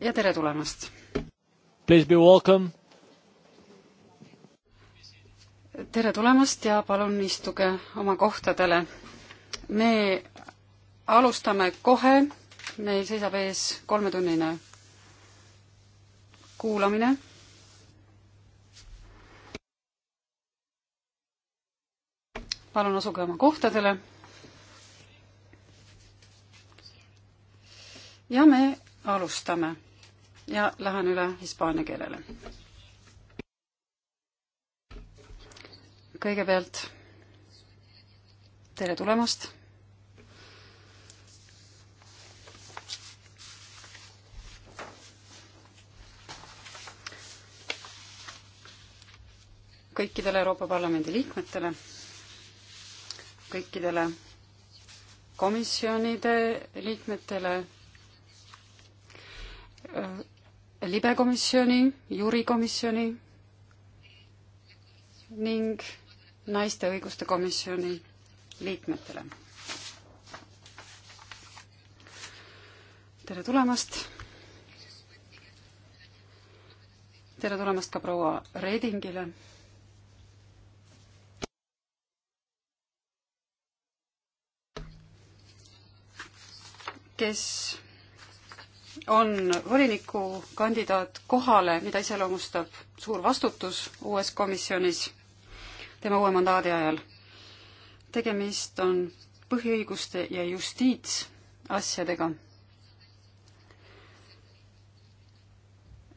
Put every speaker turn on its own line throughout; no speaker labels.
ja tere tulemast!
Please be welcome!
tere tulemast ja palun istuge oma kohtadele. me alustame kohe, meil seisab ees kolmetunnine kuulamine palun asuge oma kohtadele. ja me alustame ja lähen üle hispaania keelele. kõigepealt tere tulemast. kõikidele Euroopa Parlamendi liikmetele, kõikidele komisjonide liikmetele, libekomisjoni, juurikomisjoni ning naiste õiguste komisjoni liikmetele. tere tulemast! tere tulemast ka proua Redingile! kes on volinikukandidaat kohale, mida iseloomustab suur vastutus uues komisjonis tema uue mandaadi ajal. tegemist on põhiõiguste ja justiitsasjadega.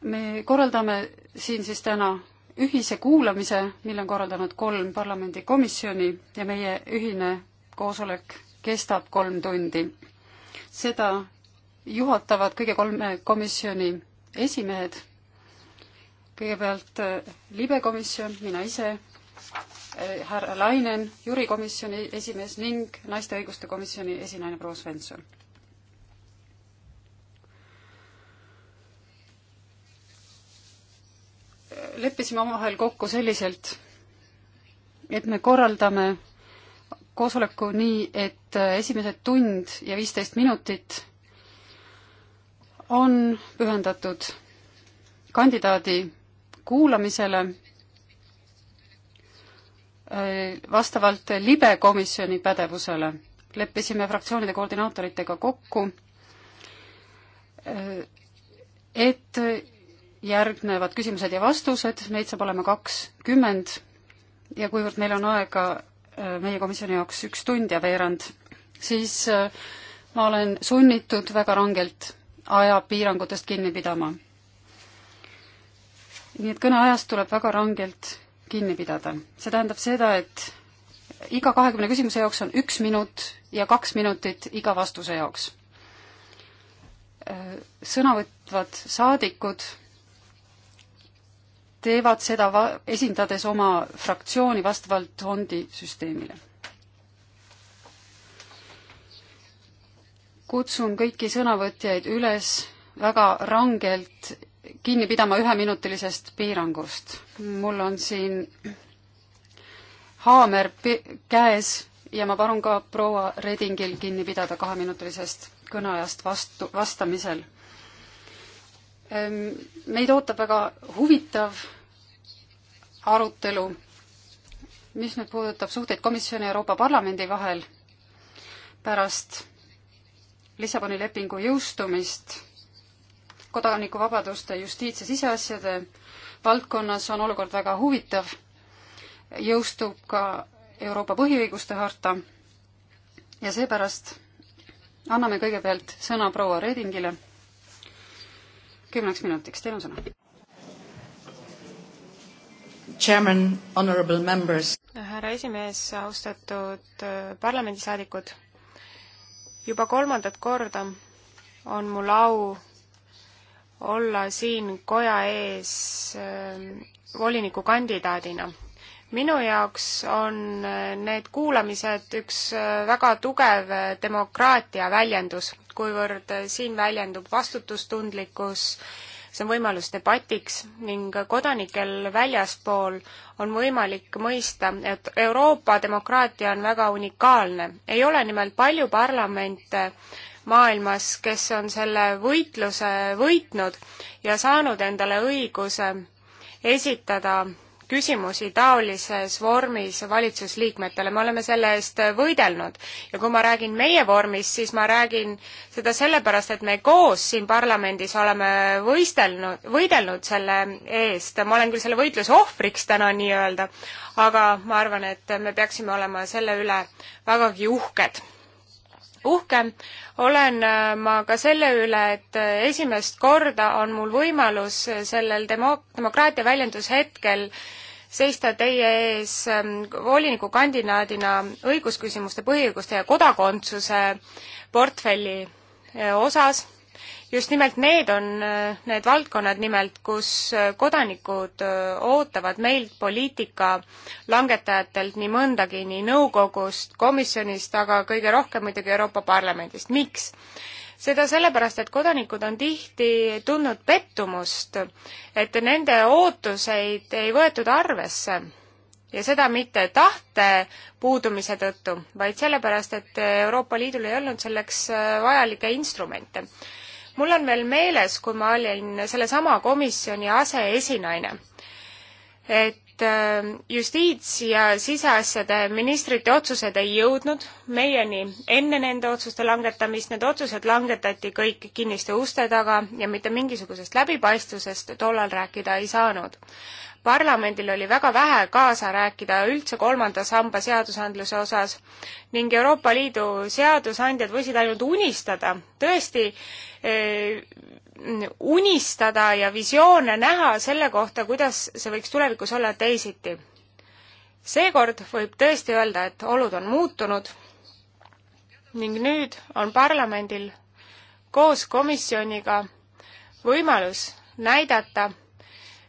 me korraldame siin siis täna ühise kuulamise, mille on korraldanud kolm parlamendikomisjoni ja meie ühine koosolek kestab kolm tundi. seda juhatavad kõige kolme komisjoni esimehed. kõigepealt eh, libekomisjon, mina ise, eh, härra Lainen, Jüri komisjoni esimees ning naiste õiguste komisjoni esinaine proua Svensson. leppisime omavahel kokku selliselt, et me korraldame koosoleku nii, et eh, esimesed tund ja viisteist minutit on pühendatud kandidaadi kuulamisele äh, vastavalt libe komisjoni pädevusele. leppisime fraktsioonide koordinaatoritega kokku, äh, et järgnevad küsimused ja vastused, neid saab olema kakskümmend ja kuivõrd meil on aega äh, meie komisjoni jaoks üks tund ja veerand, siis ma olen sunnitud väga rangelt ajapiirangutest kinni pidama. nii et kõneajast tuleb väga rangelt kinni pidada. see tähendab seda, et iga kahekümne küsimuse jaoks on üks minut ja kaks minutit iga vastuse jaoks. sõna võtvad saadikud teevad seda va-, esindades oma fraktsiooni vastavalt fondi süsteemile kutsun kõiki sõnavõtjaid üles väga rangelt kinni pidama üheminutilisest piirangust. mul on siin haamer käes ja ma palun ka proua Redingil kinni pidada kaheminutilisest kõneajast vastu, vastamisel. Ehm, meid ootab väga huvitav arutelu, mis nüüd puudutab suhteid komisjoni ja Euroopa Parlamendi vahel pärast Lissaboni lepingu jõustumist kodanikuvabaduste, justiits- ja siseasjade valdkonnas on olukord väga huvitav. jõustub ka Euroopa põhiõiguste harta ja seepärast anname kõigepealt sõna proua Redingile kümneks
minutiks, teil on sõna.
Chairman, honorable members.
härra esimees, austatud äh, parlamendisaadikud juba kolmandat korda on mul au olla siin koja ees ähm, volinikukandidaadina. minu jaoks on äh, need kuulamised üks äh, väga tugev äh, demokraatia väljendus, kuivõrd siin väljendub vastutustundlikkus äh, see on võimalus debatiks ning kodanikel väljaspool on võimalik mõista, et Euroopa demokraatia on väga unikaalne. ei ole nimelt palju parlamente maailmas, kes on selle võitluse võitnud ja saanud endale õiguse esitada küsimusi taolises vormis valitsusliikmetele, me oleme selle eest võidelnud. ja kui ma räägin meie vormist, siis ma räägin seda sellepärast, et me koos siin parlamendis oleme võistelnud, võidelnud selle eest, ma olen küll selle võitluse ohvriks täna nii-öelda, aga ma arvan, et me peaksime olema selle üle vägagi uhked uhke olen äh, ma ka selle üle, et äh, esimest korda on mul võimalus sellel demo-, demokraatia väljendushetkel seista teie ees ähm, volinikukandidaadina õigusküsimuste, põhiõiguste ja kodakondsuse portfelli äh, osas. just nimelt need on äh, need valdkonnad nimelt, kus äh, kodanikud ootavad meilt poliitika langetajatelt nii mõndagi, nii nõukogust, komisjonist, aga kõige rohkem muidugi Euroopa Parlamendist. miks? seda sellepärast, et kodanikud on tihti tundnud pettumust, et nende ootuseid ei võetud arvesse ja seda mitte tahte puudumise tõttu, vaid sellepärast, et Euroopa Liidul ei olnud selleks äh, vajalikke instrumente. mul on veel meeles, kui ma olin sellesama komisjoni aseesinaine, et Äh, justiits- ja siseasjade ministrite otsused ei jõudnud meieni enne nende otsuste langetamist, need otsused langetati kõik kinniste uste taga ja mitte mingisugusest läbipaistvusest tollal rääkida ei saanud. parlamendil oli väga vähe kaasa rääkida üldse kolmanda samba seadusandluse osas ning Euroopa Liidu seadusandjad võisid ainult unistada, tõesti äh, unistada ja visioone näha selle kohta, kuidas see võiks tulevikus olla teisiti. seekord võib tõesti öelda, et olud on muutunud ning nüüd on parlamendil koos komisjoniga võimalus näidata,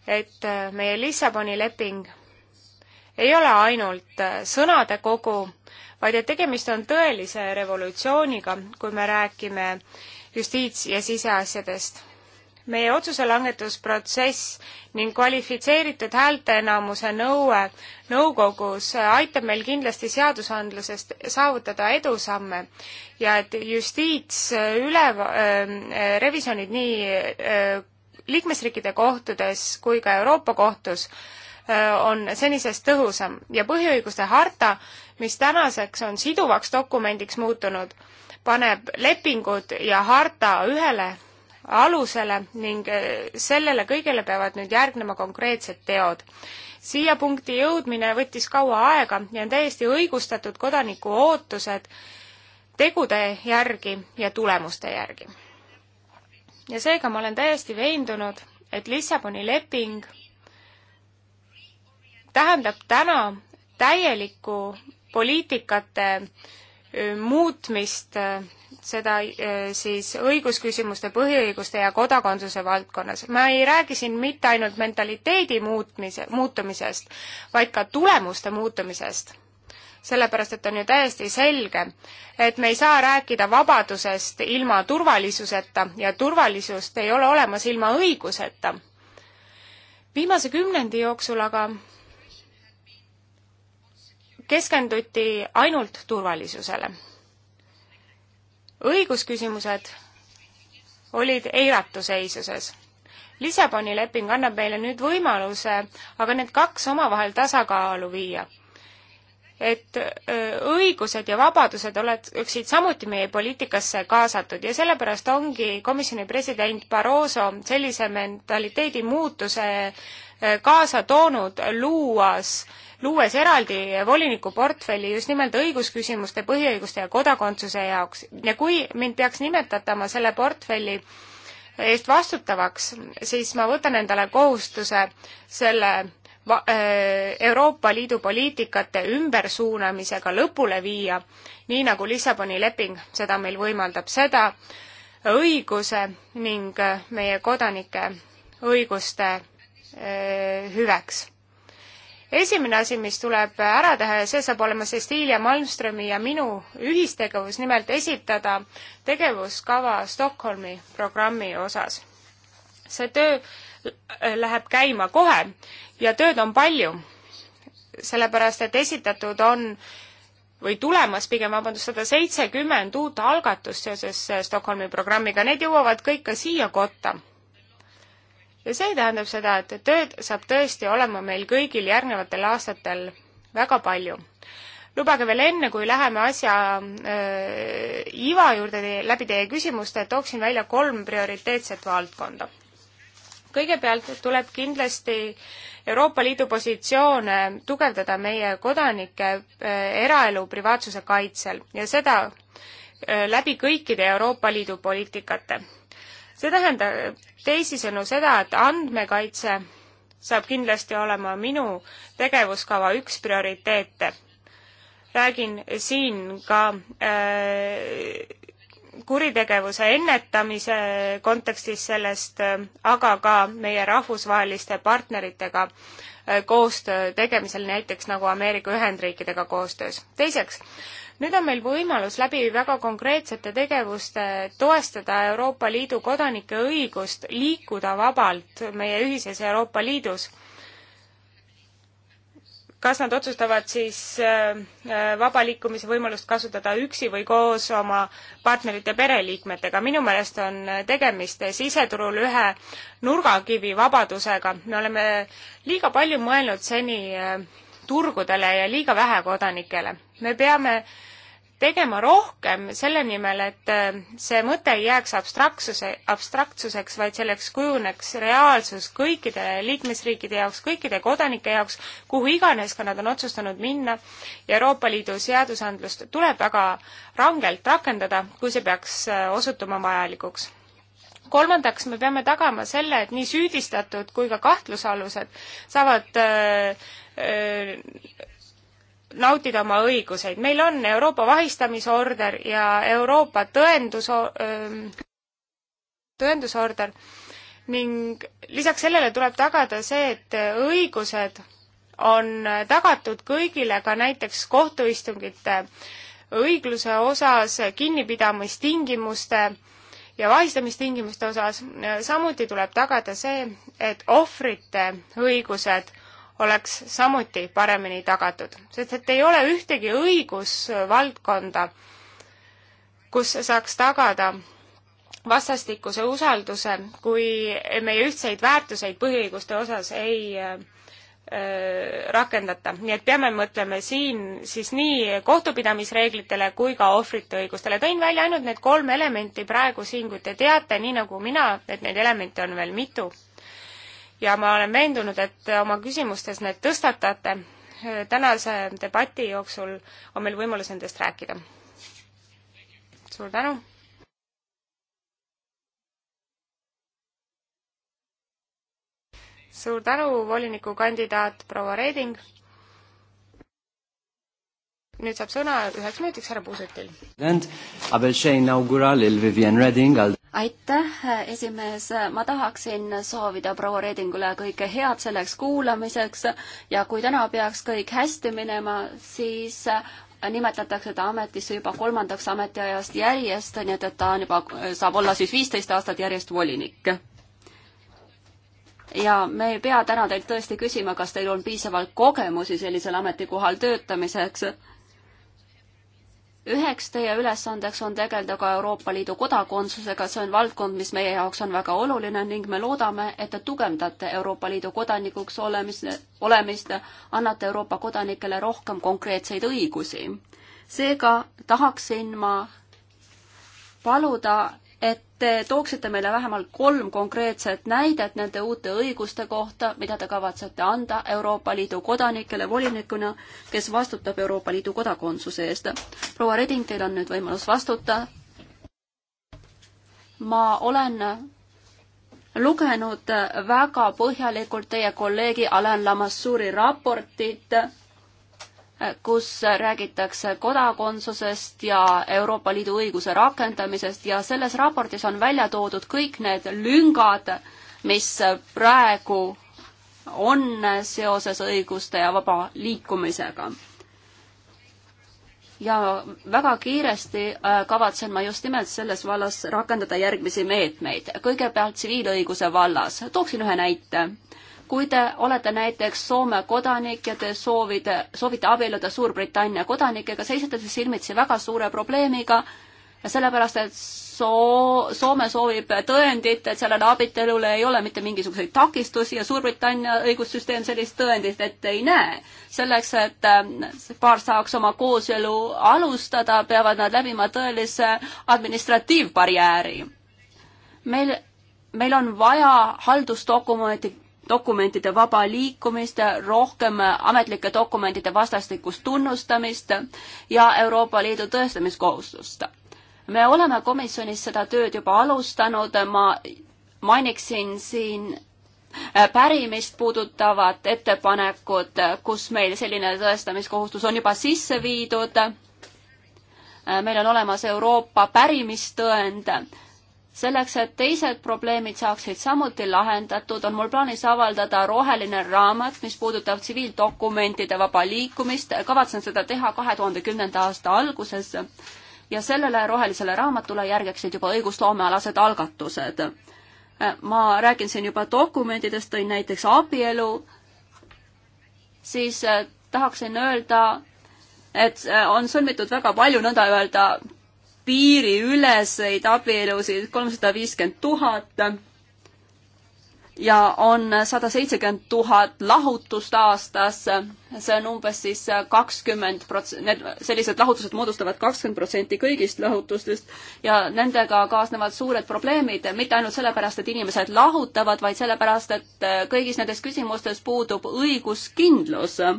et meie Lissaboni leping ei ole ainult sõnade kogu, vaid et tegemist on tõelise revolutsiooniga, kui me räägime justiits- ja siseasjadest. meie otsuse langetusprotsess ning kvalifitseeritud häälteenamuse nõue nõukogus aitab meil kindlasti seadusandlusest saavutada edusamme ja et justiits üle ähm, äh,, revisjonid nii äh, liikmesriikide kohtudes kui ka Euroopa kohtus äh, on senisest tõhusam ja põhiõiguste harta, mis tänaseks on siduvaks dokumendiks muutunud, paneb lepingud ja harta ühele alusele ning äh, sellele kõigele peavad nüüd järgnema konkreetsed teod. siia punkti jõudmine võttis kaua aega ja on täiesti õigustatud kodaniku ootused tegude järgi ja tulemuste järgi. ja seega ma olen täiesti veendunud, et Lissaboni leping tähendab täna täielikku poliitikate äh, muutmist, seda eh, siis õigusküsimuste, põhiõiguste ja kodakondsuse valdkonnas. ma ei räägi siin mitte ainult mentaliteedi muutmise, muutumisest, vaid ka tulemuste muutumisest. sellepärast, et on ju täiesti selge, et me ei saa rääkida vabadusest ilma turvalisuseta ja turvalisust ei ole olemas ilma õiguseta. viimase kümnendi jooksul aga keskenduti ainult turvalisusele. õigusküsimused olid eiratu seisuses. Lissaboni leping annab meile nüüd võimaluse aga need kaks omavahel tasakaalu viia. et õigused ja vabadused oleksid samuti meie poliitikasse kaasatud ja sellepärast ongi komisjoni president Barroso sellise mentaliteedi muutuse kaasa toonud, luuas äh, luues eraldi volinikuportfelli just nimelt õigusküsimuste, põhiõiguste ja kodakondsuse jaoks. ja kui mind peaks nimetatama selle portfelli eest vastutavaks, siis ma võtan endale kohustuse selle äh, Euroopa Liidu poliitikate ümbersuunamisega lõpule viia, nii nagu Lissaboni leping seda meil võimaldab, seda õiguse ning meie kodanike õiguste äh, hüveks esimene asi, mis tuleb ära teha ja see saab olema Cecilia Malmströmi ja minu ühistegevus, nimelt esitada tegevuskava Stockholmi programmi osas. see töö läheb käima kohe ja tööd on palju, sellepärast et esitatud on või tulemas pigem, vabandust, sada seitsekümmend uut algatust seoses Stockholmi programmiga, need jõuavad kõik ka siia kotta ja see tähendab seda, et tööd saab tõesti olema meil kõigil järgnevatel aastatel väga palju. lubage veel enne, kui läheme asja äh, iva juurde te, läbi teie küsimuste, tooksin välja kolm prioriteetset valdkonda. kõigepealt tuleb kindlasti Euroopa Liidu positsioone tugevdada meie kodanike äh, eraelu privaatsuse kaitsel ja seda äh, läbi kõikide Euroopa Liidu poliitikate see tähendab teisisõnu seda, et andmekaitse saab kindlasti olema minu tegevuskava üks prioriteete. räägin siin ka äh, kuritegevuse ennetamise kontekstis sellest, äh, aga ka meie rahvusvaheliste partneritega äh, koostöö tegemisel, näiteks nagu Ameerika Ühendriikidega koostöös. teiseks, nüüd on meil võimalus läbi väga konkreetsete tegevuste toestada Euroopa Liidu kodanike õigust liikuda vabalt meie ühises Euroopa Liidus. kas nad otsustavad siis äh, äh, vaba liikumise võimalust kasutada üksi või koos oma partnerite pereliikmetega, minu meelest on tegemist siseturul ühe nurgakivi vabadusega, me oleme liiga palju mõelnud seni äh, turgudele ja liiga vähe kodanikele. me peame äh, tegema rohkem selle nimel, et äh, see mõte ei jääks abstraktsuse, abstraktsuseks, vaid selleks kujuneks reaalsus kõikide liikmesriikide jaoks, kõikide kodanike jaoks, kuhu iganes ka nad on otsustanud minna. ja Euroopa Liidu seadusandlust tuleb väga rangelt rakendada, kui see peaks äh, osutuma vajalikuks kolmandaks me peame tagama selle, et nii süüdistatud kui ka kahtlusalused saavad öö, äh, öö, nautida oma õiguseid. meil on Euroopa vahistamisorder ja Euroopa tõendus, tõendusorder ning lisaks sellele tuleb tagada see, et õigused on tagatud kõigile, ka näiteks kohtuistungite õigluse osas, kinnipidamistingimuste ja vahistamistingimuste osas. samuti tuleb tagada see, et ohvrite õigused oleks samuti paremini tagatud, sest et ei ole ühtegi õigusvaldkonda, kus saaks tagada vastastikuse usalduse, kui meie ühtseid väärtuseid põhiõiguste osas ei äh, rakendata, nii et peame mõtlema siin siis nii kohtupidamisreeglitele kui ka ohvrite õigustele. tõin välja ainult need kolm elementi praegu siin, kui te teate, nii nagu mina, et neid elemente on veel mitu ja ma olen veendunud, et oma küsimustes need tõstatate. tänase debati jooksul on meil võimalus nendest rääkida. suur tänu! suur tänu, volinikukandidaat proua Reeding! nüüd saab sõna üheks minutiks härra Puusetil aitäh, esimees, ma
tahaksin soovida proua Redingule kõike head selleks kuulamiseks ja kui täna peaks kõik hästi minema, siis nimetatakse ta ametisse juba kolmandaks ametiajast järjest, nii et, et ta on juba, saab olla siis viisteist aastat järjest volinik ja me ei pea täna teilt tõesti küsima, kas teil on piisavalt kogemusi sellisel ametikohal töötamiseks üheks teie ülesandeks on tegeleda ka Euroopa Liidu kodakondsusega, see on valdkond, mis meie jaoks on väga oluline ning me loodame, et te tugevdate Euroopa Liidu kodanikuks olemist, olemist, annate Euroopa kodanikele rohkem konkreetseid õigusi. seega tahaksin ma paluda et te tooksite meile vähemalt kolm konkreetset näidet nende uute õiguste kohta, mida te kavatsete anda Euroopa Liidu kodanikele volinikuna, kes vastutab Euroopa Liidu kodakondsuse eest. proua Reding, teil on nüüd võimalus vastuta. ma olen lugenud väga põhjalikult teie kolleegi Alan Lamassuuri raportit kus räägitakse kodakondsusest ja Euroopa Liidu õiguse rakendamisest ja selles raportis on välja toodud kõik need lüngad, mis praegu on seoses õiguste ja vaba liikumisega. ja väga kiiresti äh, kavatsen ma just nimelt selles vallas rakendada järgmisi meetmeid. kõigepealt tsiviilõiguse vallas, tooksin ühe näite kui te olete näiteks Soome kodanik ja te soovite, soovite abielluda Suurbritannia kodanikega, seisate siis silmitsi väga suure probleemiga, sellepärast et soo-, Soome soovib tõendit, et sellele abielule ei ole mitte mingisuguseid takistusi ja Suurbritannia õigussüsteem sellist tõendit ette ei näe. selleks, et äh, paar saaks oma kooselu alustada, peavad nad läbima tõelise administratiivbarjääri. meil meil on vaja haldusdokumenti dokumentide vaba liikumist, rohkem ametlike dokumentide vastastikust tunnustamist ja Euroopa Liidu tõestamiskohustust. me oleme komisjonis seda tööd juba alustanud, ma mainiksin siin pärimist puudutavat ettepanekut, kus meil selline tõestamiskohustus on juba sisse viidud. meil on olemas Euroopa pärimistõend selleks, et teised probleemid saaksid samuti lahendatud, on mul plaanis avaldada roheline raamat, mis puudutab tsiviildokumentide vaba liikumist. kavatsen seda teha kahe tuhande kümnenda aasta alguses ja sellele rohelisele raamatule järgeksid juba õigusloomealased algatused. ma räägin siin juba dokumentidest, tõin näiteks abielu, siis eh, tahaksin öelda, et eh, on sõlmitud väga palju nõnda öelda piiriüleseid abielusid kolmsada viiskümmend tuhat ja on sada seitsekümmend tuhat lahutust aastas. see on umbes siis kakskümmend prots-, need, sellised lahutused moodustavad kakskümmend protsenti kõigist lahutustest ja nendega kaasnevad suured probleemid, mitte ainult sellepärast, et inimesed lahutavad, vaid sellepärast, et kõigis nendes küsimustes puudub õiguskindlus ähm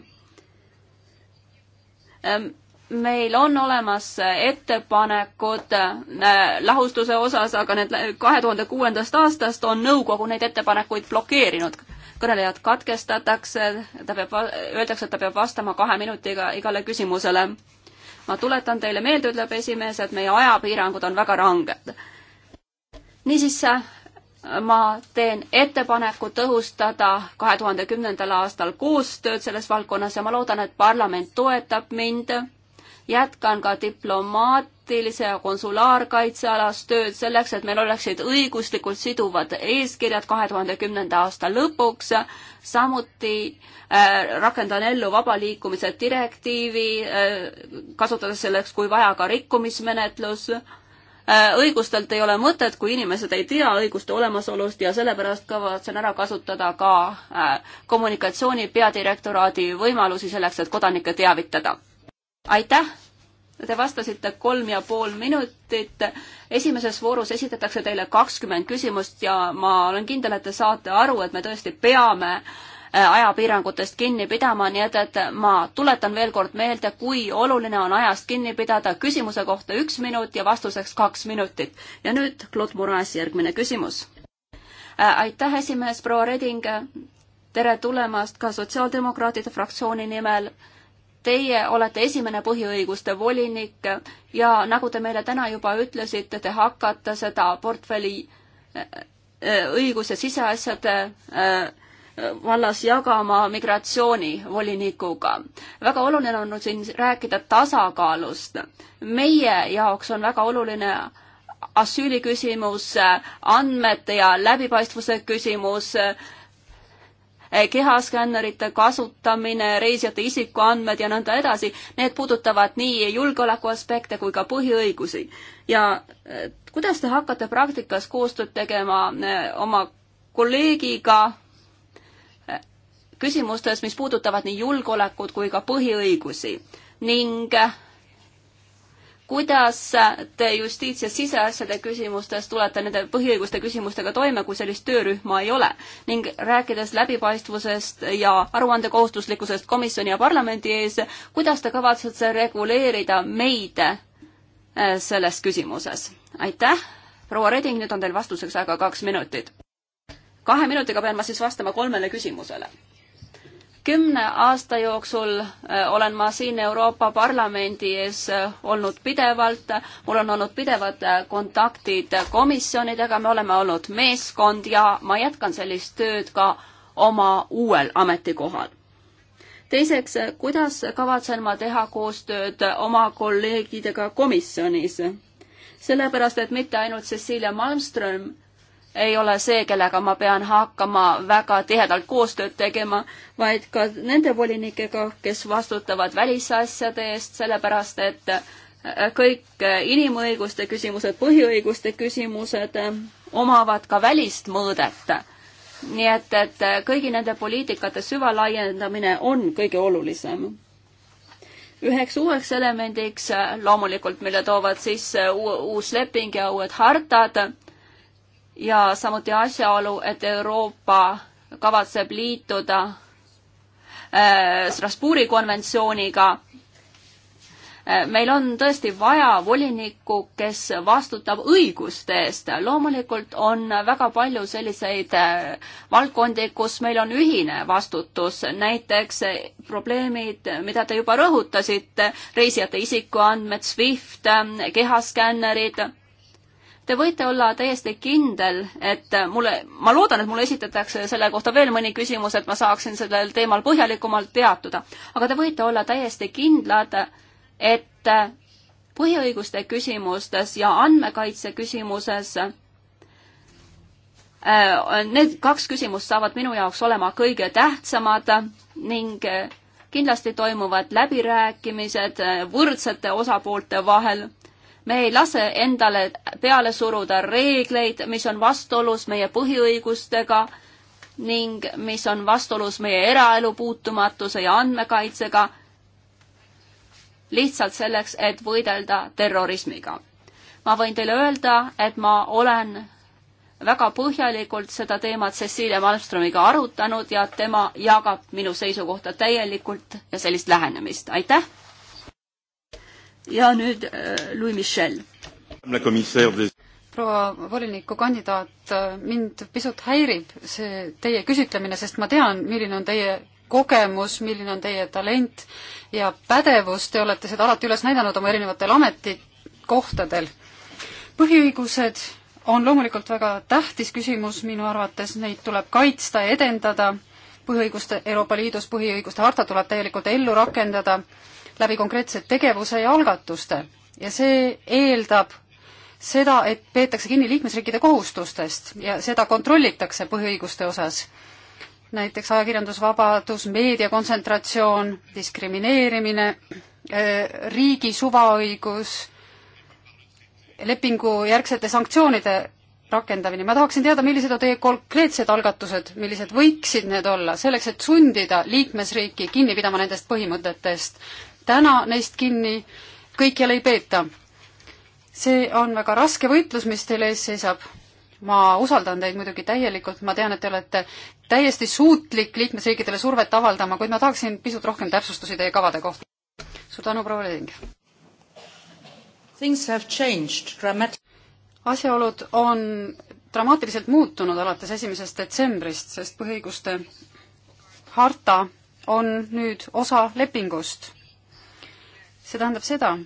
meil on olemas ettepanekud äh, lahustuse osas, aga need kahe tuhande kuuendast aastast on nõukogu neid ettepanekuid blokeerinud. kõnelejad katkestatakse, ta peab, öeldakse, et ta peab vastama kahe minutiga igale küsimusele. ma tuletan teile meelde, ütleb esimees, et meie ajapiirangud on väga ranged. niisiis, ma teen ettepaneku tõhustada kahe tuhande kümnendal aastal koostööd selles valdkonnas ja ma loodan, et parlament toetab mind jätkan ka diplomaatilise ja konsulaarkaitsealas tööd selleks, et meil oleksid õiguslikult siduvad eeskirjad kahe tuhande kümnenda aasta lõpuks. samuti äh, rakendan ellu vaba liikumise direktiivi, äh, kasutades selleks, kui vaja, ka rikkumismenetlus äh, õigustelt ei ole mõtet, kui inimesed ei tea õiguste olemasolust ja sellepärast kavatsen ära kasutada ka kommunikatsiooni peadirektoraadi võimalusi selleks, et kodanikke teavitada aitäh! Te vastasite kolm ja pool minutit. esimeses voorus esitatakse teile kakskümmend küsimust ja ma olen kindel, et te saate aru, et me tõesti peame äh, ajapiirangutest kinni pidama, nii et, et ma tuletan veel kord meelde, kui oluline on ajast kinni pidada. küsimuse kohta üks minut ja vastuseks kaks minutit. ja nüüd Claude Muras, järgmine küsimus. Äh, aitäh, esimees proua Reding. tere tulemast ka sotsiaaldemokraatide fraktsiooni nimel Teie olete esimene põhiõiguste volinik ja nagu te meile täna juba ütlesite, te hakkate seda portfelli äh, äh, õigus- ja siseasjade äh, vallas jagama migratsioonivolinikuga. väga oluline on siin rääkida tasakaalust. meie jaoks on väga oluline asüüliküsimus, andmete ja läbipaistvuse küsimus, Eh, kehaskännerite kasutamine, reisijate isikuandmed ja nõnda edasi, need puudutavad nii julgeoleku aspekte kui ka põhiõigusi. ja eh, kuidas te hakkate praktikas koostööd tegema eh, oma kolleegiga küsimustes, mis puudutavad nii julgeolekut kui ka põhiõigusi ning kuidas te justiits- ja siseasjade küsimustes tulete nende põhiõiguste küsimustega toime, kui sellist töörühma ei ole? ning rääkides läbipaistvusest ja aruandekohustuslikkusest komisjoni ja parlamendi ees, kuidas te kavatsete reguleerida meid äh, selles küsimuses? aitäh, proua Reding, nüüd on teil vastuseks aega kaks minutit. kahe minutiga pean ma siis vastama kolmele küsimusele kümne aasta jooksul äh, olen ma siin Euroopa Parlamendi ees äh, olnud pidevalt, mul on olnud pidevad äh, kontaktid komisjonidega, me oleme olnud meeskond ja ma jätkan sellist tööd ka oma uuel ametikohal. teiseks, kuidas kavatsen ma teha koostööd oma kolleegidega komisjonis? sellepärast, et mitte ainult Cecilia Malmström, ei ole see, kellega ma pean hakkama väga tihedalt koostööd tegema, vaid ka nende volinikega, kes vastutavad välisasjade eest, sellepärast et äh, kõik inimõiguste küsimused, põhiõiguste küsimused äh, omavad ka välist mõõdet. nii et, et äh, kõigi nende poliitikate süvalaiendamine on kõige olulisem üheks uueks elemendiks loomulikult, mille toovad sisse uus leping ja uued hartad ja samuti asjaolu, et Euroopa kavatseb liituda äh, Strasbourgi konventsiooniga. Äh, meil on tõesti vaja volinikku, kes vastutab õiguste eest. loomulikult on väga palju selliseid äh, valdkondi, kus meil on ühine vastutus, näiteks probleemid, mida te juba rõhutasite, reisijate isikuandmed, SWIFT, kehaskännerid Te võite olla täiesti kindel, et mulle, ma loodan, et mulle esitatakse selle kohta veel mõni küsimus, et ma saaksin sellel teemal põhjalikumalt peatuda. aga te võite olla täiesti kindlad, et põhiõiguste küsimustes ja andmekaitse küsimuses äh, Need kaks küsimust saavad minu jaoks olema kõige tähtsamad ning kindlasti toimuvad läbirääkimised võrdsete osapoolte vahel me ei lase endale peale suruda reegleid, mis on vastuolus meie põhiõigustega ning mis on vastuolus meie eraelu puutumatuse ja andmekaitsega, lihtsalt selleks, et võidelda terrorismiga. ma võin teile öelda, et ma olen väga põhjalikult seda teemat Cecilia Malmströmiga arutanud ja tema jagab minu seisukohta täielikult ja sellist lähenemist. aitäh! ja nüüd äh, Louis Michel.
proua volinikukandidaat, äh, mind pisut häirib see teie küsitlemine, sest ma tean, milline on teie kogemus, milline on teie talent ja pädevus, te olete seda alati üles näidanud oma erinevatel ametikohtadel. põhiõigused on loomulikult väga tähtis küsimus minu arvates, neid tuleb kaitsta ja edendada, põhiõiguste Euroopa Liidus põhiõiguste harta tuleb täielikult ellu rakendada läbi konkreetse tegevuse ja algatuste ja see eeldab seda, et peetakse kinni liikmesriikide kohustustest ja seda kontrollitakse põhiõiguste osas. näiteks ajakirjandusvabadus, meedia kontsentratsioon, diskrimineerimine, äh, riigi suvaõigus, lepingujärgsete sanktsioonide rakendamine. ma tahaksin teada, millised on teie konkreetsed algatused, millised võiksid need olla, selleks et sundida liikmesriiki kinni pidama nendest põhimõtetest täna neist kinni, kõikjal ei peeta. see on väga raske võitlus, mis teil ees seisab ma usaldan teid muidugi täielikult, ma tean, et te olete täiesti suutlik liikmesriikidele survet avaldama, kuid ma tahaksin pisut rohkem täpsustusi teie kavade kohta. suur tänu, proua Leding! asjaolud on dramaatiliselt muutunud alates esimesest detsembrist, sest põhiõiguste harta on nüüd osa lepingust see tähendab seda,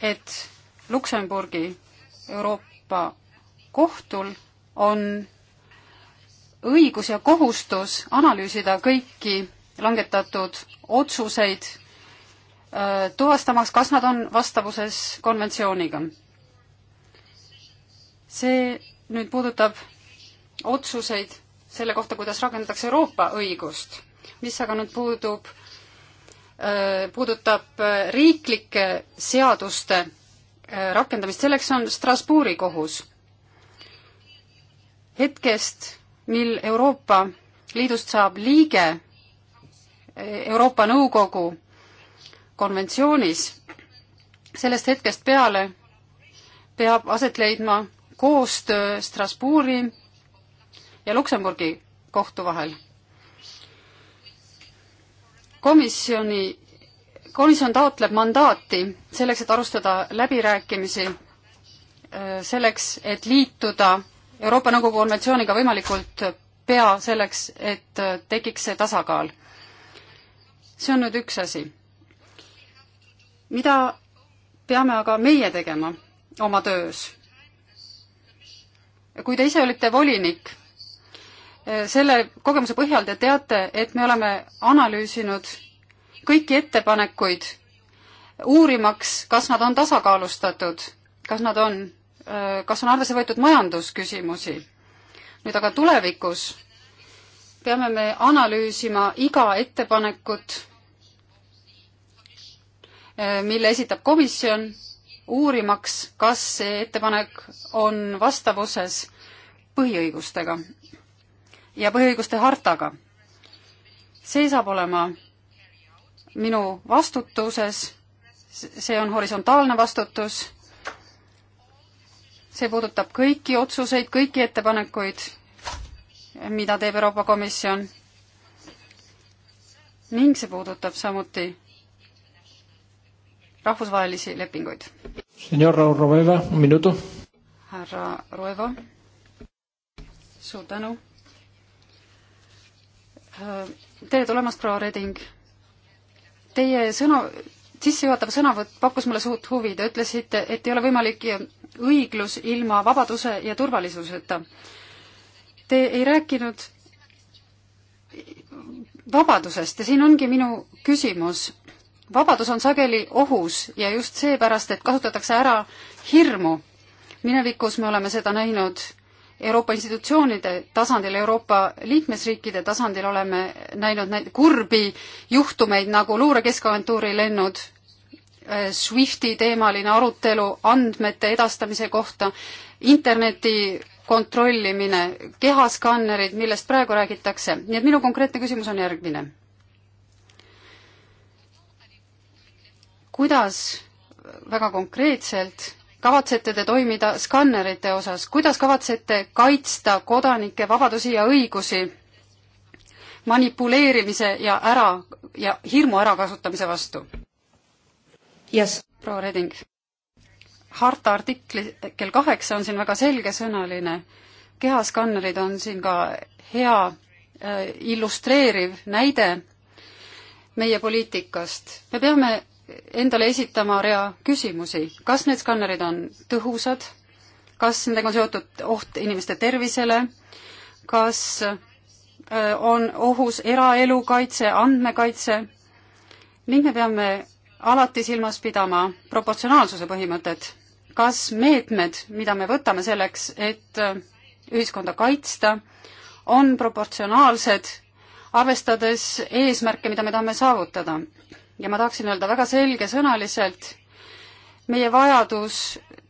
et Luksemburgi Euroopa kohtul on õigus ja kohustus analüüsida kõiki langetatud otsuseid, äh, tuvastamaks, kas nad on vastavuses konventsiooniga. see nüüd puudutab otsuseid selle kohta, kuidas rakendatakse Euroopa õigust, mis aga nüüd puudub Äh, puudutab äh, riiklike seaduste äh, rakendamist, selleks on Strasbourgi kohus. hetkest, mil Euroopa Liidust saab liige Euroopa Nõukogu konventsioonis, sellest hetkest peale peab aset leidma koostöö Strasbourgi ja Luksemburgi kohtu vahel komisjoni, komisjon taotleb mandaati selleks, et alustada läbirääkimisi, äh, selleks, et liituda Euroopa Nõukogu konventsiooniga võimalikult pea, selleks, et äh, tekiks see tasakaal. see on nüüd üks asi. mida peame aga meie tegema oma töös? kui te ise olite volinik selle kogemuse põhjal te teate, et me oleme analüüsinud kõiki ettepanekuid, uurimaks, kas nad on tasakaalustatud, kas nad on, kas on arvesse võetud majandusküsimusi. nüüd aga tulevikus peame me analüüsima iga ettepanekut, mille esitab komisjon, uurimaks, kas see ettepanek on vastavuses põhiõigustega ja põhiõiguste hartaga. see saab olema minu vastutuses, see on horisontaalne vastutus, see puudutab kõiki otsuseid, kõiki ettepanekuid, mida teeb Euroopa Komisjon ning see puudutab samuti rahvusvahelisi lepinguid.
Senor Raul Roveva, minuto.
härra Roeva, suur tänu. Äh, tere tulemast, proua Reding. Teie sõna, sissejuhatav sõnavõtt pakkus mulle suurt huvi, te ütlesite, et ei ole võimalik õiglus ilma vabaduse ja turvalisuseta. Te ei rääkinud vabadusest ja siin ongi minu küsimus. vabadus on sageli ohus ja just seepärast, et kasutatakse ära hirmu. minevikus me oleme seda näinud Euroopa institutsioonide tasandil, Euroopa liikmesriikide tasandil oleme näinud neid kurbi juhtumeid nagu luurekeskagentuuri lennud, äh, SWIFTi teemaline arutelu andmete edastamise kohta, interneti kontrollimine, kehaskannerid, millest praegu räägitakse. nii et minu konkreetne küsimus on järgmine. kuidas väga konkreetselt kavatsete te toimida skannerite osas, kuidas kavatsete kaitsta kodanike vabadusi ja õigusi manipuleerimise ja ära ja hirmu ärakasutamise vastu yes.? proua Reding. harta artikli kell kaheksa on siin väga selgesõnaline. kehaskannerid on siin ka hea äh, illustreeriv näide meie poliitikast. me peame endale esitama rea küsimusi, kas need skannerid on tõhusad, kas nendega on seotud oht inimeste tervisele, kas äh, on ohus eraelu kaitse, andmekaitse ning me peame alati silmas pidama proportsionaalsuse põhimõtet. kas meetmed, mida me võtame selleks, et äh, ühiskonda kaitsta, on proportsionaalsed, arvestades eesmärke, mida me tahame saavutada ja ma tahaksin öelda väga selgesõnaliselt, meie vajadus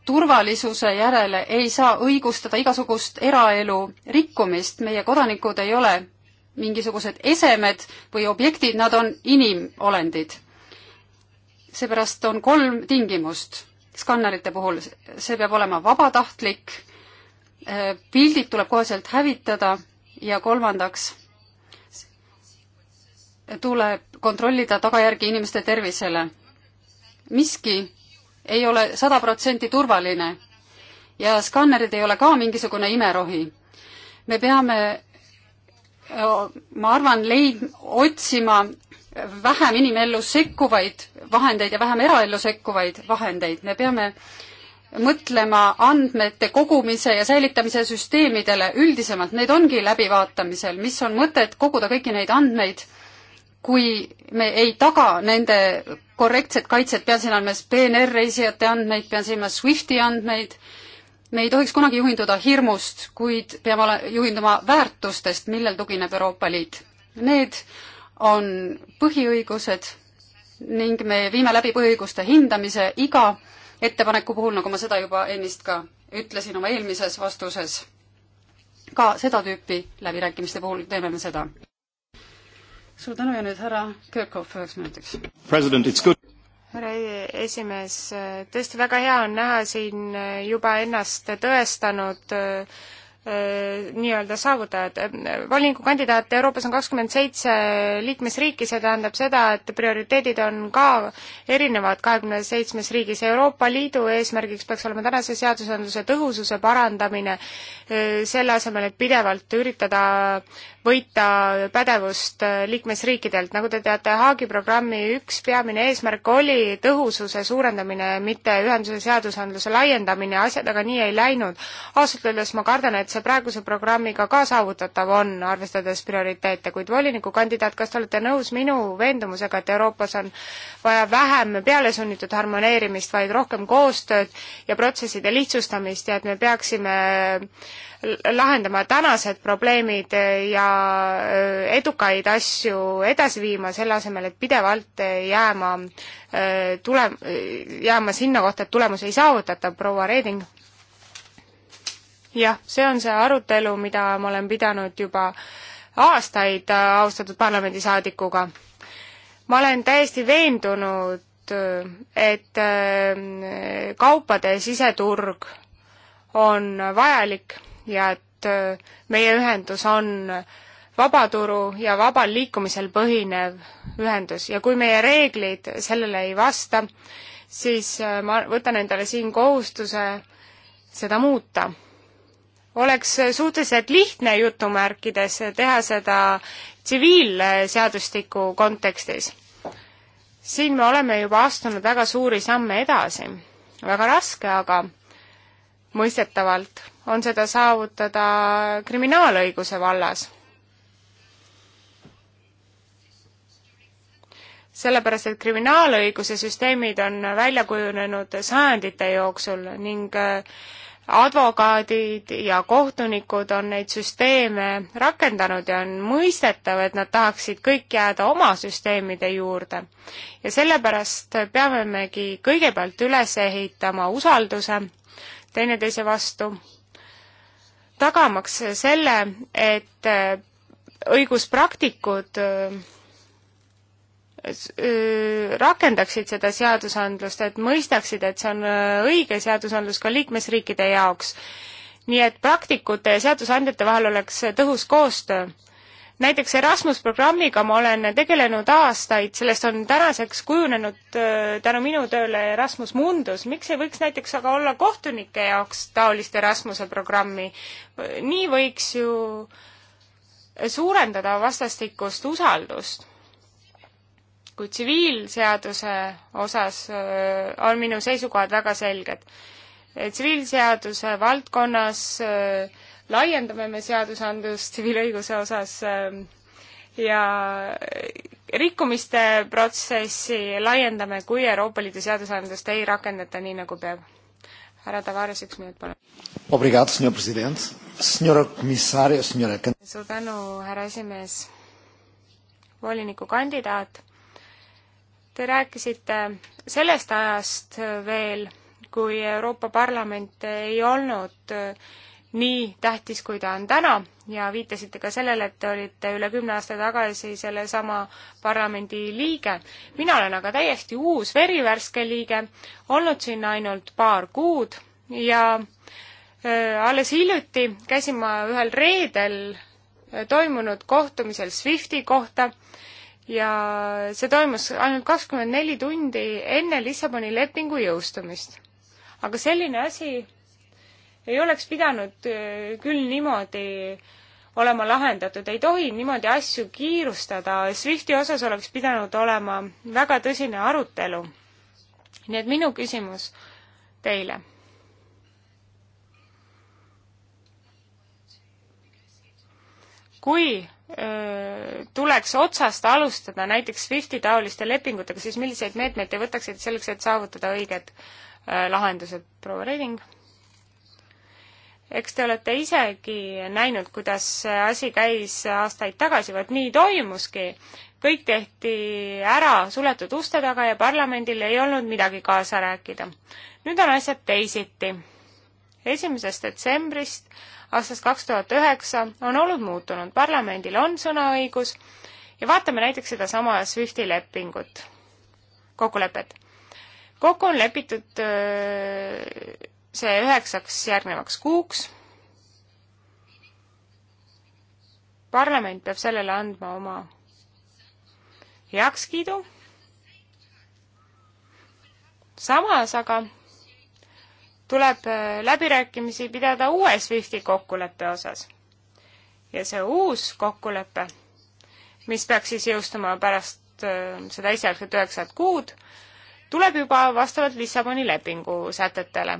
turvalisuse järele ei saa õigustada igasugust eraelu rikkumist, meie kodanikud ei ole mingisugused esemed või objektid, nad on inimolendid. seepärast on kolm tingimust skannerite puhul, see peab olema vabatahtlik, eh, pildid tuleb koheselt hävitada ja kolmandaks tuleb kontrollida tagajärgi inimeste tervisele. miski ei ole sada protsenti turvaline ja skannerid ei ole ka mingisugune imerohi. me peame, ma arvan, leid-, otsima vähem inimellu sekkuvaid vahendeid ja vähem eraellu sekkuvaid vahendeid, me peame mõtlema andmete kogumise ja säilitamise süsteemidele üldisemalt, need ongi läbivaatamisel, mis on mõtet koguda kõiki neid andmeid kui me ei taga nende korrektset kaitset, pean siin andmes PNR reisijate andmeid, pean silmas SWIFTi andmeid, me ei tohiks kunagi juhinduda hirmust, kuid peame ole, juhinduma väärtustest, millel tugineb Euroopa Liit. Need on põhiõigused ning me viime läbi põhiõiguste hindamise iga ettepaneku puhul, nagu ma seda juba ennist ka ütlesin oma eelmises vastuses. ka seda tüüpi läbirääkimiste puhul teeme me seda suur tänu
ja nüüd härra Kirkhoff üheks minutiks. president, it's good härra esimees, tõesti väga hea on näha siin juba ennast tõestanud äh, nii-öelda saavutajad. valingukandidaate Euroopas on kakskümmend seitse liikmesriiki, see tähendab seda, et prioriteedid on ka erinevad kahekümne seitsmes riigis. Euroopa Liidu eesmärgiks peaks olema tänase seadusandluse tõhususe parandamine, äh, selle asemel, et pidevalt üritada võita pädevust äh, liikmesriikidelt. nagu te teate, Haagi programmi üks peamine eesmärk oli tõhususe suurendamine, mitte ühenduse seadusandluse laiendamine, asjad aga nii ei läinud. ausalt öeldes ma kardan, et see praeguse programmiga ka saavutatav on, arvestades prioriteete, kuid volinikukandidaat, kas te olete nõus minu veendumusega, et Euroopas on vaja vähem pealesunnitud harmoneerimist, vaid rohkem koostööd ja protsesside lihtsustamist ja et me peaksime lahendama tänased probleemid ja äh, edukaid asju edasi viima, selle asemel, et pidevalt jääma äh, tule-, jääma sinna kohta, et tulemusi ei saavutata, proua Reeding? jah, see on see arutelu, mida ma olen pidanud juba aastaid äh, austatud parlamendisaadikuga. ma olen täiesti veendunud, et kaupade siseturg on vajalik ja et äh, meie ühendus on vabaturu ja vabal liikumisel põhinev ühendus ja kui meie reeglid sellele ei vasta, siis äh, ma võtan endale siin kohustuse seda muuta. oleks suhteliselt lihtne jutumärkides teha seda tsiviilseadustiku kontekstis. siin me oleme juba astunud väga suuri samme edasi. väga raske, aga mõistetavalt on seda saavutada kriminaalõiguse vallas. sellepärast, et kriminaalõiguse süsteemid on välja kujunenud sajandite jooksul ning äh, advokaadid ja kohtunikud on neid süsteeme rakendanud ja on mõistetav, et nad tahaksid kõik jääda oma süsteemide juurde. ja sellepärast peamegi kõigepealt üles ehitama usalduse teineteise vastu tagamaks selle, et äh, õiguspraktikud äh, äh, rakendaksid seda seadusandlust, et mõistaksid, et see on õige seadusandlus ka liikmesriikide jaoks. nii et praktikute ja seadusandjate vahel oleks tõhus koostöö näiteks Erasmus programmiga ma olen tegelenud aastaid, sellest on tänaseks kujunenud tänu minu tööle Erasmus Mundus, miks ei võiks näiteks aga olla kohtunike jaoks taolist Erasmuse programmi? nii võiks ju suurendada vastastikust usaldust. kui tsiviilseaduse osas on minu seisukohad väga selged. tsiviilseaduse valdkonnas öö, laiendame me seadusandlust tsiviilõiguse osas ähm, ja rikkumiste protsessi laiendame, kui Euroopa Liidu seadusandlust ei rakendata nii, nagu peab. härra Tavares, üks minut, palun. suur tänu, härra esimees. volinikukandidaat, te rääkisite sellest ajast veel, kui Euroopa Parlament ei olnud äh, nii tähtis, kui ta on täna ja viitasite ka sellele, et te olite üle kümne aasta tagasi sellesama parlamendi liige. mina olen aga täiesti uus verivärske liige, olnud siin ainult paar kuud ja alles hiljuti käisin ma ühel reedel toimunud kohtumisel SWIFTi kohta ja see toimus ainult kakskümmend neli tundi enne Lissaboni lepingu jõustumist. aga selline asi ei oleks pidanud äh, küll niimoodi olema lahendatud, ei tohi niimoodi asju kiirustada, SWIFTi osas oleks pidanud olema väga tõsine arutelu. nii et minu küsimus teile. kui öö, äh, tuleks otsast alustada näiteks SWIFTi taoliste lepingutega, siis milliseid meetmeid te võtaksite selleks, et saavutada õiged öö, äh, lahendused, proua Reiling? eks te olete isegi näinud, kuidas see asi käis aastaid tagasi, vot nii toimuski. kõik tehti ära suletud uste taga ja parlamendil ei olnud midagi kaasa rääkida. nüüd on asjad teisiti. esimesest detsembrist aastast kaks tuhat üheksa on olud muutunud, parlamendil on sõnaõigus ja vaatame näiteks sedasama SWIFTi lepingut, kokkulepet. kokku on lepitud öö, see üheksaks järgnevaks kuuks. parlament peab sellele andma oma heakskiidu. samas aga tuleb äh, läbirääkimisi pidada uue SWIFTi kokkuleppe osas. ja see uus kokkulepe, mis peaks siis jõustuma pärast äh, seda esialgset üheksat kuud, tuleb juba vastavalt Lissaboni lepingu sätetele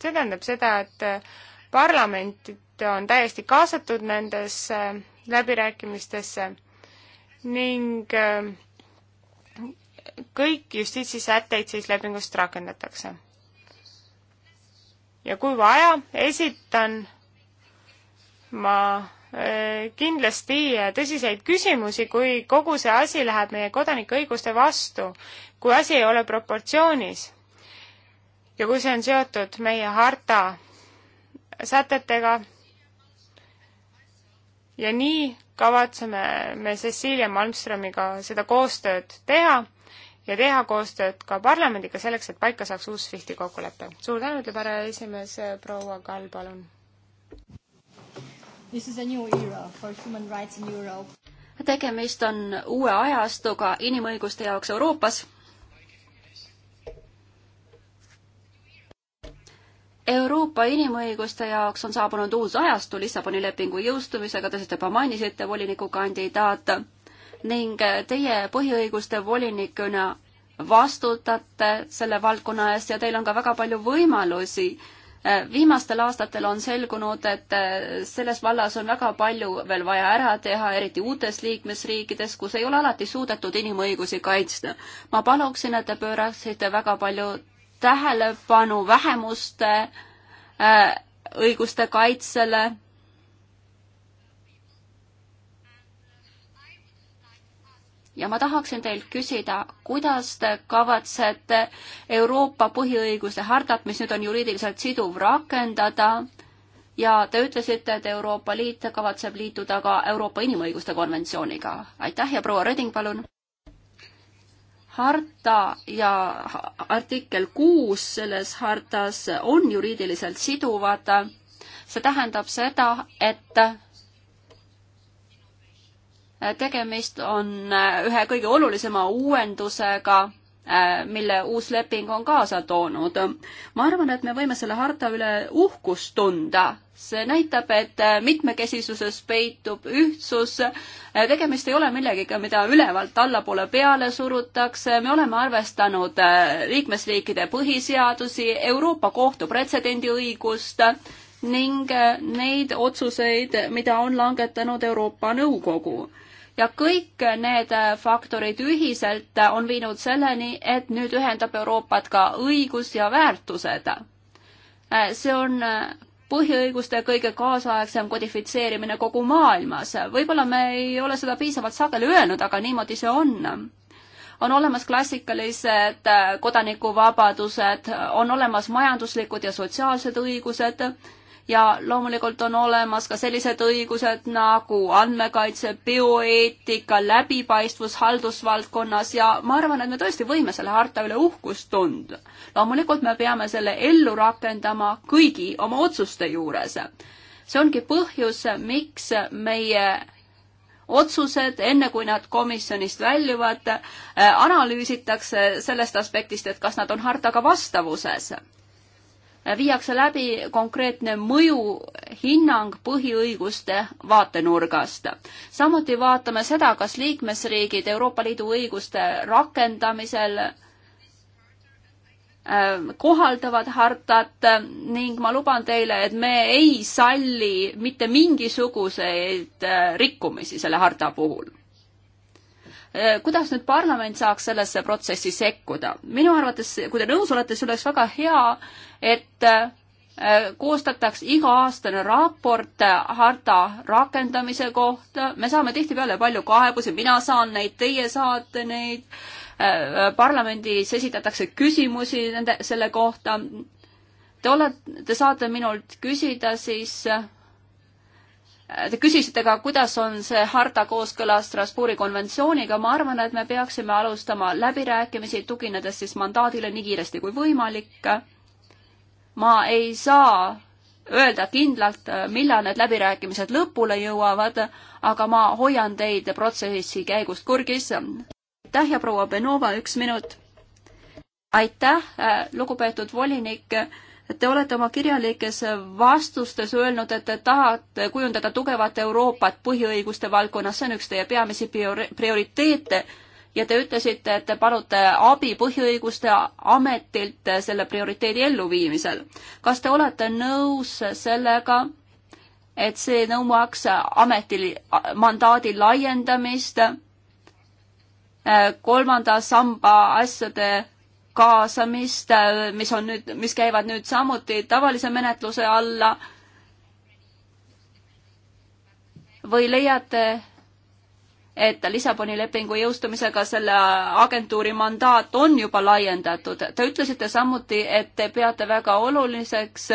see tähendab seda, et äh, parlament on täiesti kaasatud nendesse äh, läbirääkimistesse ning äh, kõik justiitsisätteid siis lepingust rakendatakse. ja kui vaja, esitan ma kindlasti tõsiseid küsimusi, kui kogu see asi läheb meie kodanike õiguste vastu, kui asi ei ole proportsioonis ja kui see on seotud meie harta sätetega, ja nii kavatseme me Cecilia Malmströmiga seda koostööd teha ja teha koostööd ka parlamendiga selleks, et paika saaks uus SWIFTi kokkulepe. suur tänu, ütleb härra esimees, proua Kall, palun. tegemist on uue
ajastuga inimõiguste jaoks Euroopas Euroopa inimõiguste jaoks on saabunud uus ajastu Lissaboni lepingu jõustumisega, te seda juba mainisite, volinikukandidaat, ning teie põhiõiguste volinikuna vastutate selle valdkonna eest ja teil on ka väga palju võimalusi. viimastel aastatel on selgunud, et selles vallas on väga palju veel vaja ära teha, eriti uutes liikmesriikides, kus ei ole alati suudetud inimõigusi kaitsta. ma paluksin, et te pööraksite väga palju tähelepanu vähemuste äh, õiguste kaitsele. ja ma tahaksin teilt küsida, kuidas te kavatsete Euroopa põhiõiguse hardat, mis nüüd on juriidiliselt siduv, rakendada ja te ütlesite, et Euroopa Liit kavatseb liituda ka Euroopa Inimõiguste konventsiooniga. aitäh ja proua Reding, palun! harta ja artikkel kuus selles hartas on juriidiliselt siduvad. see tähendab seda, et tegemist on ühe kõige olulisema uuendusega, mille uus leping on kaasa toonud. ma arvan, et me võime selle harta üle uhkust tunda see näitab, et äh, mitmekesisuses peitub ühtsus. Äh, tegemist ei ole millegagi, mida ülevalt allapoole peale surutakse. me oleme arvestanud äh, liikmesriikide põhiseadusi, Euroopa Kohtu pretsedendiõigust ning neid otsuseid, mida on langetanud Euroopa Nõukogu ja kõik need faktorid ühiselt on viinud selleni, et nüüd ühendab Euroopat ka õigus ja väärtused. see on põhiõiguste kõige kaasaegsem kodifitseerimine kogu maailmas. võib-olla me ei ole seda piisavalt sageli öelnud, aga niimoodi see on. on olemas klassikalised äh, kodanikuvabadused, on olemas majanduslikud ja sotsiaalsed õigused ja loomulikult on olemas ka sellised õigused nagu andmekaitse, bioeetika, läbipaistvus haldusvaldkonnas ja ma arvan, et me tõesti võime selle harta üle uhkust tunda. loomulikult me peame selle ellu rakendama kõigi oma otsuste juures. see ongi põhjus, miks meie otsused, enne kui nad komisjonist väljuvad, analüüsitakse sellest aspektist, et kas nad on hartaga vastavuses viiakse läbi konkreetne mõjuhinnang põhiõiguste vaatenurgast. samuti vaatame seda, kas liikmesriigid Euroopa Liidu õiguste rakendamisel äh, kohaldavad hartat ning ma luban teile, et me ei salli mitte mingisuguseid äh, rikkumisi selle harta puhul Äh, kuidas nüüd parlament saaks sellesse protsessi sekkuda? minu arvates, kui te nõus olete, see oleks väga hea, et äh, koostataks iga-aastane raport äh, harta rakendamise kohta, me saame tihtipeale palju kaebusi, mina saan neid, teie saate neid, parlamendis esitatakse küsimusi nende, selle kohta. Te olete, te saate minult küsida siis äh, Te küsisite ka, kuidas on see harta kooskõlas Strasbourgi konventsiooniga, ma arvan, et me peaksime alustama läbirääkimisi, tuginedes siis mandaadile nii kiiresti kui võimalik. ma ei saa öelda kindlalt, millal need läbirääkimised lõpule jõuavad, aga ma hoian teid protsessi käigust kurgis. aitäh ja proua Benova, üks minut. aitäh, lugupeetud volinik Te olete oma kirjalikes vastustes öelnud, et te tahate kujundada tugevat Euroopat põhiõiguste valdkonnas, see on üks teie peamisi prioriteete ja te ütlesite, et te palute abi põhiõiguste ametilt selle prioriteedi elluviimisel. kas te olete nõus sellega, et see nõuaks ameti mandaadi laiendamist kolmanda samba asjade kaasamist, mis on nüüd, mis käivad nüüd samuti tavalise menetluse alla. või leiate, et Lissaboni lepingu jõustumisega selle agentuuri mandaat on juba laiendatud. Te ütlesite samuti, et te peate väga oluliseks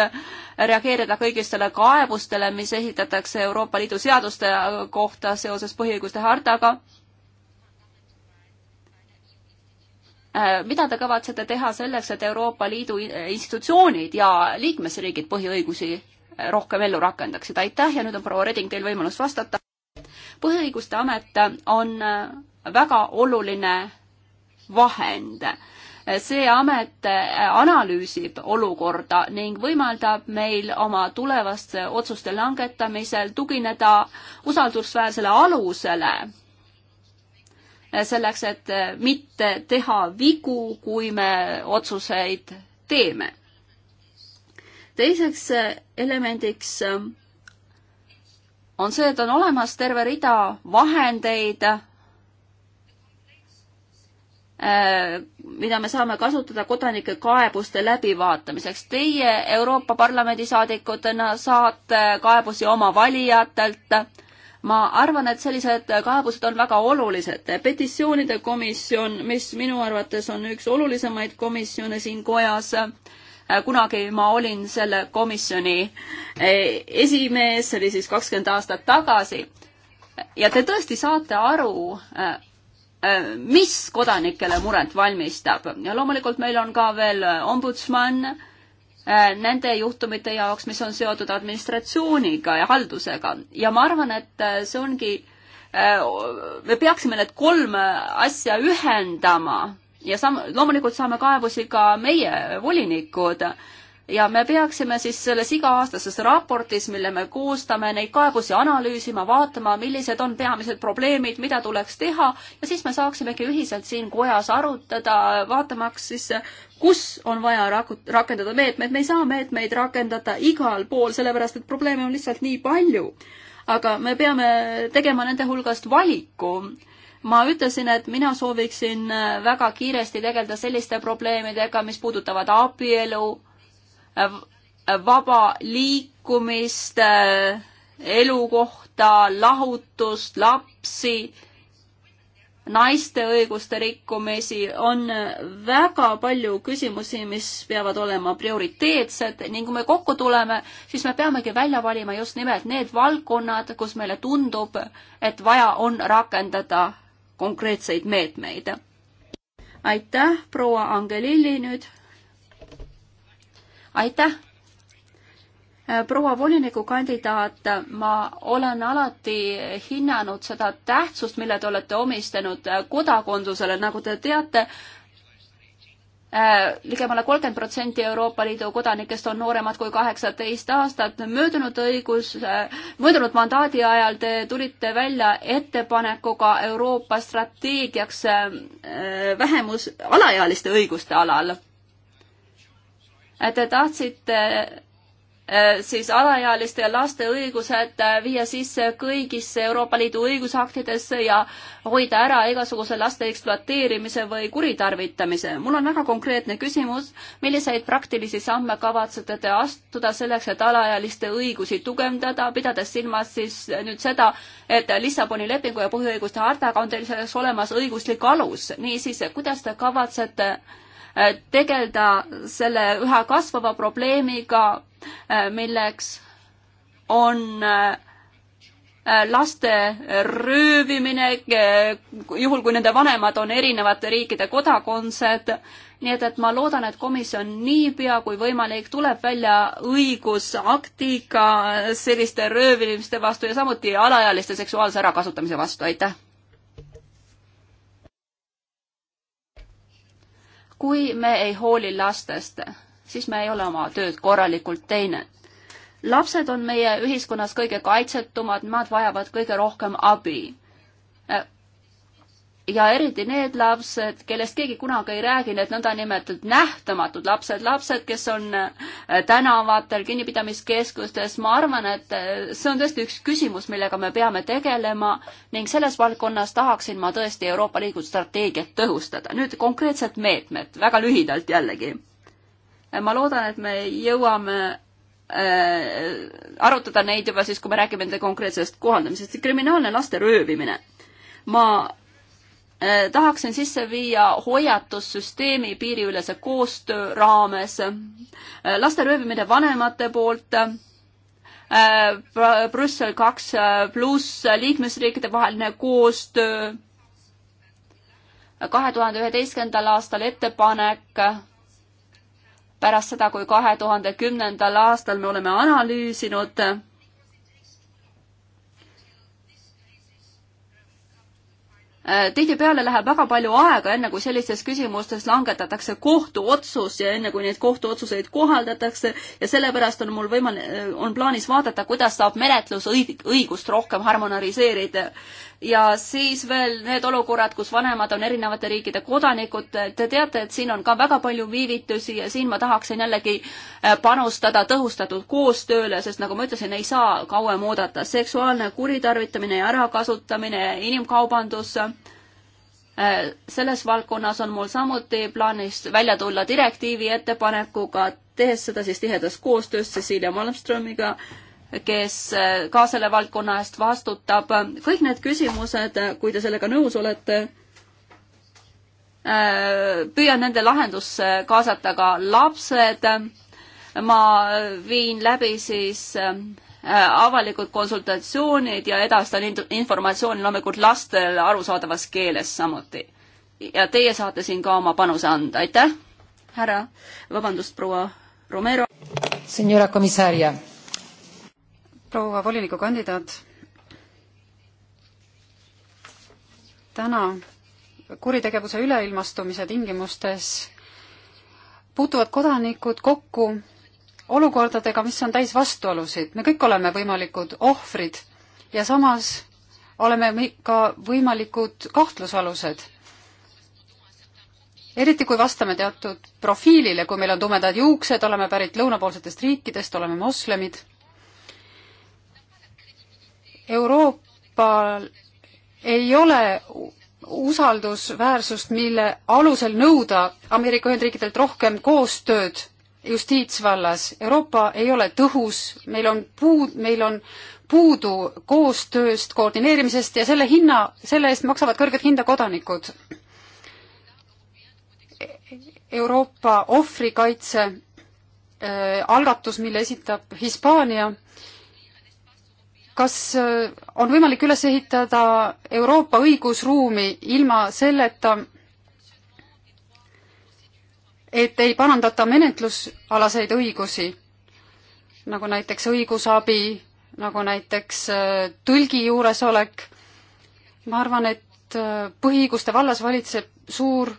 reageerida kõigistele kaebustele, mis esitatakse Euroopa Liidu seaduste kohta seoses põhiõiguste hartaga Äh, mida te kavatsete teha selleks, et Euroopa Liidu institutsioonid ja liikmesriigid põhiõigusi äh, rohkem ellu rakendaksid? aitäh ja nüüd on proua Reding, teil võimalus vastata. põhiõiguste amet on äh, väga oluline vahend. see amet analüüsib olukorda ning võimaldab meil oma tulevaste otsuste langetamisel tugineda usaldusväärsele alusele selleks, et mitte teha vigu, kui me otsuseid teeme. teiseks elemendiks on see, et on olemas terve rida vahendeid, mida me saame kasutada kodanike kaebuste läbivaatamiseks. Teie Euroopa Parlamendi saadikutena saate kaebusi oma valijatelt ma arvan, et sellised kaebused on väga olulised. petitsioonide komisjon, mis minu arvates on üks olulisemaid komisjone siin kojas, kunagi ma olin selle komisjoni esimees, see oli siis kakskümmend aastat tagasi. ja te tõesti saate aru, mis kodanikele muret valmistab ja loomulikult meil on ka veel ombudsman Äh, nende juhtumite jaoks, mis on seotud administratsiooniga ja haldusega ja ma arvan, et äh, see ongi, äh, me peaksime need kolm asja ühendama ja sam-, loomulikult saame kaebusi ka meie volinikud ja me peaksime siis selles iga-aastases raportis, mille me koostame, neid kaebusi analüüsima, vaatama, millised on peamised probleemid, mida tuleks teha ja siis me saaksimegi ühiselt siin kojas arutada, vaatamaks siis, kus on vaja raku-, rakendada meetmeid, me ei saa meetmeid rakendada igal pool, sellepärast et probleeme on lihtsalt nii palju. aga me peame tegema nende hulgast valiku ma ütlesin, et mina sooviksin väga kiiresti tegeleda selliste probleemidega, mis puudutavad abielu, vaba liikumist, elukohta, lahutust, lapsi, naiste õiguste rikkumisi, on väga palju küsimusi, mis peavad olema prioriteetsed ning kui me kokku tuleme, siis me peamegi välja valima just nimelt need valdkonnad, kus meile tundub, et vaja on rakendada konkreetseid meetmeid. aitäh, proua Angelilli nüüd aitäh! Äh, proua volinikukandidaat, ma olen alati hinnanud seda tähtsust, mille te olete omistanud äh, kodakondusele, nagu te teate, äh, ligemale kolmkümmend protsenti Euroopa Liidu kodanikest on nooremad kui kaheksateist aastat. möödunud õigus, möödunud mandaadi ajal te tulite välja ettepanekuga Euroopa strateegiaks vähemus, alaealiste õiguste alal Äh, te tahtsite äh, siis alaealiste ja laste õigused äh, viia sisse kõigisse Euroopa Liidu õigusaktidesse ja hoida ära igasuguse laste ekspluateerimise või kuritarvitamise. mul on väga konkreetne küsimus, milliseid praktilisi samme kavatsete te astuda selleks, et alaealiste õigusi tugevdada, pidades silmas siis nüüd seda, et Lissaboni lepingu ja põhiõiguste hartaga on teil selleks olemas õiguslik alus, niisiis, kuidas te kavatsete Äh, tegeleda selle üha kasvava probleemiga, äh, milleks on äh, laste röövimine, juhul kui nende vanemad on erinevate riikide kodakondsed. nii et, et ma loodan, et komisjon niipea kui võimalik tuleb välja õigusaktiga selliste röövimiste vastu ja samuti alaealiste seksuaalse ärakasutamise vastu, aitäh! kui me ei hooli lastest, siis me ei ole oma tööd korralikult teinud. lapsed on meie ühiskonnas kõige kaitsetumad, nad vajavad kõige rohkem abi ja eriti need lapsed, kellest keegi kunagi ei räägi, need nõndanimetatud nähtamatud lapsed, lapsed, kes on äh, tänavatel, kinnipidamiskeskustes, ma arvan, et äh, see on tõesti üks küsimus, millega me peame tegelema ning selles valdkonnas tahaksin ma tõesti Euroopa Liidu strateegiat tõhustada. nüüd konkreetsed meetmed, väga lühidalt jällegi. Äh, ma loodan, et me jõuame arutada neid juba siis, kui me räägime nende konkreetsest kohandamisest. kriminaalne laste röövimine. ma Äh, tahaksin sisse viia hoiatussüsteemi piiriülese koostöö raames äh, laste röövimine vanemate poolt äh, Brüssel kaks pluss liikmesriikide vaheline koostöö, kahe tuhande üheteistkümnendal aastal ettepanek, pärast seda, kui kahe tuhande kümnendal aastal me oleme analüüsinud Äh, tihtipeale läheb väga palju aega, enne kui sellistes küsimustes langetatakse kohtuotsus ja enne kui neid kohtuotsuseid kohaldatakse ja sellepärast on mul võimalik, äh, on plaanis vaadata, kuidas saab menetlusõigust rohkem harmoniseerida ja siis veel need olukorrad, kus vanemad on erinevate riikide kodanikud. Te teate, et siin on ka väga palju viivitusi ja siin ma tahaksin jällegi äh, panustada tõhustatud koostööle, sest nagu ma ütlesin, ei saa kauem oodata. seksuaalne kuritarvitamine ja ärakasutamine, inimkaubandus, äh, selles valdkonnas on mul samuti plaanis välja tulla direktiivi ettepanekuga, tehes seda siis tihedas koostöös Cecilia Malmströmiga kes äh, ka selle valdkonna eest vastutab. kõik need küsimused, äh, kui te sellega nõus olete, äh, püüan nende lahendusse kaasata ka lapsed. ma viin läbi siis avalikud konsultatsioonid ja edastan informatsiooni loomulikult lastele arusaadavas keeles samuti. ja teie saate siin ka oma panuse anda, aitäh, härra, vabandust, proua Romero.
Senora komissaria
proua volinikukandidaat.
täna kuritegevuse üleilmastumise tingimustes puutuvad kodanikud kokku olukordadega, mis on täis vastuolusid. me kõik oleme võimalikud ohvrid ja samas oleme ka võimalikud kahtlusalused eriti kui vastame teatud profiilile, kui meil on tumedad juuksed, oleme pärit lõunapoolsetest riikidest, oleme moslemid. Euroopal ei ole usaldusväärsust, mille alusel nõuda Ameerika Ühendriikidelt rohkem koostööd justiitsvallas. Euroopa ei ole tõhus, meil on puud, meil on puudu koostööst, koordineerimisest ja selle hinna, selle eest maksavad kõrget hinda kodanikud. Euroopa ohvrikaitse äh, algatus, mille esitab Hispaania äh,, kas äh, on võimalik üles ehitada Euroopa õigusruumi ilma selleta, et ei parandata menetlusalaseid õigusi, nagu näiteks õigusabi, nagu näiteks äh, tõlgi juuresolek. ma arvan, et äh, põhiõiguste vallas valitseb suur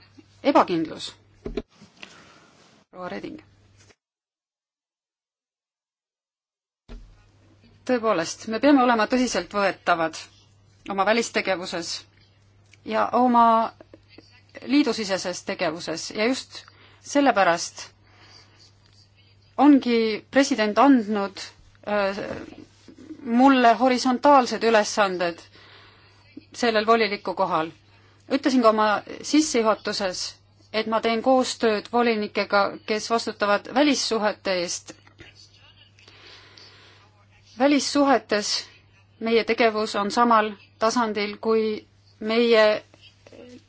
ebakindlus. proua Reding tõepoolest, me peame olema tõsiseltvõetavad oma välistegevuses ja oma liidusiseses tegevuses ja just sellepärast ongi president andnud äh, mulle horisontaalsed ülesanded sellel voliniku kohal. ütlesin ka oma sissejuhatuses, et ma teen koostööd volinikega, kes vastutavad välissuhete eest välissuhetes meie tegevus on samal tasandil kui meie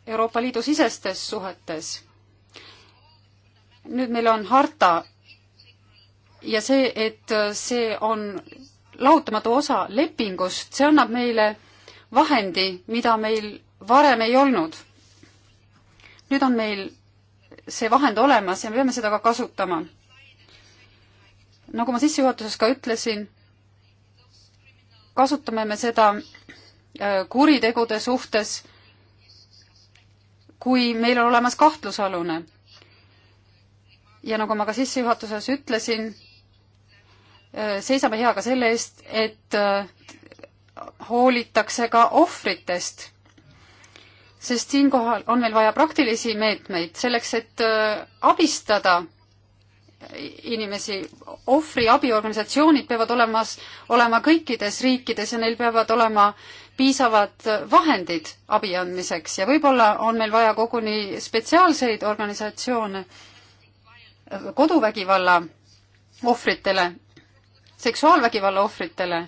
Euroopa Liidu sisestes suhetes. nüüd meil on harta ja see, et see on lahutamatu osa lepingust, see annab meile vahendi, mida meil varem ei olnud. nüüd on meil see vahend olemas ja me peame seda ka kasutama. nagu ma sissejuhatuses ka ütlesin, kasutame me seda äh, kuritegude suhtes, kui meil on olemas kahtlusalune. ja nagu ma ka sissejuhatuses ütlesin, äh, seisame hea ka selle eest, et äh, hoolitakse ka ohvritest, sest siinkohal on meil vaja praktilisi meetmeid selleks, et abistada inimesi, ohvriabiorganisatsioonid peavad olemas, olema kõikides riikides ja neil peavad olema piisavad vahendid abi andmiseks ja võib-olla on meil vaja koguni spetsiaalseid organisatsioone koduvägivalla ohvritele, seksuaalvägivalla ohvritele.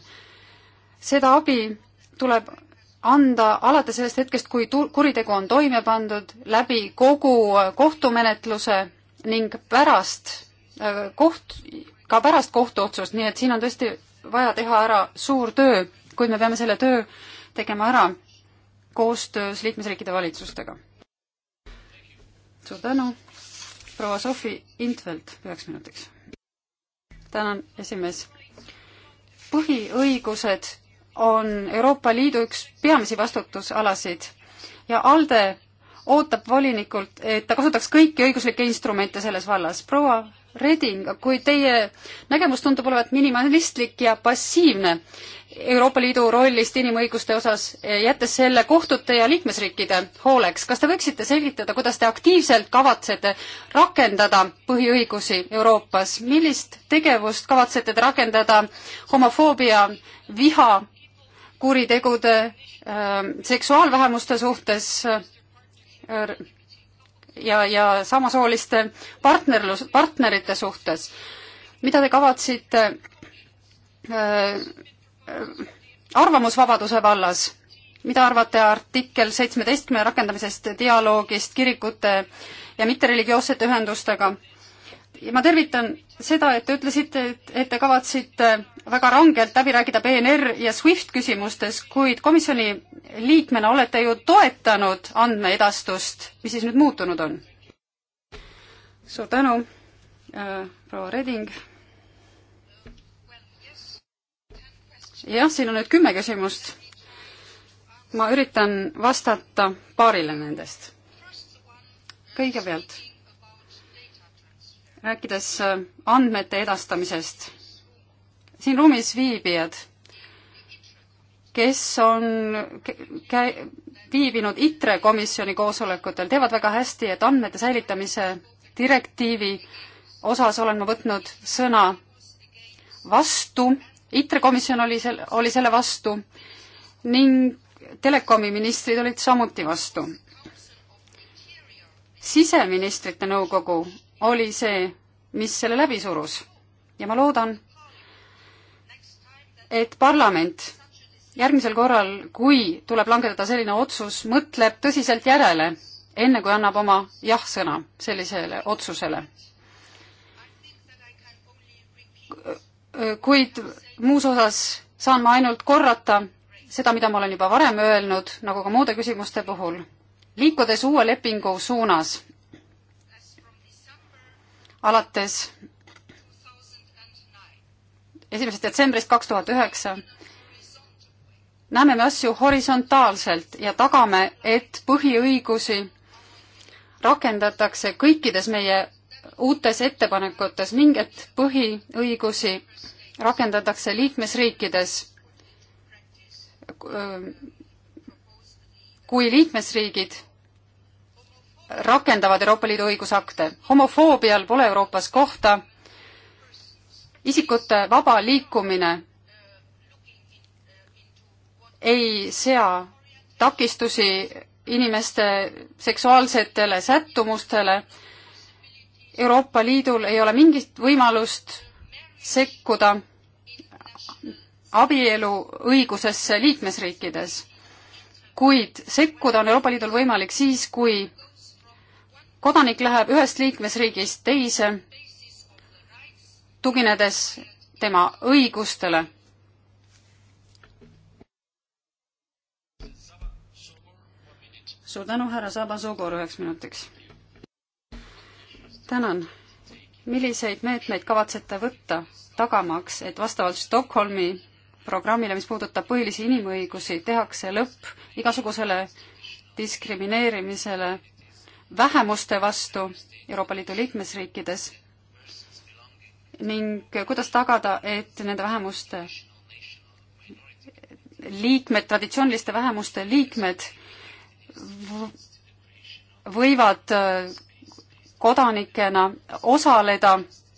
seda abi tuleb anda alates sellest hetkest, kui tu-, kuritegu on toime pandud, läbi kogu kohtumenetluse ning pärast Äh, koht, ka pärast kohtuotsust, nii et siin on tõesti vaja teha ära suur töö, kuid me peame selle töö tegema ära koostöös liikmesriikide valitsustega. suur tänu, proua Sofi Intvelt üheks minutiks. tänan, esimees. põhiõigused on Euroopa Liidu üks peamisi vastutusalasid ja ALDE ootab volinikult, et ta kasutaks kõiki õiguslikke instrumente selles vallas. proua Reding, kui teie nägemus tundub olevat minimalistlik ja passiivne Euroopa Liidu rollist inimõiguste osas, jättes selle kohtute ja liikmesriikide hooleks, kas te võiksite selgitada, kuidas te aktiivselt kavatsete rakendada põhiõigusi Euroopas, millist tegevust kavatsete te rakendada homofoobia, viha, kuritegude, ähm, seksuaalvähemuste suhtes, äh, ja, ja samasooliste partnerlus, partnerite suhtes. mida te kavatsite äh, arvamusvabaduse vallas, mida arvate artikkel seitsmeteistkümne rakendamisest dialoogist kirikute ja mittereligioossete ühendustega äh,? ja ma tervitan seda, et te ütlesite, et, et te kavatsite väga rangelt läbi rääkida PNR ja SWIFT küsimustes, kuid komisjoni liikmena olete ju toetanud andmeedastust, mis siis nüüd muutunud on? suur tänu äh,, proua Reding. jah, siin on nüüd kümme küsimust. ma üritan vastata paarile nendest. kõigepealt rääkides äh, andmete edastamisest, siin ruumis viibijad, kes on kä-, viibinud ITRE komisjoni koosolekutel, teavad väga hästi, et andmete säilitamise direktiivi osas olen ma võtnud sõna vastu, ITRE komisjon oli sel-, oli selle vastu ning telekomi ministrid olid samuti vastu. siseministrite nõukogu oli see, mis selle läbi surus ja ma loodan, et parlament järgmisel korral, kui tuleb langetada selline otsus, mõtleb tõsiselt järele, enne kui annab oma jah-sõna sellisele otsusele. kuid muus osas saan ma ainult korrata seda, mida ma olen juba varem öelnud, nagu ka muude küsimuste puhul. liikudes uue lepingu suunas alates esimesest detsembrist kaks tuhat üheksa näeme me asju horisontaalselt ja tagame, et põhiõigusi rakendatakse kõikides meie uutes ettepanekutes, mingit põhiõigusi rakendatakse liikmesriikides. kui liikmesriigid rakendavad Euroopa Liidu õigusakte. homofoobial pole Euroopas kohta, isikute vaba liikumine ei sea takistusi inimeste seksuaalsetele sättumustele. Euroopa Liidul ei ole mingit võimalust sekkuda abielu õigusesse liikmesriikides, kuid sekkuda on Euroopa Liidul võimalik siis, kui kodanik läheb ühest liikmesriigist teise, tuginedes tema õigustele. suur tänu, härra Saba Sogor, üheks minutiks. tänan. milliseid meetmeid kavatsete võtta tagamaks, et vastavalt Stockholmi programmile, mis puudutab põhilisi inimõigusi, tehakse lõpp igasugusele diskrimineerimisele vähemuste vastu Euroopa Liidu liikmesriikides ning kuidas tagada, et nende vähemuste liikmed, traditsiooniliste vähemuste liikmed võivad äh, kodanikena osaleda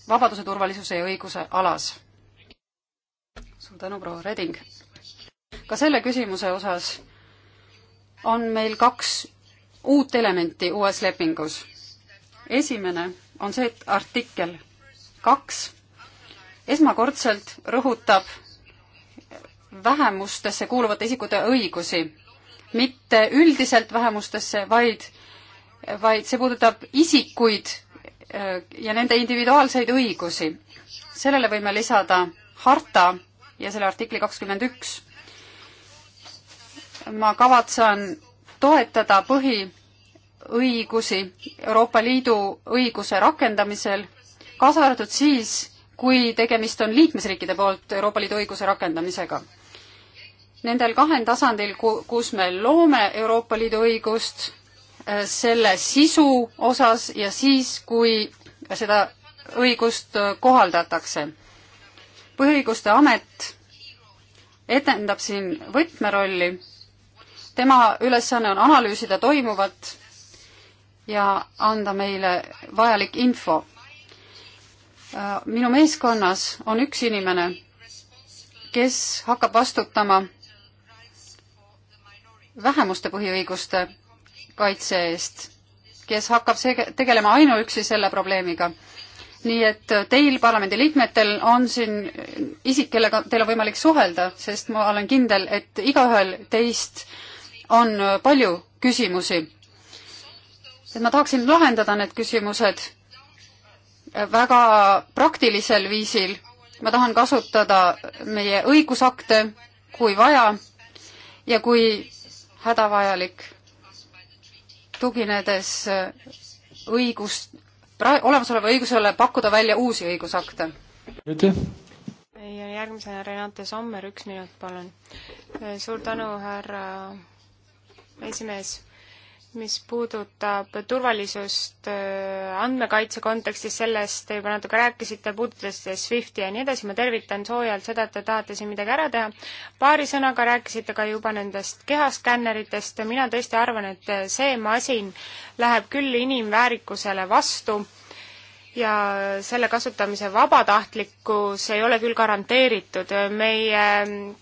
vabaduse, turvalisuse ja õiguse alas. suur tänu, proua Reding! ka selle küsimuse osas on meil kaks uut elementi uues lepingus. esimene on see, et artikkel kaks esmakordselt rõhutab vähemustesse kuuluvate isikute õigusi, mitte üldiselt vähemustesse, vaid, vaid see puudutab isikuid äh, ja nende individuaalseid õigusi. sellele võime lisada harta ja selle artikli kakskümmend üks. ma kavatsen toetada põhiõigusi Euroopa Liidu õiguse rakendamisel, kaasa arvatud siis, kui tegemist on liikmesriikide poolt Euroopa Liidu õiguse rakendamisega. Nendel kahel tasandil, kus me loome Euroopa Liidu õigust, äh, selle sisu osas ja siis, kui seda õigust äh, kohaldatakse. põhiõiguste amet etendab siin võtmerolli tema ülesanne on analüüsida toimuvat ja anda meile vajalik info. minu meeskonnas on üks inimene, kes hakkab vastutama vähemuste põhiõiguste kaitse eest, kes hakkab sege-, tegelema ainuüksi selle probleemiga. nii et teil, parlamendiliikmetel, on siin isik, kellega teil on võimalik suhelda, sest ma olen kindel, et igaühel teist äh, on äh, palju küsimusi. et ma tahaksin lahendada need küsimused äh, väga praktilisel viisil. ma tahan kasutada meie õigusakte, kui vaja ja kui hädavajalik, tuginedes äh, õigust, olemasoleva õigusele pakkuda välja uusi õigusakte.
aitäh! ja järgmisena Renate Sommer, üks minut, palun. suur tänu, härra esimees, mis puudutab turvalisust äh, andmekaitse kontekstis, sellest te juba natuke rääkisite, puudutasite SWIFTi ja nii edasi, ma tervitan soojalt seda, et te tahate siin midagi ära teha. paari sõnaga rääkisite ka juba nendest kehaskänneritest ja mina tõesti arvan, et see masin läheb küll inimväärikusele vastu ja selle kasutamise vabatahtlikkus ei ole küll garanteeritud. meie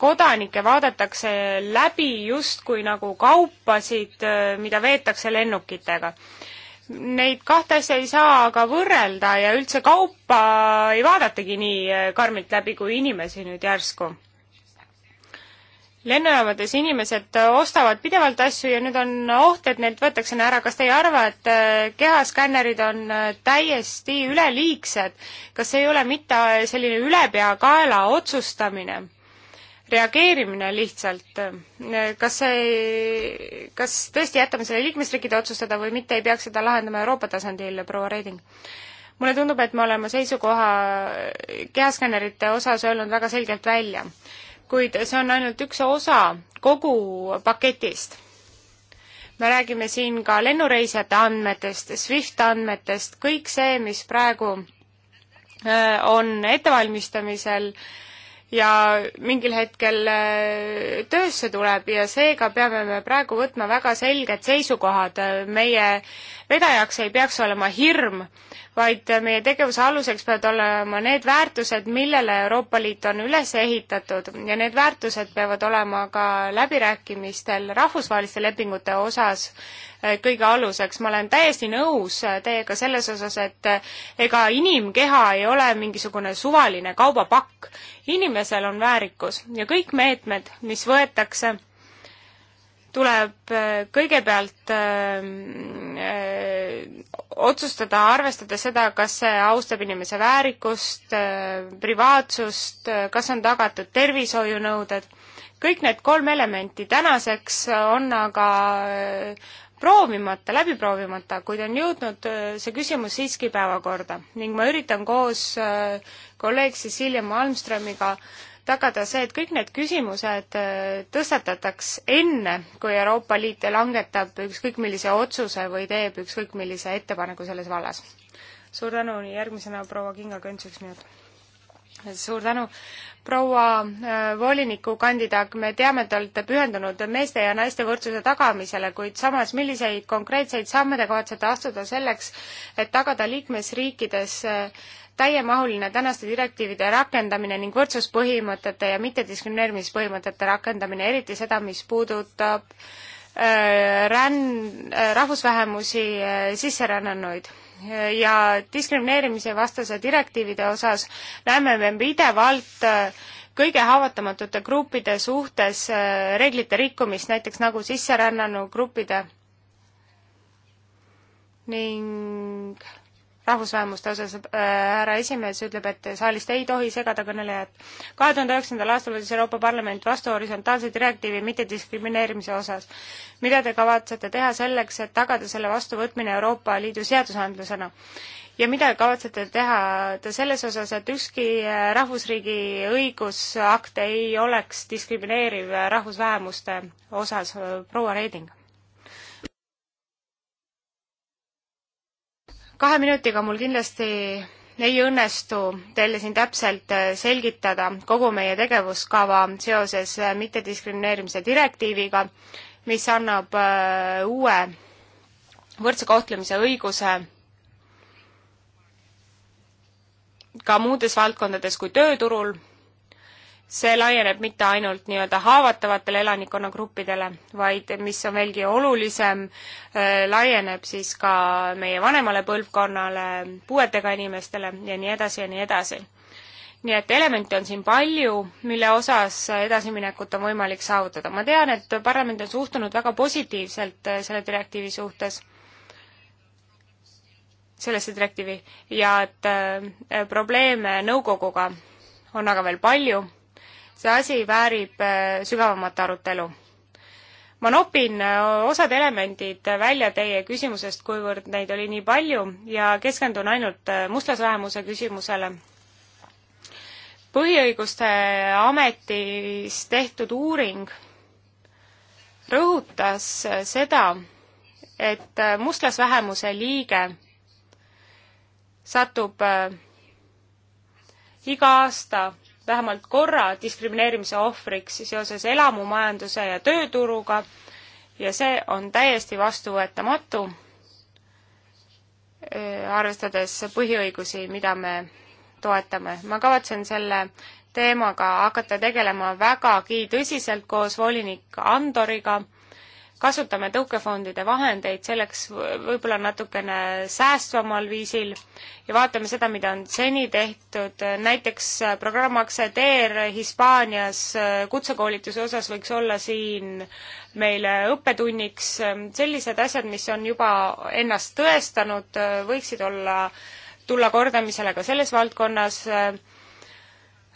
kodanikke vaadatakse läbi justkui nagu kaupasid, mida veetakse lennukitega. Neid kahte asja ei saa aga võrrelda ja üldse kaupa ei vaadatagi nii karmilt läbi kui inimesi nüüd järsku lennujaamades inimesed äh, ostavad pidevalt asju ja nüüd on oht, et neilt võetakse need ära. kas te ei arva, et äh, kehaskännerid on äh, täiesti üleliigsed? kas ei ole mitte selline ülepeakaela otsustamine? reageerimine lihtsalt, kas see, kas tõesti jätame selle liikmesriikide otsustada või mitte, ei peaks seda lahendama Euroopa tasandil, proua Reding? mulle tundub, et me oleme seisukoha kehaskännerite osas öelnud väga selgelt välja kuid see on ainult üks osa kogu paketist. me räägime siin ka lennureisijate andmetest, SWIFT andmetest, kõik see, mis praegu äh, on ettevalmistamisel äh, ja mingil hetkel äh, töösse tuleb ja seega peame me praegu võtma väga selged seisukohad. meie vedajaks ei peaks olema hirm, vaid meie tegevuse aluseks peavad olema need väärtused, millele Euroopa Liit on üles ehitatud ja need väärtused peavad olema ka läbirääkimistel rahvusvaheliste lepingute osas Äh, kõige aluseks. ma olen täiesti nõus äh, teiega selles osas, et äh, ega inimkeha ei ole mingisugune suvaline kaubapakk. inimesel on väärikus ja kõik meetmed, mis võetakse, tuleb kõigepealt öö, ähm, öö, otsustada, arvestades seda, kas see austab inimese väärikust, privaatsust, kas on tagatud tervishoiunõuded kõik need kolm elementi tänaseks on aga proovimata, läbi proovimata, kuid on jõudnud äh, see küsimus siiski päevakorda ning ma üritan koos äh, kolleeg Cecilia Malmströmiga tagada see, et kõik need küsimused äh, tõstatataks enne, kui Euroopa Liit langetab ükskõik millise otsuse või teeb ükskõik millise ettepaneku selles vallas. suur tänu, järgmisena proua Kinga Könts, üks minut suur tänu. proua äh, volinikukandidaat, me teame, te olete pühendunud meeste ja naiste võrdsuse tagamisele, kuid samas, milliseid konkreetseid samme te kavatsete astuda selleks, et tagada liikmesriikides äh, täiemahuline tänaste direktiivide rakendamine ning võrdsuspõhimõtete ja mittediskrimineerimispõhimõtete rakendamine, eriti seda, mis puudutab äh, ränn-, rahvusvähemusi sisserännanuid ja diskrimineerimise vastase direktiivide osas näeme me pidevalt äh, kõige haavatamatute gruppide suhtes äh, reeglite rikkumist, näiteks nagu sisserännanugruppide ning rahvusvähemuste osas äh, härra äh, esimees ütleb, et saalist ei tohi segada kõnelejat. kahe tuhande üheksandal aastal võttis Euroopa Parlament vastu horisontaalse direktiivi mittediskrimineerimise osas. mida te kavatsete teha selleks, et tagada selle vastuvõtmine Euroopa Liidu seadusandlusena? ja mida kavatsete teha te selles osas, et ükski äh, rahvusriigi õigusakt ei oleks diskrimineeriv rahvusvähemuste osas? Äh, proua Reiding kahe minutiga mul kindlasti ei õnnestu teile siin täpselt äh, selgitada kogu meie tegevuskava seoses äh, mittediskrimineerimise direktiiviga, mis annab äh, uue võrdse kohtlemise õiguse ka muudes valdkondades kui tööturul see laieneb mitte ainult nii-öelda haavatavatele elanikkonnagruppidele, vaid mis on veelgi olulisem, äh, laieneb siis ka meie vanemale põlvkonnale, puuetega inimestele ja nii edasi ja nii edasi. nii et elemente on siin palju, mille osas edasiminekut on võimalik saavutada. ma tean, et parlament on suhtunud väga positiivselt äh, selle direktiivi suhtes sellesse direktiivi ja et äh, probleeme nõukoguga on aga veel palju see asi väärib äh, sügavamat arutelu. ma nopin äh, osad elemendid välja teie küsimusest, kuivõrd neid oli nii palju ja keskendun ainult äh, mustlasvähemuse küsimusele. põhiõiguste ametis tehtud uuring rõhutas seda, et mustlasvähemuse liige satub iga aasta vähemalt korra diskrimineerimise ohvriks seoses elamumajanduse ja tööturuga ja see on täiesti vastuvõetamatu, äh, arvestades põhiõigusi, mida me toetame. ma kavatsen selle teemaga hakata tegelema vägagi tõsiselt koos volinik Andoriga kasutame tõukefondide vahendeid selleks võib-olla natukene säästvamal viisil ja vaatame seda, mida on seni tehtud, näiteks äh, programm Acceder Hispaanias äh, kutsekoolituse osas võiks olla siin meile õppetunniks, sellised asjad, mis on juba ennast tõestanud, äh, võiksid olla, tulla kordamisele ka selles valdkonnas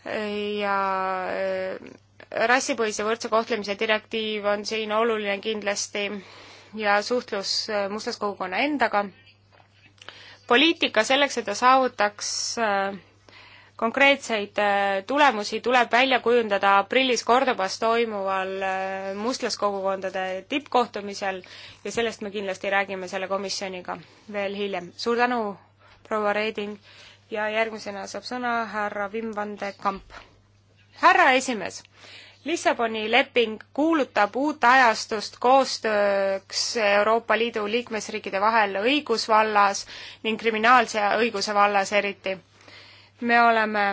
ja rassipõhise võrdse kohtlemise direktiiv on siin oluline kindlasti ja suhtlus äh, mustas kogukonna endaga. poliitika selleks, et ta saavutaks äh, konkreetseid äh, tulemusi tuleb välja kujundada aprillis Kordobas toimuval mustlaskogukondade tippkohtumisel ja sellest me kindlasti räägime selle komisjoniga veel hiljem. suur tänu, proua Reiding ja järgmisena saab sõna härra Wim van de Kamp härra esimees, Lissaboni leping kuulutab uut ajastust koostööks Euroopa Liidu liikmesriikide vahel õigusvallas ning kriminaalse õiguse vallas eriti. me oleme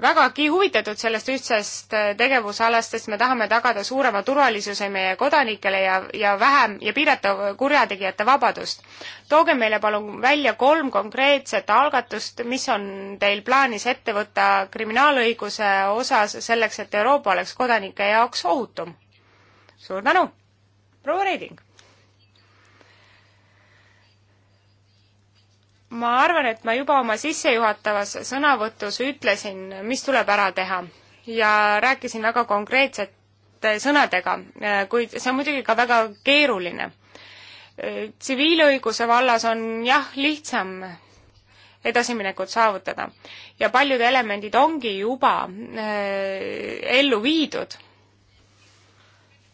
vägagi huvitatud sellest ühtsest äh, tegevusalast, sest me tahame tagada suurema turvalisuse meie kodanikele ja, ja vähem ja piirata kurjategijate vabadust. tooge meile palun välja kolm konkreetset algatust, mis on teil plaanis ette võtta kriminaalõiguse osas selleks, et Euroopa oleks kodanike jaoks ohutum. suur tänu, proua Reiding! ma arvan, et ma juba oma sissejuhatavas sõnavõtus ütlesin, mis tuleb ära teha ja rääkisin väga konkreetsete sõnadega, e, kuid see on muidugi ka väga keeruline. E, tsiviilõiguse vallas on jah, lihtsam edasiminekut saavutada ja paljud elemendid ongi juba äh, ellu viidud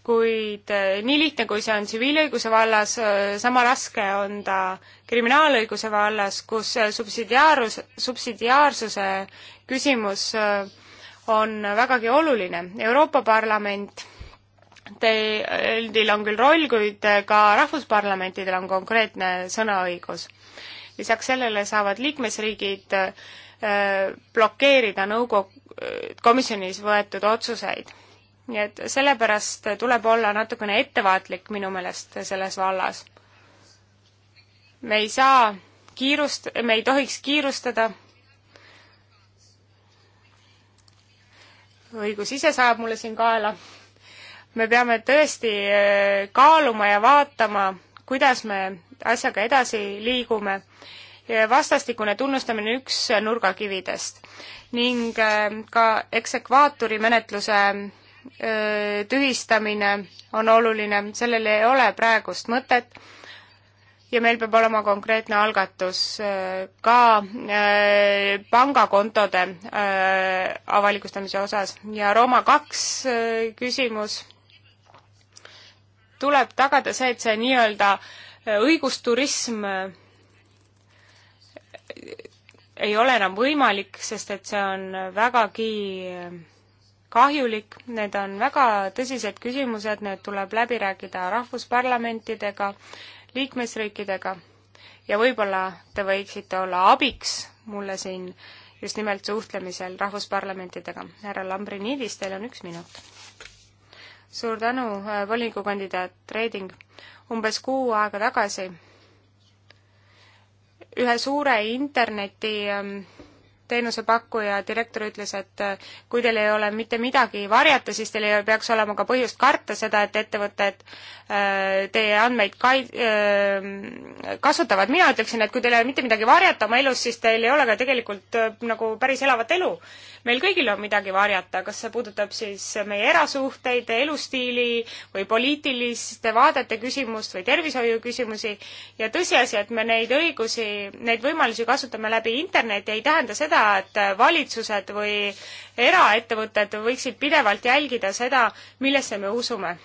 kuid eh, nii lihtne, kui see on tsiviilõiguse vallas, eh, sama raske on ta kriminaalõiguse vallas, kus eh, subsidiaarus, subsidiaarsuse küsimus on vägagi oluline. Euroopa Parlament, teil on küll roll, kuid ka rahvusparlamentidel on konkreetne sõnaõigus. lisaks sellele saavad liikmesriigid blokeerida nõukogu, komisjonis võetud otsuseid nii et sellepärast tuleb olla natukene ettevaatlik minu meelest selles vallas. me ei saa kiirust-, me ei tohiks kiirustada. õigus ise sajab mulle siin kaela. me peame tõesti äh, kaaluma ja vaatama, kuidas me asjaga edasi liigume vastastikune tunnustamine üks nurgakividest ning äh, ka eksekvaatori menetluse tühistamine on oluline, sellel ei ole praegust mõtet ja meil peab olema konkreetne algatus ka pangakontode avalikustamise osas ja Rooma kaks küsimus, tuleb tagada see, et see nii-öelda õigusturism ei ole enam võimalik, sest et see on vägagi kahjulik, need on väga tõsised küsimused, need tuleb läbi rääkida rahvusparlamentidega, liikmesriikidega ja võib-olla te võiksite olla abiks mulle siin just nimelt suhtlemisel rahvusparlamentidega. härra Lambrinidis, teil on üks minut. suur tänu, äh, volikogu kandidaat Reding. umbes kuu aega tagasi ühe suure interneti ähm, teenusepakkuja direktor ütles, et äh, kui teil ei ole mitte midagi varjata, siis teil ei peaks olema ka põhjust karta seda, et ettevõtted äh, teie andmeid kai-, äh, kasutavad. mina ütleksin, et kui teil ei ole mitte midagi varjata oma elus, siis teil ei ole ka tegelikult nagu päris elavat elu. meil kõigil on midagi varjata, kas see puudutab siis meie erasuhteid, elustiili või poliitiliste vaadete küsimust või tervishoiuküsimusi ja tõsiasi, et me neid õigusi, neid võimalusi kasutame läbi interneti, ei tähenda seda, seda, et valitsused või eraettevõtted võiksid pidevalt jälgida seda, millesse me usume.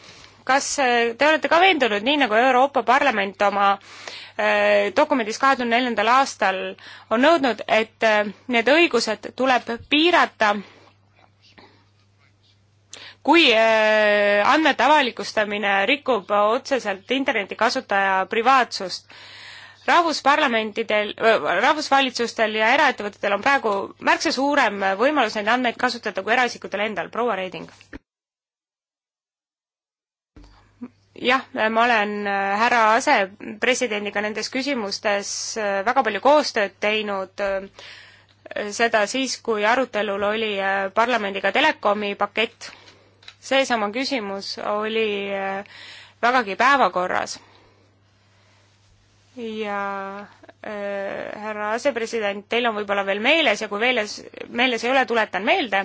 kas äh, te olete ka veendunud, nii nagu Euroopa Parlament oma äh, dokumendis kahe tuhande neljandal aastal on nõudnud, et äh, need õigused tuleb piirata kui andmete avalikustamine rikub otseselt internetikasutaja privaatsust rahvusparlamentidel, rahvusvalitsustel ja eraettevõtetel on praegu märksa suurem võimalus neid andmeid kasutada kui eraisikutel endal. proua Reiding. jah, ma olen härra asepresidendiga nendes küsimustes väga palju koostööd teinud, seda siis, kui arutelul oli parlamendiga telekomi pakett. seesama küsimus oli vägagi päevakorras ja äh, härra asepresident, teil on võib-olla veel meeles ja kui meeles, meeles ei ole, tuletan meelde,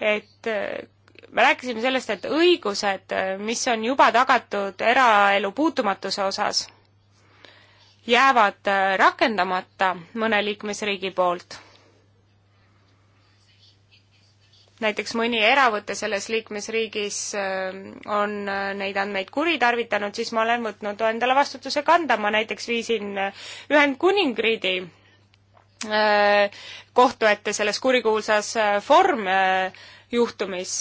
et äh, me rääkisime sellest, et õigused, äh, mis on juba tagatud eraelu puutumatuse osas, jäävad äh, rakendamata mõne liikmesriigi poolt näiteks mõni eravõte selles liikmesriigis ähm, on äh, neid andmeid kuritarvitanud, siis ma olen võtnud endale vastutuse kanda, ma näiteks viisin äh, Ühendkuningriigi äh, kohtu ette selles kurikuulsas Form juhtumis,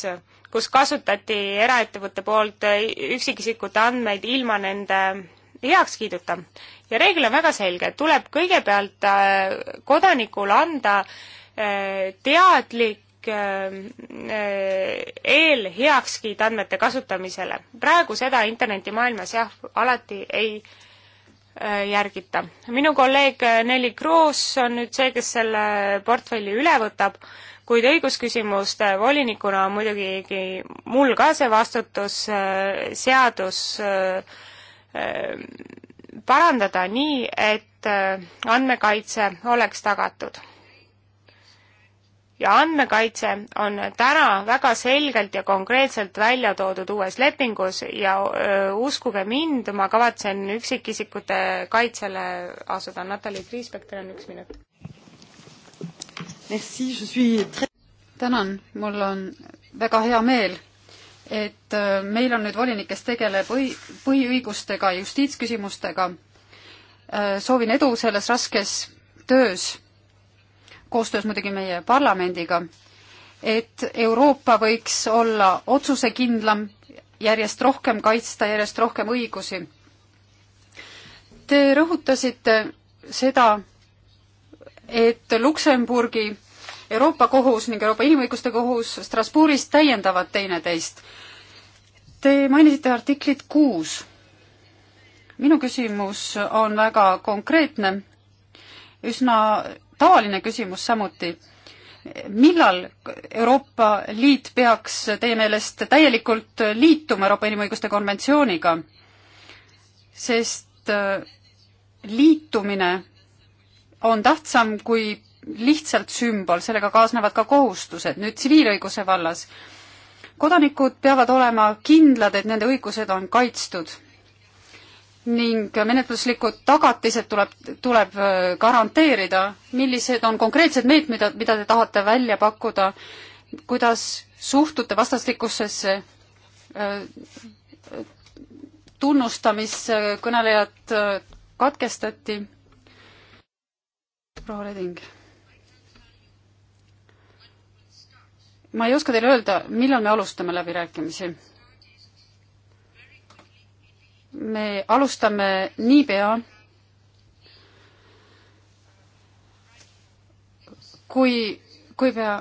kus kasutati eraettevõtte poolt üksikisikute andmeid ilma nende heakskiiduta. ja reegel on väga selge, tuleb kõigepealt kodanikule anda teadlik Äh, äh, eelheakskiit andmete kasutamisele. praegu seda internetimaailmas jah, alati ei äh, järgita. minu kolleeg Nelli Kroos on nüüd see, kes selle portfelli üle võtab, kuid õigusküsimuste volinikuna on muidugi mul ka see vastutus seadus parandada nii, et andmekaitse oleks tagatud ja andmekaitse on täna väga selgelt ja konkreetselt välja toodud uues lepingus ja öö, uskuge mind, ma kavatsen üksikisikute kaitsele asuda. Natalja Kriisbek, teil on üks minut.
tänan, mul on väga hea meel, et meil on nüüd volinik, kes tegeleb põhi, põhiõigustega, justiitsküsimustega. soovin edu selles raskes töös koostöös muidugi meie parlamendiga, et Euroopa võiks olla otsusekindlam, järjest rohkem kaitsta, järjest rohkem õigusi. Te rõhutasite seda, et Luksemburgi Euroopa Kohus ning Euroopa Inimõiguste Kohus Strasbourgis täiendavad teineteist. Te mainisite artiklit kuus. minu küsimus on väga konkreetne, üsna tavaline küsimus samuti. millal Euroopa Liit peaks teie meelest täielikult liituma Euroopa Inimõiguste konventsiooniga? sest äh, liitumine on tähtsam kui lihtsalt sümbol, sellega kaasnevad ka kohustused. nüüd tsiviilõiguse vallas kodanikud peavad olema kindlad, et nende õigused on kaitstud ning menetluslikud tagatised tuleb, tuleb äh, garanteerida, millised on konkreetsed meetmed, mida, mida te tahate välja pakkuda, kuidas suhtute vastastikusesse äh, tunnustamisse, kõnelejad äh, katkestati. proua Reding. ma ei oska teile öelda, millal me alustame läbirääkimisi me alustame niipea, kui, kui pea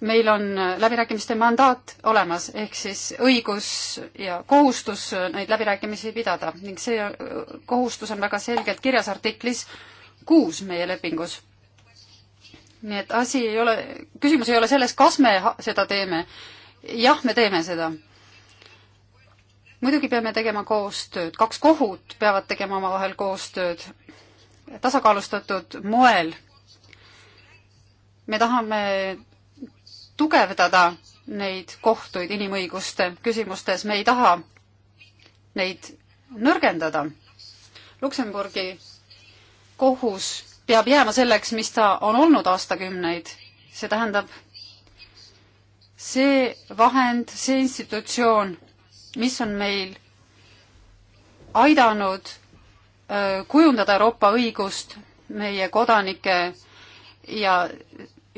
meil on läbirääkimiste mandaat olemas, ehk siis õigus ja kohustus neid läbirääkimisi pidada ning see kohustus on väga selgelt kirjas artiklis kuus meie lepingus. nii et asi ei ole, küsimus ei ole selles, kas me seda teeme. jah, me teeme seda muidugi peame tegema koostööd, kaks kohut peavad tegema omavahel koostööd tasakaalustatud moel. me tahame tugevdada neid kohtuid inimõiguste küsimustes, me ei taha neid nõrgendada. Luksemburgi kohus peab jääma selleks, mis ta on olnud aastakümneid. see tähendab, see vahend, see institutsioon mis on meil aidanud äh, kujundada Euroopa õigust meie kodanike ja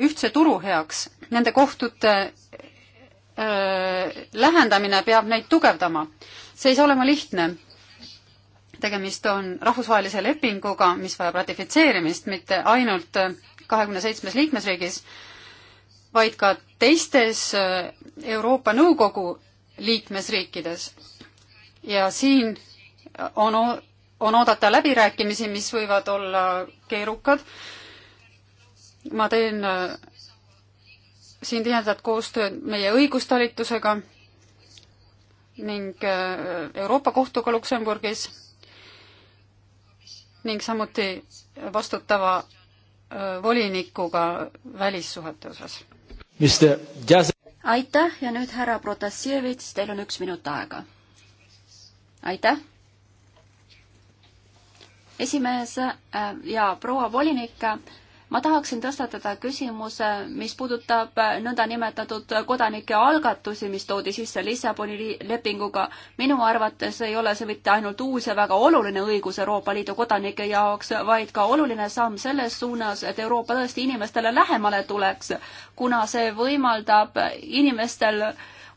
ühtse turu heaks. Nende kohtute äh, lähendamine peab neid tugevdama. see ei saa olema lihtne. tegemist on rahvusvahelise lepinguga, mis vajab ratifitseerimist mitte ainult äh, kahekümne seitsmes liikmesriigis, vaid ka teistes Euroopa Nõukogu liikmesriikides. ja siin on, on oodata läbirääkimisi, mis võivad olla keerukad. ma teen äh, siin tihedat koostööd meie õigustalitusega ning äh, Euroopa Kohtuga Luksemburgis ning samuti vastutava äh, volinikuga
välissuhete osas aitäh ja nüüd härra Protasevitš, teil on üks minut aega. aitäh. esimees äh, ja proua volinik ma tahaksin tõstatada küsimuse, mis puudutab nõndanimetatud kodanike algatusi, mis toodi sisse Lissaboni lepinguga. minu arvates ei ole see mitte ainult uus ja väga oluline õigus Euroopa Liidu kodanike jaoks, vaid ka oluline samm selles suunas, et Euroopa tõesti inimestele lähemale tuleks, kuna see võimaldab inimestel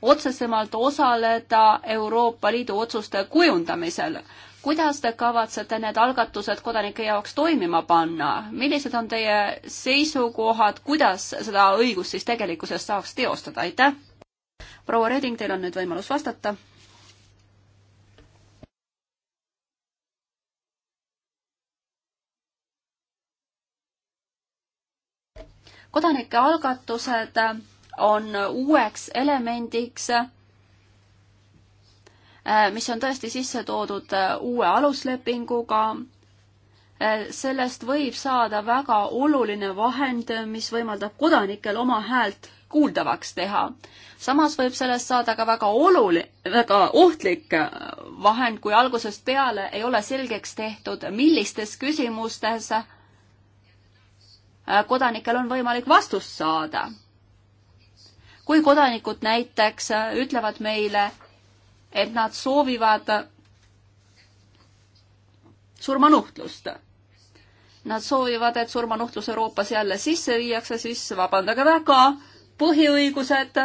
otsesemalt osaleda Euroopa Liidu otsuste kujundamisel kuidas te kavatsete need algatused kodanike jaoks toimima panna, millised on teie seisukohad, kuidas seda õigust siis tegelikkuses saaks teostada, aitäh! proua Reding, teil on nüüd võimalus vastata. kodanike algatused on uueks elemendiks Äh, mis on tõesti sisse toodud äh, uue aluslepinguga. Äh, sellest võib saada väga oluline vahend, mis võimaldab kodanikel oma häält kuuldavaks teha. samas võib sellest saada ka väga oluline, väga ohtlik vahend, kui algusest peale ei ole selgeks tehtud, millistes küsimustes kodanikel on võimalik vastust saada. kui kodanikud näiteks ütlevad meile, et nad soovivad surmanuhtlust. Nad soovivad, et surmanuhtlus Euroopas jälle sisse viiakse, siis vabandage väga, põhiõigused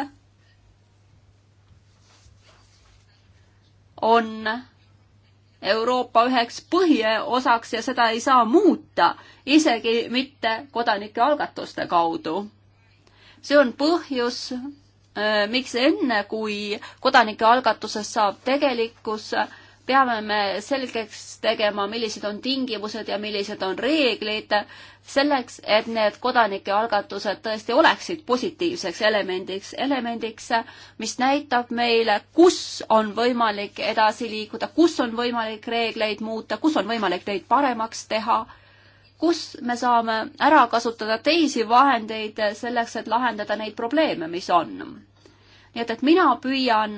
on Euroopa üheks põhiosaks ja seda ei saa muuta, isegi mitte kodanike algatuste kaudu. see on põhjus, Äh, miks enne, kui kodanikealgatusest saab tegelikkus, peame me selgeks tegema, millised on tingimused ja millised on reeglid selleks, et need kodanikealgatused tõesti oleksid positiivseks elemendiks, elemendiks, mis näitab meile, kus on võimalik edasi liikuda, kus on võimalik reegleid muuta, kus on võimalik neid paremaks teha kus me saame ära kasutada teisi vahendeid selleks, et lahendada neid probleeme, mis on. nii et, et mina püüan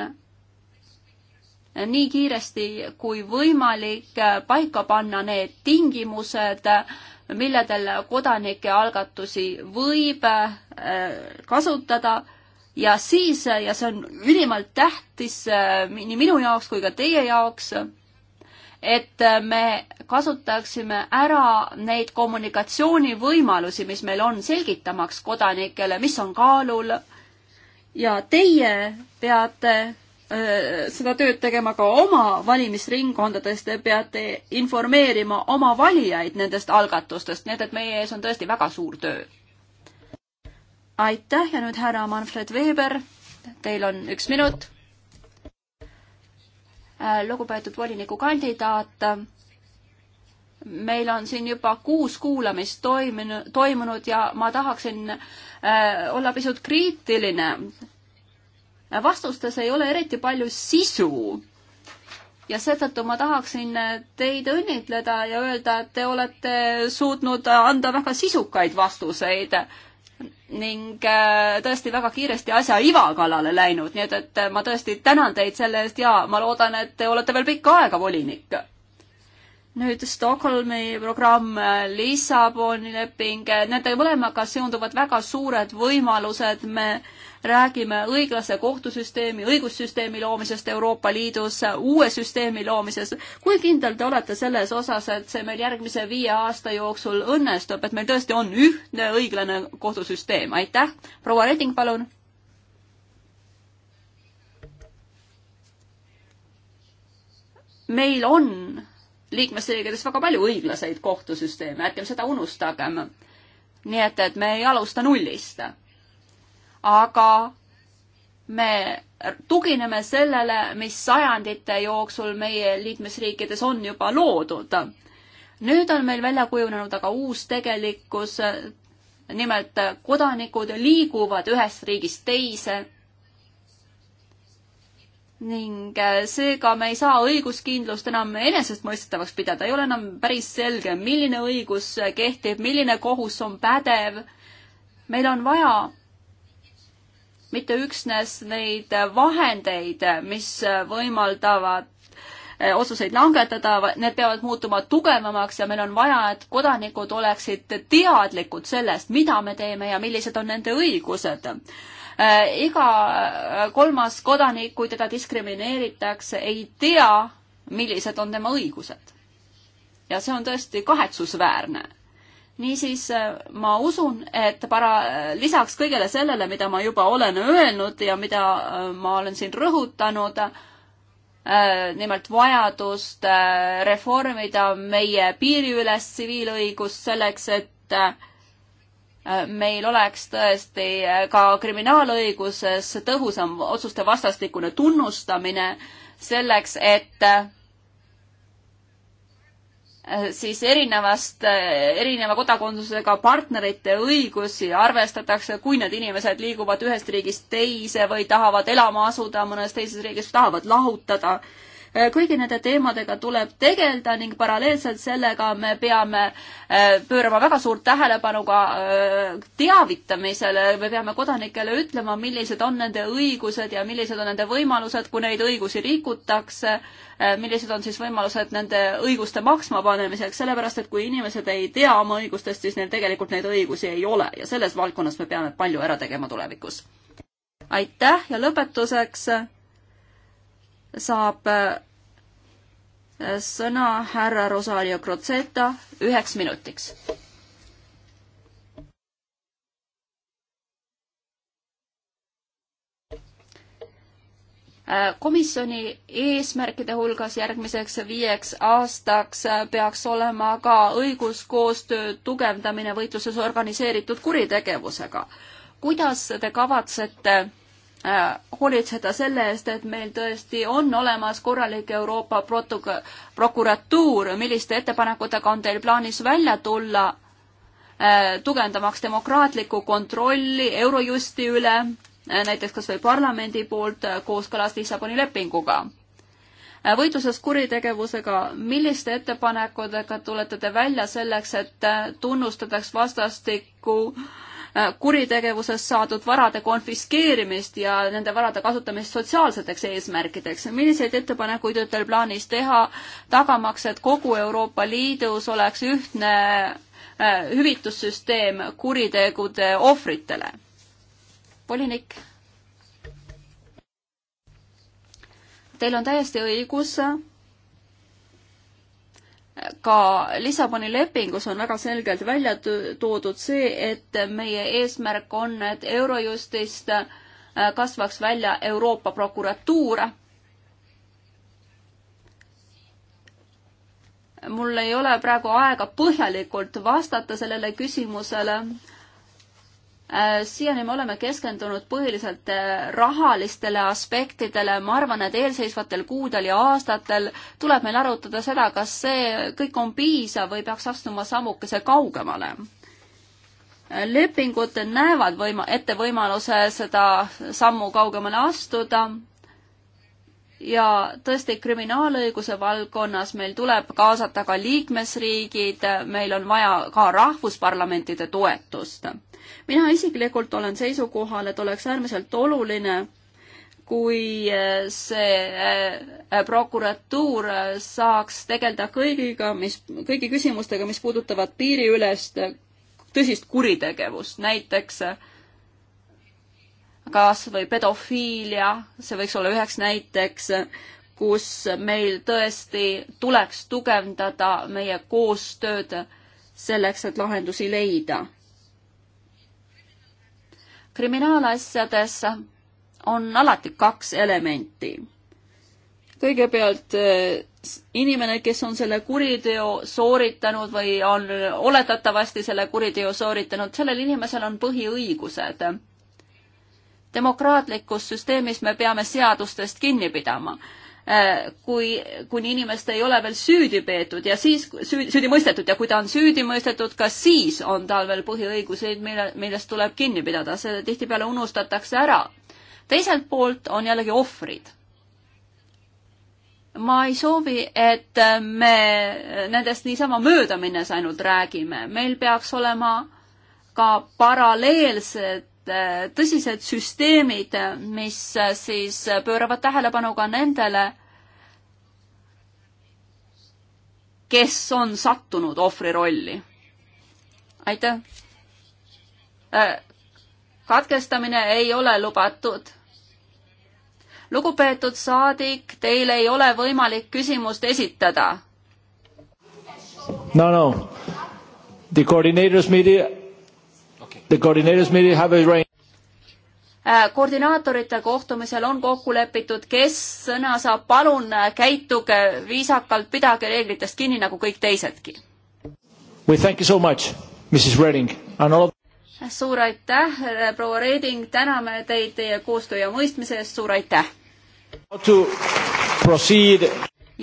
nii kiiresti kui võimalik paika panna need tingimused, milledel kodanike algatusi võib äh, kasutada ja siis, ja see on ülimalt tähtis äh, nii minu jaoks kui ka teie jaoks, et me kasutaksime ära neid kommunikatsioonivõimalusi, mis meil on, selgitamaks kodanikele, mis on kaalul. ja teie peate öö, seda tööd tegema ka oma valimisringkondades, te peate informeerima oma valijaid nendest algatustest, nii et, et meie ees on tõesti väga suur töö. aitäh ja nüüd härra Manfred Weber, teil on üks minut Äh, lugupeetud volinikukandidaat, meil on siin juba kuus kuulamist toimunud, toimunud ja ma tahaksin äh, olla pisut kriitiline. vastustes ei ole eriti palju sisu ja seetõttu ma tahaksin teid õnnitleda ja öelda, et te olete suutnud anda väga sisukaid vastuseid ning äh, tõesti väga kiiresti asja iva kallale läinud, nii et, et äh, ma tõesti tänan teid selle eest ja ma loodan, et te olete veel pikka aega volinik. nüüd Stockholmi programm, Lissaboni leping, nende mõlemaga seonduvad väga suured võimalused, me räägime õiglase kohtusüsteemi, õigussüsteemi loomisest Euroopa Liidus, uue süsteemi loomisest. kui kindel te olete selles osas, et see meil järgmise viie aasta jooksul õnnestub, et meil tõesti on ühtne õiglane kohtusüsteem, aitäh. proua Reding, palun. meil on liikmesriikides väga palju õiglaseid kohtusüsteeme, ärgem seda unustagem. nii et, et me ei alusta nullist aga me tugineme sellele, mis sajandite jooksul meie liikmesriikides on juba loodud. nüüd on meil välja kujunenud aga uus tegelikkus, nimelt kodanikud liiguvad ühest riigist teise ning seega me ei saa õiguskindlust enam enesestmõistetavaks pidada, ei ole enam päris selge, milline õigus kehtib, milline kohus on pädev. meil on vaja mitte üksnes neid vahendeid, mis võimaldavad eh, otsuseid langetada, need peavad muutuma tugevamaks ja meil on vaja, et kodanikud oleksid teadlikud sellest, mida me teeme ja millised on nende õigused. Eh, iga kolmas kodanik, kui teda diskrimineeritakse, ei tea, millised on tema õigused. ja see on tõesti kahetsusväärne niisiis äh, ma usun, et para-, lisaks kõigele sellele, mida ma juba olen öelnud ja mida äh, ma olen siin rõhutanud, äh, nimelt vajadust reformida meie piiriülest tsiviilõigust selleks, et meil oleks tõesti ka kriminaalõiguses tõhusam otsuste vastastikune tunnustamine selleks, et Äh, siis erinevast, äh, erineva kodakondsusega partnerite õigusi arvestatakse, kui need inimesed liiguvad ühest riigist teise või tahavad elama asuda mõnes teises riigis, tahavad lahutada kõigi nende teemadega tuleb tegeleda ning paralleelselt sellega me peame äh, pöörama väga suurt tähelepanu ka äh, teavitamisele, me peame kodanikele ütlema, millised on nende õigused ja millised on nende võimalused, kui neid õigusi rikutakse, äh, millised on siis võimalused nende õiguste maksma panemiseks, sellepärast et kui inimesed ei tea oma õigustest, siis neil tegelikult neid õigusi ei ole ja selles valdkonnas me peame palju ära tegema tulevikus. aitäh ja lõpetuseks saab sõna härra Rosario Crozeta üheks minutiks. komisjoni eesmärkide hulgas järgmiseks viieks aastaks peaks olema ka õiguskoostöö tugevdamine võitluses organiseeritud kuritegevusega. kuidas te kavatsete Äh, hoolitseda selle eest, et meil tõesti on olemas korralik Euroopa protokoll, prokuratuur, milliste ettepanekutega on teil plaanis välja tulla, äh, tugevdamaks demokraatlikku kontrolli Eurojusti üle, äh, näiteks kas või parlamendi poolt kooskõlas Lissaboni lepinguga? võitluses kuritegevusega, milliste ettepanekutega tulete te välja selleks, et tunnustataks vastastikku äh, kuritegevusest saadud varade konfiskeerimist ja nende varade kasutamist sotsiaalseteks eesmärkideks. milliseid ettepanekuid on teil plaanis teha, tagamaks, et kogu Euroopa Liidus oleks ühtne äh, hüvitussüsteem kuritegude ohvritele? volinik. Teil on täiesti õigus ka Lissaboni lepingus on väga selgelt välja toodud see, et meie eesmärk on, et Eurojustist äh, kasvaks välja Euroopa prokuratuur. mul ei ole praegu aega põhjalikult vastata sellele küsimusele Äh, siiani me oleme keskendunud põhiliselt äh, rahalistele aspektidele, ma arvan, et eelseisvatel kuudel ja aastatel tuleb meil arutada seda, kas see kõik on piisav või peaks astuma sammukese kaugemale. Äh, lepingud näevad võima-, ette võimaluse seda sammu kaugemale astuda ja tõesti, kriminaalõiguse valdkonnas meil tuleb kaasata ka liikmesriigid, meil on vaja ka rahvusparlamentide toetust. mina isiklikult olen seisukohal, et oleks äärmiselt oluline, kui see äh, prokuratuur saaks tegeleda kõigiga, mis, kõigi küsimustega, mis puudutavad piiriülest tõsist kuritegevust, näiteks äh, kas või pedofiilia, see võiks olla üheks näiteks, kus meil tõesti tuleks tugevdada meie koostööd selleks, et lahendusi leida. kriminaalasjades on alati kaks elementi. kõigepealt eh, inimene, kes on selle kuriteo sooritanud või on oletatavasti selle kuriteo sooritanud, sellel inimesel on põhiõigused demokraatlikus süsteemis me peame seadustest kinni pidama äh, kui, kuni inimest ei ole veel süüdi peetud ja siis süüdi, süüdi mõistetud ja kui ta on süüdi mõistetud, ka siis on tal veel põhiõiguseid, mille, millest tuleb kinni pidada, see tihtipeale unustatakse ära. teiselt poolt on jällegi ohvrid. ma ei soovi, et me nendest niisama mööda minnes ainult räägime, meil peaks olema ka paralleelsed Äh, tõsised süsteemid, mis äh, siis pööravad tähelepanu ka nendele, kes on sattunud ohvri rolli. aitäh. Äh, katkestamine ei ole lubatud lugupeetud saadik, teil ei ole võimalik küsimust esitada.
no no, the coordinators meeting The coordinators meeting have a range
äh, koordinaatorite kohtumisel on kokku lepitud, kes sõna saab, palun äh, käituge viisakalt, pidage reeglitest kinni nagu kõik teisedki.
We thank you so much, Mrs Reding and all
äh, suur aitäh, proua Reding, täname teid teie koostöö ja mõistmise eest, suur aitäh!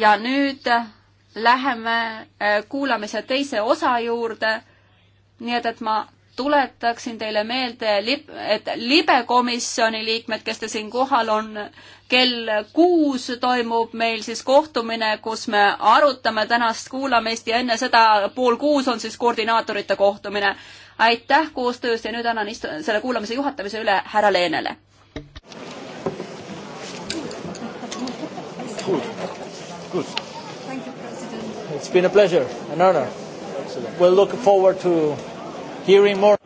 ja nüüd läheme kuulamise teise osa juurde, nii et, et ma tuletaksin teile meelde, et libekomisjoni liikmed, kes te siin kohal on, kell kuus toimub meil siis kohtumine, kus me arutame tänast kuulamist ja enne seda pool kuus on siis koordinaatorite kohtumine. aitäh koostööst ja nüüd annan istu-, selle kuulamise juhatamise üle härra Leenele.
Good. Good. Thank you, President. It's been a pleasure, an honor. We'll look forward to hearing more.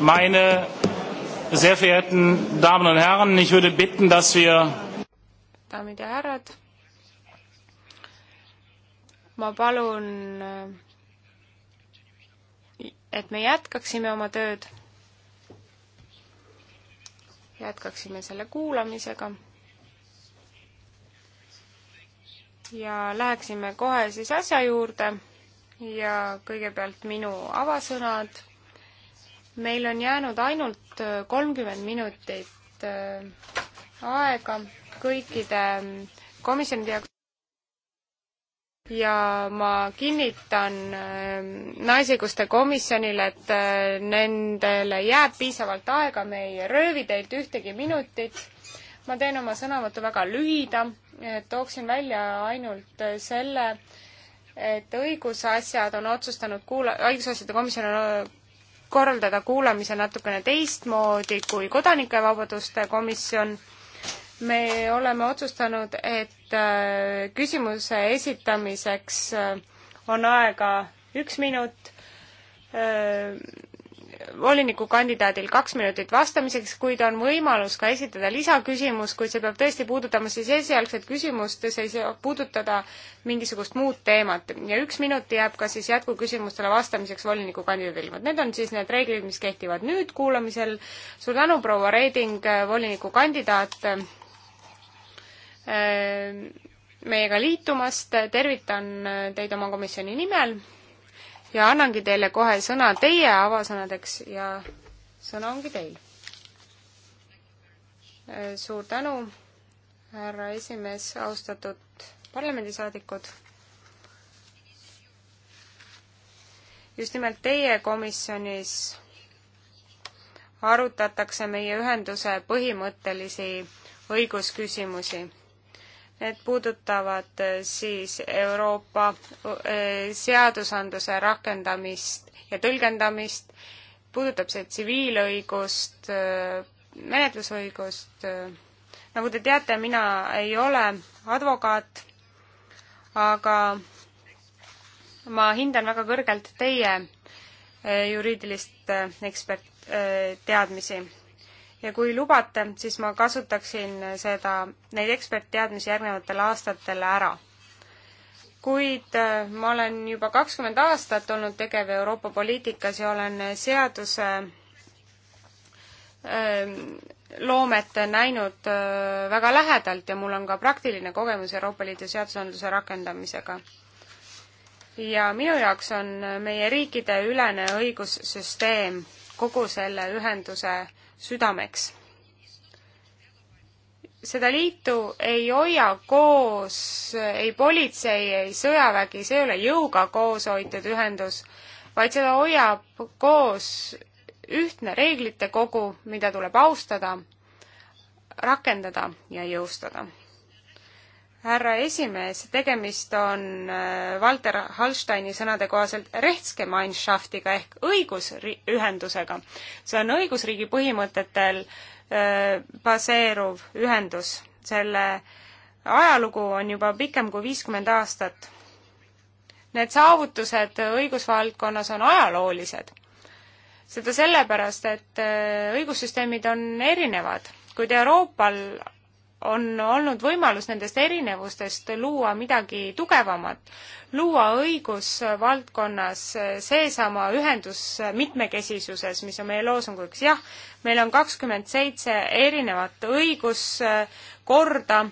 Meine sehr verehrten Damen und Herren, ich würde bitten, dass wir daamid ja härrad, ma palun, et me jätkaksime oma tööd, jätkaksime selle kuulamisega ja läheksime kohe siis asja juurde ja kõigepealt minu avasõnad meil on jäänud ainult äh, kolmkümmend minutit äh, aega kõikide mm, komisjonide jaoks ja ma kinnitan äh, Naisõiguste Komisjonile, et nendele jääb piisavalt aega, me ei röövi teilt ühtegi minutit. ma teen oma sõnavõttu väga lühida, tooksin välja ainult selle, et õigusasjad on otsustanud kuula-, õigusasjade komisjon on korraldada kuulamise natukene teistmoodi kui Kodanikevabaduste komisjon. me oleme otsustanud, et äh, küsimuse esitamiseks äh, on aega üks minut äh, volinikukandidaadil kaks minutit vastamiseks, kuid on võimalus ka esitada lisaküsimus, kuid see peab tõesti puudutama siis esialgset küsimust, see ei saa puudutada mingisugust muud teemat. ja üks minut jääb ka siis jätkuküsimustele vastamiseks volinikukandidaadil. vot need on siis need reeglid, mis kehtivad nüüd kuulamisel. suur tänu, proua Reiding, volinikukandidaat äh, meiega liitumast, tervitan teid oma komisjoni nimel ja annangi teile kohe sõna teie avasõnadeks ja sõna ongi teil. suur tänu, härra esimees, austatud parlamendisaadikud. just nimelt teie komisjonis arutatakse meie ühenduse põhimõttelisi õigusküsimusi Need puudutavad äh, siis Euroopa äh, seadusandluse rakendamist ja tõlgendamist, puudutab see tsiviilõigust, äh, menetlusõigust. nagu te teate, mina ei ole advokaat, aga ma hindan väga kõrgelt teie juriidilist ekspert-, teadmisi ja kui lubate, siis ma kasutaksin seda, neid ekspertteadmisi järgnevatel aastatel ära. kuid äh, ma olen juba kakskümmend aastat olnud tegev Euroopa poliitikas ja olen seaduse ähm, loomet näinud äh, väga lähedalt ja mul on ka praktiline kogemus Euroopa Liidu seadusandluse rakendamisega. ja minu jaoks on meie riikide ülene õigussüsteem kogu selle ühenduse südameks. seda liitu ei hoia koos ei politsei, ei sõjavägi, see ei ole jõuga koos hoitud ühendus, vaid seda hoiab koos ühtne reeglite kogu, mida tuleb austada, rakendada ja jõustada härra esimees, tegemist on äh, Walter Hallsteini sõnade kohaselt Rechtsgemeinschaftiga ehk õigusühendusega. see on õigusriigi põhimõtetel öö, äh, baseeruv ühendus. selle ajalugu on juba pikem kui viiskümmend aastat. Need saavutused õigusvaldkonnas on ajaloolised. seda sellepärast, et äh, õigussüsteemid on erinevad, kuid Euroopal on olnud võimalus nendest erinevustest luua midagi tugevamat, luua õigusvaldkonnas seesama ühendus mitmekesisuses, mis on meie loosunguks. jah, meil on kakskümmend seitse erinevat õiguskorda,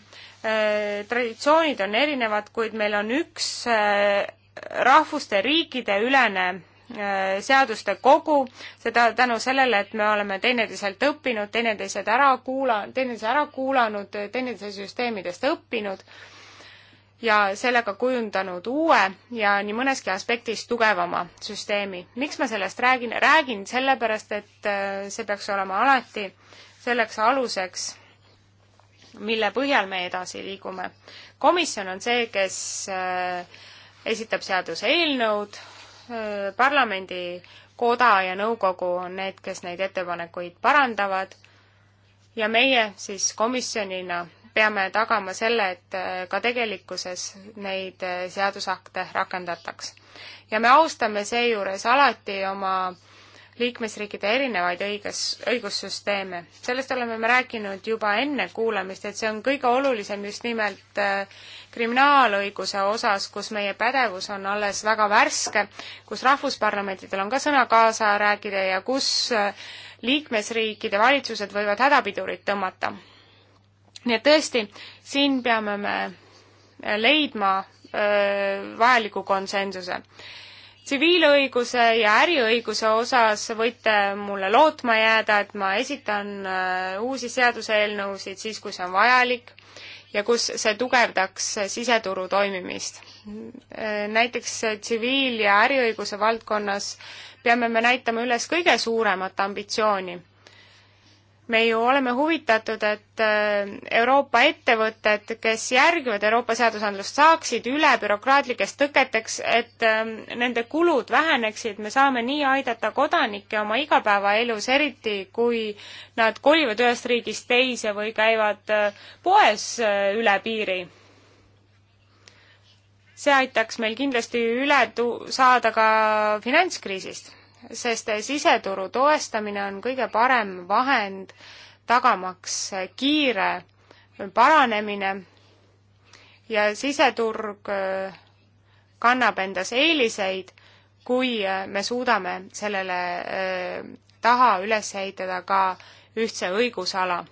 eh, traditsioonid on erinevad, kuid meil on üks eh, rahvuste riikide ülene Äh, seaduste kogu, seda tänu sellele, et me oleme teineteiselt õppinud, teineteised ära kuula-, teineteise ära kuulanud, teineteise süsteemidest õppinud ja sellega kujundanud uue ja nii mõneski aspektis tugevama süsteemi. miks ma sellest räägin? räägin sellepärast, et äh, see peaks olema alati selleks aluseks, mille põhjal me edasi liigume. komisjon on see, kes äh, esitab seaduseelnõud, Äh, parlamendi koda ja nõukogu on need, kes neid ettepanekuid parandavad ja meie siis komisjonina peame tagama selle, et äh, ka tegelikkuses neid äh, seadusakte rakendataks. ja me austame seejuures alati oma äh, liikmesriikide erinevaid õiges, õigussüsteeme. sellest oleme me rääkinud juba enne kuulamist, et see on kõige olulisem just nimelt äh, kriminaalõiguse osas, kus meie pädevus on alles väga värske, kus rahvusparlamentidel on ka sõna kaasa rääkida ja kus äh, liikmesriikide valitsused võivad hädapidurit tõmmata. nii et tõesti, siin peame me äh, leidma öö, vajaliku konsensuse tsiviilõiguse ja äriõiguse osas võite mulle lootma jääda, et ma esitan äh, uusi seaduseelnõusid siis, kui see on vajalik ja kus see tugevdaks siseturu toimimist. Äh, näiteks tsiviil- ja äriõiguse valdkonnas peame me näitama üles kõige suuremat ambitsiooni me ju oleme huvitatud, et äh, Euroopa ettevõtted, kes järgivad Euroopa seadusandlust, saaksid üle bürokraatlikest tõketeks, et ähm, nende kulud väheneksid, me saame nii aidata kodanikke oma igapäevaelus, eriti kui nad kolivad ühest riigist teise või käivad äh, poes äh, üle piiri. see aitaks meil kindlasti üle tu-, saada ka finantskriisist sest siseturu toestamine on kõige parem vahend tagamaks kiire paranemine ja siseturg äh, kannab endas eeliseid, kui äh, me suudame sellele äh, taha üles ehitada ka ühtse õigusala.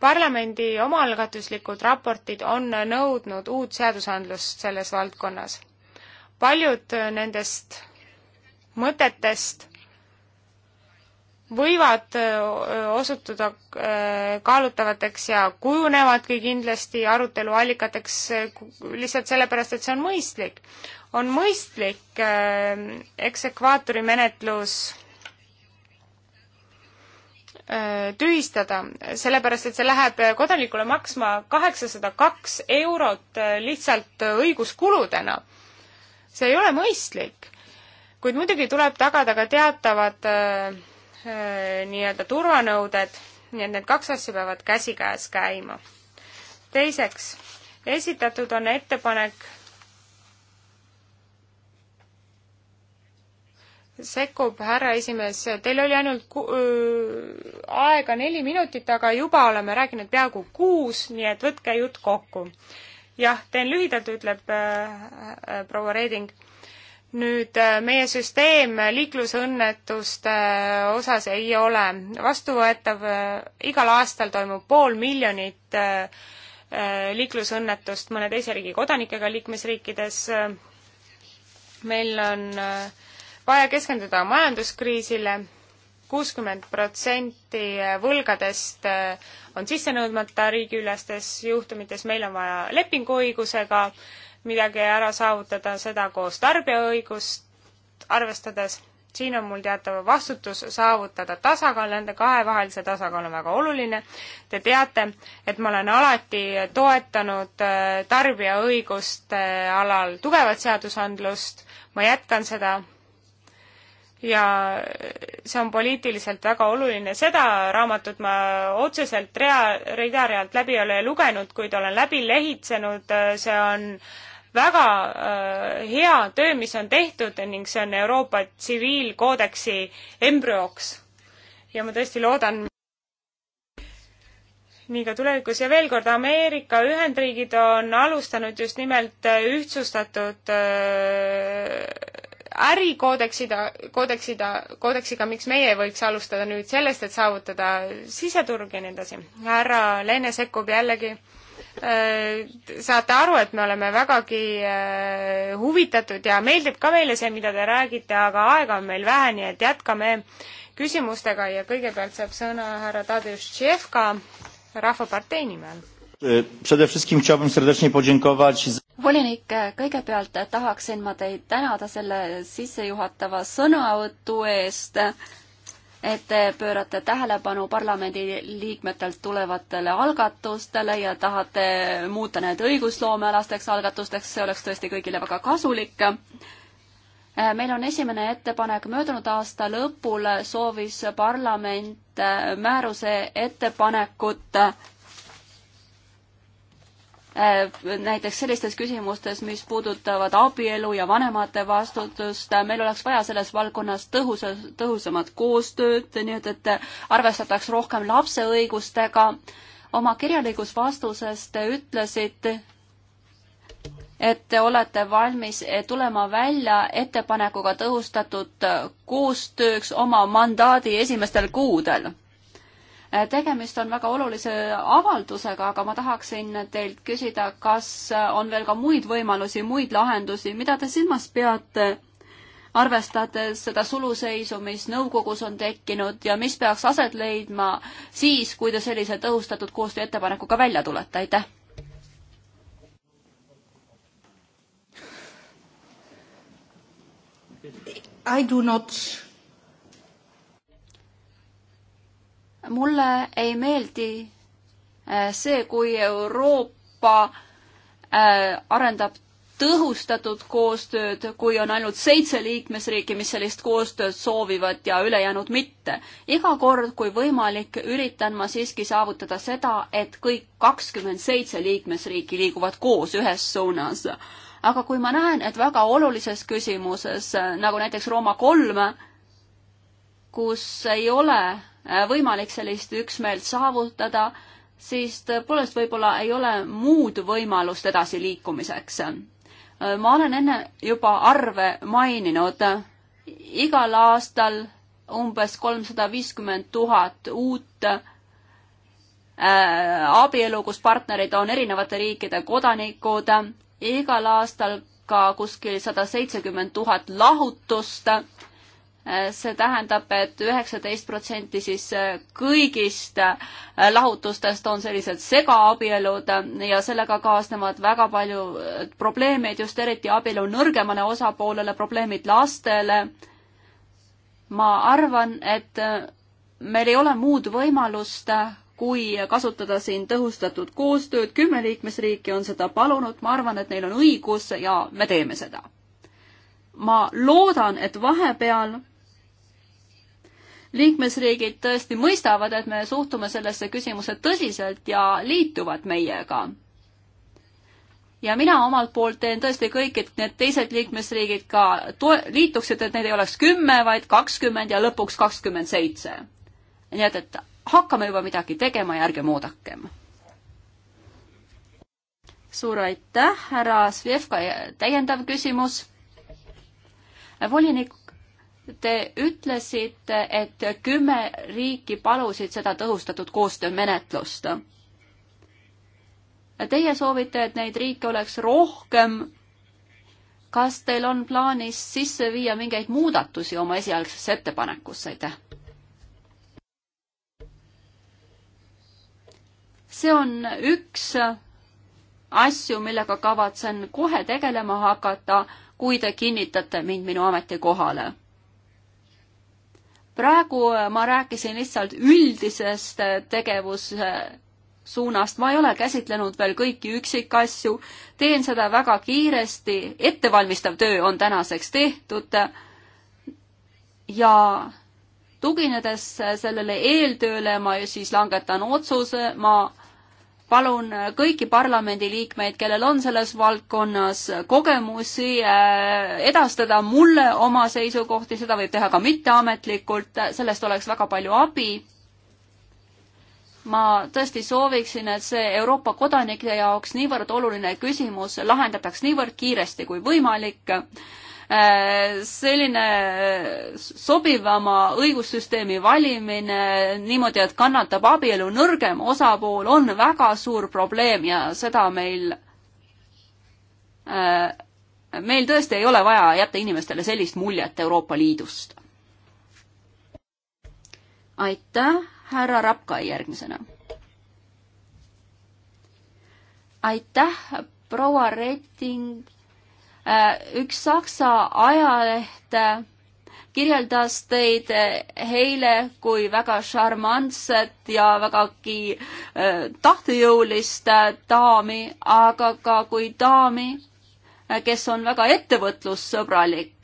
parlamendi omaalgatuslikud raportid on nõudnud uut seadusandlust selles valdkonnas. paljud nendest mõtetest võivad osutuda kaalutavateks ja kujunevadki kindlasti aruteluallikateks lihtsalt sellepärast, et see on mõistlik. on mõistlik eksekvaatori menetlus tühistada, sellepärast et see läheb kodanikule maksma kaheksasada kaks eurot lihtsalt õiguskuludena. see ei ole mõistlik kuid muidugi tuleb tagada ka teatavad äh, äh, nii-öelda turvanõuded, nii et need kaks asja peavad käsikäes käima. teiseks, esitatud on ettepanek sekkub härra esimees, teil oli ainult ku-, öö, äh, aega neli minutit, aga juba oleme rääkinud peaaegu kuus, nii et võtke jutt kokku. jah, teen lühidalt, ütleb äh, äh, proua Reeding nüüd äh, meie süsteem liiklusõnnetuste äh, osas ei ole vastuvõetav, äh, igal aastal toimub pool miljonit liiklusõnnetust mõne teise riigi kodanikega liikmesriikides. meil on vaja keskenduda majanduskriisile, kuuskümmend protsenti võlgadest on sissenõudmata riigiülestes juhtumites, meil on vaja lepinguõigusega midagi ära saavutada, seda koos tarbijaõigust arvestades. siin on mul teatav vastutus saavutada tasakaal, nende kahe vahel see tasakaal on väga oluline. Te teate, et ma olen alati toetanud äh, tarbijaõiguste äh, alal tugevat seadusandlust, ma jätkan seda ja äh, see on poliitiliselt väga oluline. seda raamatut ma otseselt rea, rida-realt läbi ei ole lugenud, kuid olen läbi lehitsenud, see on väga äh, hea töö, mis on tehtud ning see on Euroopa tsiviilkoodeksi embrüoks. ja ma tõesti loodan nii ka tulevikus ja veel kord, Ameerika Ühendriigid on alustanud just nimelt äh, ühtsustatud äh, ärikoodeksida, koodeksida, koodeksiga, miks meie ei võiks alustada nüüd sellest, et saavutada siseturg ja nii edasi. härra Lene sekkub jällegi Äh, saate aru, et me oleme vägagi äh, huvitatud ja meeldib ka meile see, mida te räägite, aga aega on meil vähe, nii et jätkame küsimustega ja kõigepealt saab sõna härra Tadeusz Tšefka Rahvapartei nimel. Przede wszystkim chciałbym serdecznie podziękować volinik, äh, kõigepealt tahaksin
ma teid tänada selle sissejuhatava sõnavõtu eest et te pöörate tähelepanu parlamendiliikmetelt tulevatele algatustele ja tahate muuta need õigusloomealasteks algatusteks, see oleks tõesti kõigile väga kasulik. Äh, meil on esimene ettepanek, möödunud aasta lõpul soovis parlament äh, määruse ettepanekut äh, Äh, näiteks sellistes küsimustes, mis puudutavad abielu ja vanemate vastutust, äh, meil oleks vaja selles valdkonnas tõhusa, tõhusamat koostööd, nii et, et arvestataks rohkem lapse õigustega. oma kirjalikus vastuses te ütlesite, et te olete valmis eh, tulema välja ettepanekuga tõhustatud äh, koostööks oma mandaadi esimestel kuudel tegemist on väga olulise avaldusega, aga ma tahaksin teilt küsida, kas on veel ka muid võimalusi, muid lahendusi, mida te silmas peate, arvestades seda suluseisu, mis nõukogus on tekkinud ja mis peaks aset leidma siis, kui te sellise tõhustatud koostööettepanekuga välja tulete, aitäh! I do not mulle ei meeldi äh, see, kui Euroopa äh, arendab tõhustatud koostööd, kui on ainult seitse liikmesriiki, mis sellist koostööd soovivad ja ülejäänud mitte. iga kord, kui võimalik, üritan ma siiski saavutada seda, et kõik kakskümmend seitse liikmesriiki liiguvad koos ühes suunas. aga kui ma näen, et väga olulises küsimuses, nagu näiteks Rooma kolm, kus ei ole Äh, võimalik sellist üksmeelt saavutada, siis tõepoolest võib-olla ei ole muud võimalust edasiliikumiseks. Äh, ma olen enne juba arve maininud. igal aastal umbes kolmsada viiskümmend tuhat uut äh, abielu, kus partnerid on erinevate riikide kodanikud, igal aastal ka kuskil sada seitsekümmend tuhat lahutust Äh, see tähendab et, et üheksateist protsenti siis äh, kõigist äh, lahutustest on sellised segaabielud ja sellega kaasnevad väga palju probleemid, just eriti abielu nõrgemale osapoolele, probleemid lastele. ma arvan, et meil ei ole muud võimalust, kui kasutada siin tõhustatud koostööd, kümme liikmesriiki on seda palunud, ma arvan, et neil on õigus ja me teeme seda. ma loodan, et vahepeal liikmesriigid tõesti mõistavad, et me suhtume sellesse küsimusse tõsiselt ja liituvad meiega. ja mina omalt poolt teen tõesti kõik, et need teised liikmesriigid ka toe-, liituksid, et neid ei oleks kümme, vaid kakskümmend ja lõpuks kakskümmend seitse. nii et, et hakkame juba midagi tegema ja ärgem oodakem. suur aitäh, härra Svjevka, täiendav küsimus. volinik Te ütlesite, et kümme riiki palusid seda tõhustatud koostöömenetlust. Teie soovite, et neid riike oleks rohkem. kas teil on plaanis sisse viia mingeid muudatusi oma esialgsesse ettepanekusse, aitäh? see on üks asju, millega kavatsen kohe tegelema hakata, kui te kinnitate mind minu ametikohale praegu äh, ma rääkisin lihtsalt üldisest äh, tegevussuunast, äh, ma ei ole käsitlenud veel kõiki üksikasju, teen seda väga kiiresti, ettevalmistav töö on tänaseks tehtud ja tuginedes sellele eeltööle ma siis langetan otsuse, ma palun äh, kõiki parlamendiliikmeid, kellel on selles valdkonnas kogemusi, äh, edastada mulle oma seisukohti, seda võib teha ka mitteametlikult, äh, sellest oleks väga palju abi. ma tõesti sooviksin, et see Euroopa kodanike jaoks niivõrd oluline küsimus lahendataks niivõrd kiiresti kui võimalik Äh, selline äh, sobivama õigussüsteemi valimine niimoodi, et kannatab abielu nõrgem osapool, on väga suur probleem ja seda meil, äh, meil tõesti ei ole vaja jätta inimestele sellist muljet Euroopa Liidust. aitäh, härra Rapkai järgmisena. aitäh, proua Reiting Äh, üks Saksa ajaleht äh, kirjeldas teid äh, eile kui väga šarmantset ja vägagi tahtejõulist daami, aga ka kui daami, kes on väga ettevõtlussõbralik.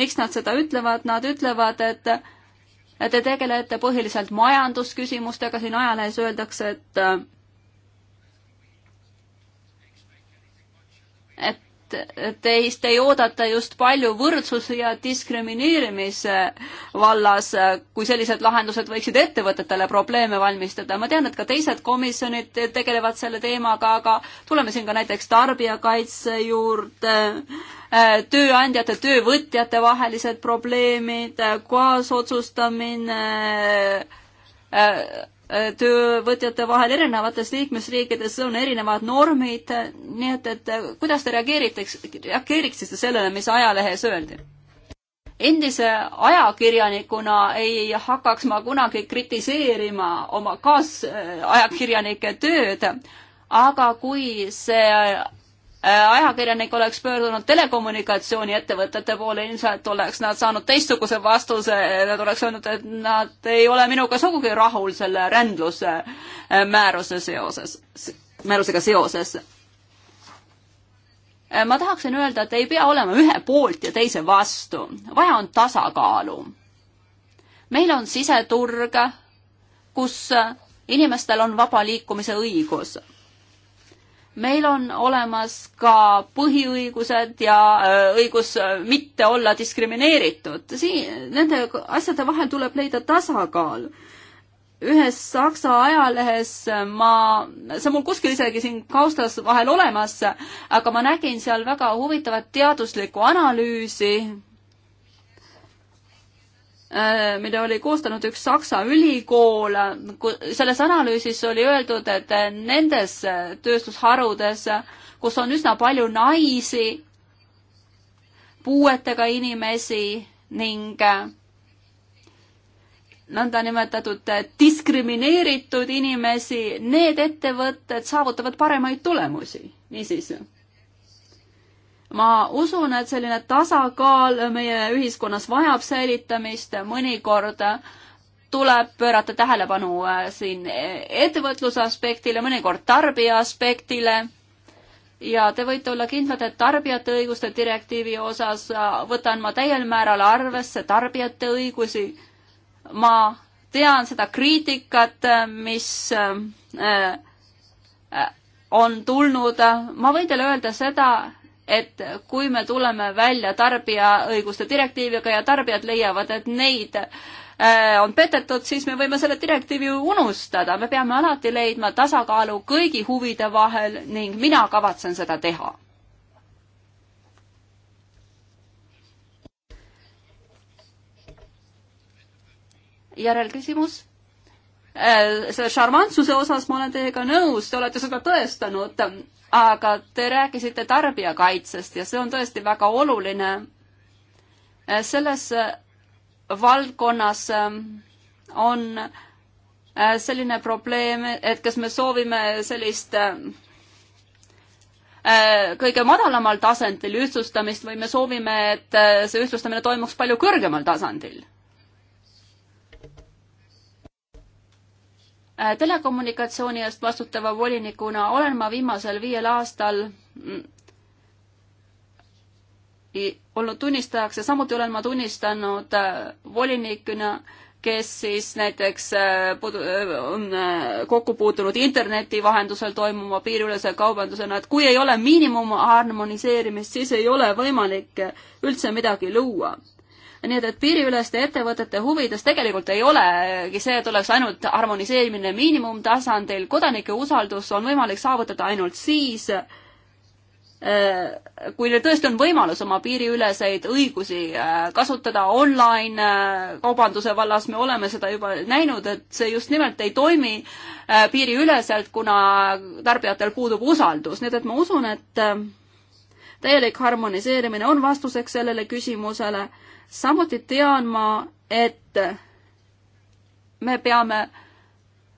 miks nad seda ütlevad? Nad ütlevad, et te tegelete põhiliselt majandusküsimustega, siin ajalehes öeldakse, et et teist ei oodata just palju võrdsuse ja diskrimineerimise vallas, kui sellised lahendused võiksid ettevõtetele probleeme valmistada. ma tean, et ka teised komisjonid tegelevad selle teemaga, aga tuleme siin ka näiteks tarbijakaitse juurde, tööandjate, töövõtjate vahelised probleemid, kaasotsustamine, töövõtjate vahel, erinevates liikmesriikides on erinevad normid, nii et, et kuidas te reageeriteks, reageeriksite sellele, mis ajalehes öeldi? endise ajakirjanikuna ei hakkaks ma kunagi kritiseerima oma kaasajakirjanike tööd, aga kui see Äh, ajakirjanik oleks pöördunud telekommunikatsiooniettevõtete poole, ilmselt oleks nad saanud teistsuguse vastuse, nad oleks öelnud, et nad ei ole minuga sugugi rahul selle rändluse äh, määruse seoses, määrusega seoses. Äh, ma tahaksin öelda, et ei pea olema ühe poolt ja teise vastu, vaja on tasakaalu. meil on siseturg, kus inimestel on vaba liikumise õigus meil on olemas ka põhiõigused ja äh, õigus äh, mitte olla diskrimineeritud. siin nende asjade vahel tuleb leida tasakaal. ühes Saksa ajalehes äh, ma, see on mul kuskil isegi siin kaustas vahel olemas, aga ma nägin seal väga huvitavat teaduslikku analüüsi Äh, mille oli koostanud üks Saksa ülikool. selles analüüsis oli öeldud, et nendes tööstusharudes, kus on üsna palju naisi, puuetega inimesi ning äh, nõndanimetatud diskrimineeritud inimesi, need ettevõtted saavutavad paremaid tulemusi. niisiis ma usun, et selline tasakaal meie ühiskonnas vajab säilitamist, mõnikord tuleb pöörata tähelepanu äh, siin ettevõtluse aspektile, mõnikord tarbija aspektile ja te võite olla kindlad, et tarbijate õiguste direktiivi osas äh, võtan ma täiel määral arvesse tarbijate õigusi. ma tean seda kriitikat, äh, mis on tulnud, ma võin teile öelda seda, et kui me tuleme välja tarbijaõiguste direktiiviga ja tarbijad leiavad, et neid äh, on petetud, siis me võime selle direktiivi unustada, me peame alati leidma tasakaalu kõigi huvide vahel ning mina kavatsen seda teha. järelküsimus? Äh, selle šarmantsuse osas ma olen teiega nõus, te olete seda tõestanud aga te rääkisite tarbijakaitsest ja see on tõesti väga oluline. Äh, selles äh, valdkonnas ähm, on äh, selline probleem, et kas me soovime sellist kõige madalamal tasandil ühtlustamist või me soovime, et see ühtlustamine toimuks palju kõrgemal tasandil. Äh, telekommunikatsiooni eest vastutava volinikuna olen ma viimasel viiel aastal mm, olnud tunnistajaks ja samuti olen ma tunnistanud äh, volinikuna, kes siis näiteks äh, on kokku puutunud interneti vahendusel toimuva piiriülese kaubandusena, et kui ei ole miinimumharmoniseerimist, siis ei ole võimalik üldse midagi luua nii et, et piiriüleste ettevõtete huvides tegelikult ei olegi see, et oleks ainult harmoniseerimine miinimumtasandil, kodanike usaldus on võimalik saavutada ainult siis, eh, kui neil tõesti on võimalus oma piiriüleseid õigusi eh, kasutada online eh, kaubanduse vallas, me oleme seda juba näinud, et see just nimelt ei toimi piiriüleselt, kuna tarbijatel puudub usaldus, nii et, et ma usun, et täielik harmoniseerimine on vastuseks sellele küsimusele samuti tean ma, et me peame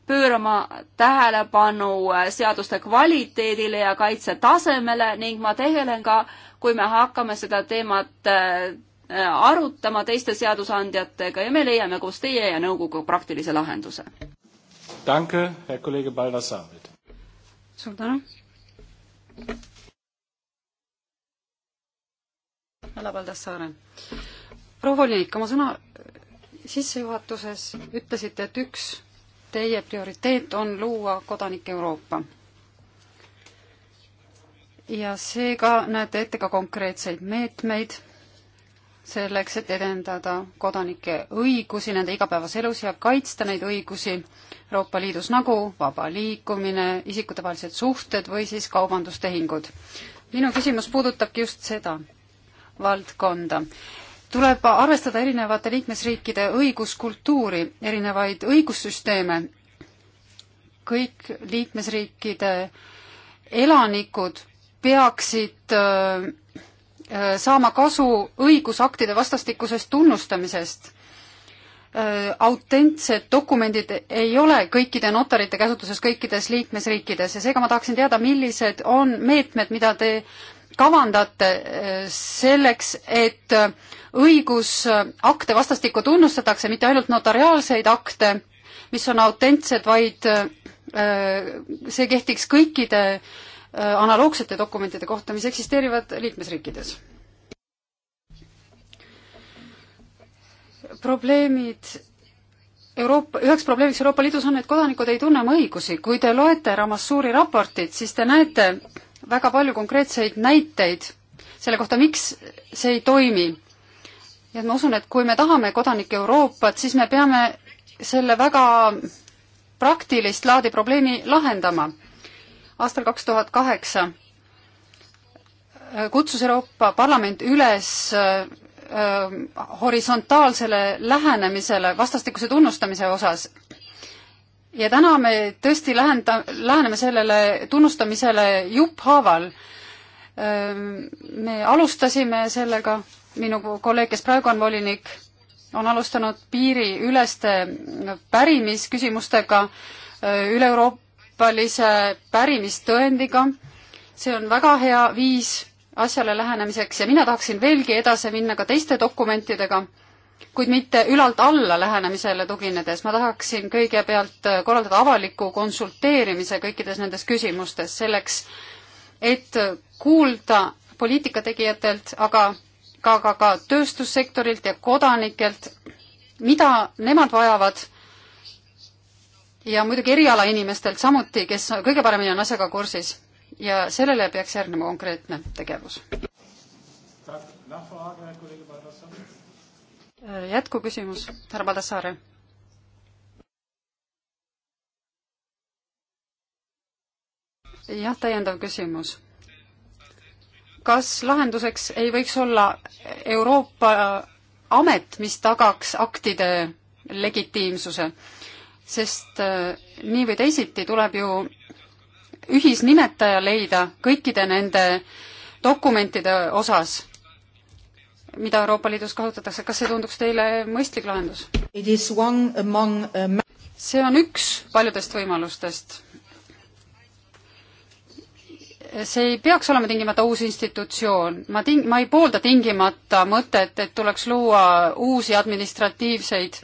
pöörama tähelepanu äh, seaduste kvaliteedile ja kaitsetasemele ning ma tegelen ka, kui me hakkame seda teemat äh, äh, arutama teiste seadusandjatega ja me leiame koos teie ja nõukogu praktilise lahenduse.
Danke, hea kolleeg Baldassar.
suur tänu. Alla
Baldassare proua volinik, oma sõna sissejuhatuses ütlesite, et üks teie prioriteet on luua kodanik Euroopa. ja seega näete ette ka konkreetseid meetmeid selleks, et edendada kodanike õigusi nende igapäevaselus ja kaitsta neid õigusi Euroopa Liidus nagu vaba liikumine, isikutevahelised suhted või siis kaubandustehingud. minu küsimus puudutabki just seda valdkonda tuleb arvestada erinevate liikmesriikide õiguskultuuri, erinevaid õigussüsteeme. kõik liikmesriikide elanikud peaksid äh, äh, saama kasu õigusaktide vastastikusest tunnustamisest. Äh, autentsed dokumendid ei ole kõikide notarite käsutuses kõikides liikmesriikides ja seega ma tahaksin teada, millised on meetmed, mida te kavandate eh, selleks, et eh, õigusakte vastastikku tunnustatakse, mitte ainult notariaalseid akte, mis on autentsed, vaid eh, see kehtiks kõikide analoogsete dokumentide kohta, mis eksisteerivad liikmesriikides. probleemid Euroopa, üheks probleemiks Euroopa Liidus on, et kodanikud ei tunne oma õigusi. kui te loete Ramassuuri raportit, siis te näete, väga palju konkreetseid näiteid selle kohta, miks see ei toimi. ja ma usun, et kui me tahame kodanike Euroopat, siis me peame selle väga praktilist laadi probleemi lahendama. aastal kaks tuhat kaheksa kutsus Euroopa Parlament üles äh, äh, horisontaalsele lähenemisele vastastikuse tunnustamise osas ja täna me tõesti lähenda, läheneme sellele tunnustamisele jupphaaval. me alustasime sellega, minu kolleeg, kes praegu on volinik, on alustanud piiriüleste pärimisküsimustega, üle-euroopalise pärimistõendiga. see on väga hea viis asjale lähenemiseks ja mina tahaksin veelgi edasi minna ka teiste dokumentidega kuid mitte ülalt alla lähenemisele tuginedes. ma tahaksin kõigepealt korraldada avaliku konsulteerimise kõikides nendes küsimustes selleks, et kuulda poliitikategijatelt, aga ka, ka, ka tööstussektorilt ja kodanikelt, mida nemad vajavad ja muidugi erialainimestelt samuti, kes kõige paremini on asjaga kursis. ja sellele peaks järgnema konkreetne tegevus jätkuküsimus, härra Padassaare. jah, täiendav küsimus. kas lahenduseks ei võiks olla Euroopa amet, mis tagaks aktide legitiimsuse? sest äh, nii või teisiti tuleb ju ühisnimetaja leida kõikide nende dokumentide osas mida Euroopa Liidus kasutatakse, kas see tunduks teile mõistlik lahendus? Uh, see on üks paljudest võimalustest. see ei peaks olema tingimata uus institutsioon, ma ting-, ma ei poolda tingimata mõtet, et tuleks luua uusi administratiivseid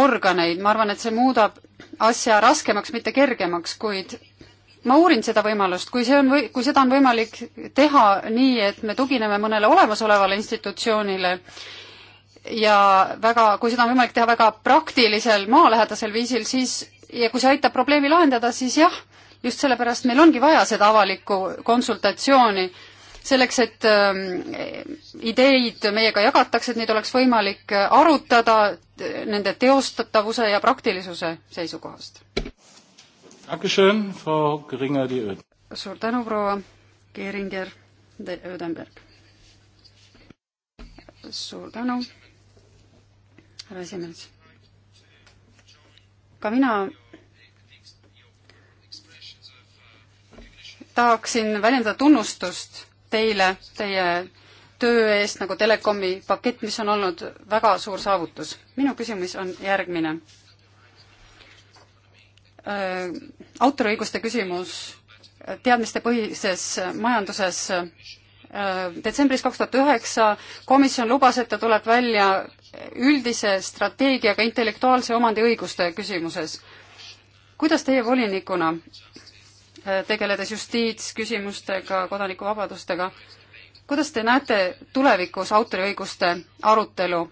organeid, ma arvan, et see muudab asja raskemaks, mitte kergemaks, kuid ma uurin seda võimalust, kui see on või-, kui seda on võimalik teha nii, et me tugineme mõnele olemasolevale institutsioonile ja väga, kui seda on võimalik teha väga praktilisel, maalähedasel viisil, siis ja kui see aitab probleemi lahendada, siis jah, just sellepärast meil ongi vaja seda avalikku konsultatsiooni, selleks, et ähm, ideid meiega jagatakse, et neid oleks võimalik arutada nende teostatavuse ja praktilisuse seisukohast.
Dankeschön, Frau Geringer, die Öden.
suur tänu, proua Geringer, Ödenberg. suur tänu, härra esimees. ka mina tahaksin väljendada tunnustust teile, teie töö eest nagu telekomi pakett, mis on olnud väga suur saavutus. minu küsimus on järgmine Äh, autoriõiguste küsimus teadmistepõhises majanduses. Äh, detsembris kaks tuhat üheksa komisjon lubas, et ta tuleb välja üldise strateegiaga intellektuaalse omandiõiguste küsimuses. kuidas teie volinikuna, äh, tegeledes justiitsküsimustega, kodanikuvabadustega, kuidas te näete tulevikus autoriõiguste arutelu?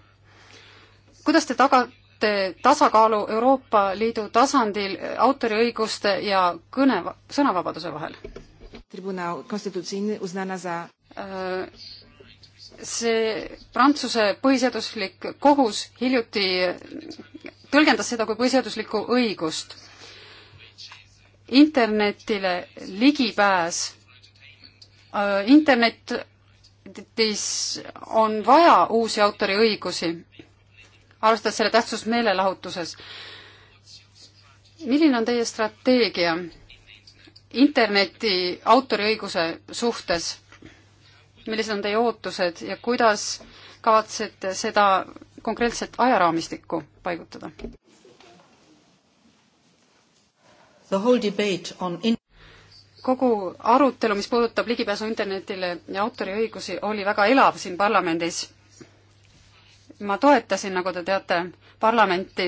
kuidas te taga, uute tasakaalu Euroopa Liidu tasandil autoriõiguste ja kõne, sõnavabaduse vahel? Tribunal
Konstitutsiini uznana za äh, see
Prantsuse põhiseaduslik kohus hiljuti tõlgendas seda kui põhiseaduslikku õigust. internetile ligipääs, äh, internetis on vaja uusi autoriõigusi arvestades selle tähtsust meelelahutuses. milline on teie strateegia interneti autoriõiguse suhtes? millised on teie ootused ja kuidas kavatsete seda konkreetset ajaraamistikku paigutada? kogu arutelu, mis puudutab ligipääsu internetile ja autoriõigusi, oli väga elav siin parlamendis ma toetasin, nagu te teate, parlamenti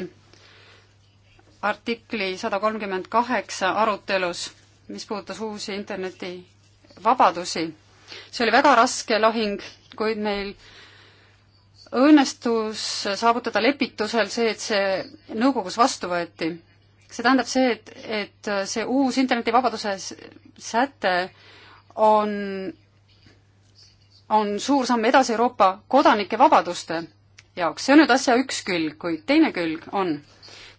artikli sada kolmkümmend kaheksa arutelus, mis puudutas uusi internetivabadusi. see oli väga raske lahing, kuid meil õnnestus saavutada lepitusel see, et see nõukogus vastu võeti. see tähendab see, et, et see uus internetivabaduse säte on, on suur samm edasi Euroopa kodanike vabaduste jaoks. see on nüüd asja üks külg, kuid teine külg on,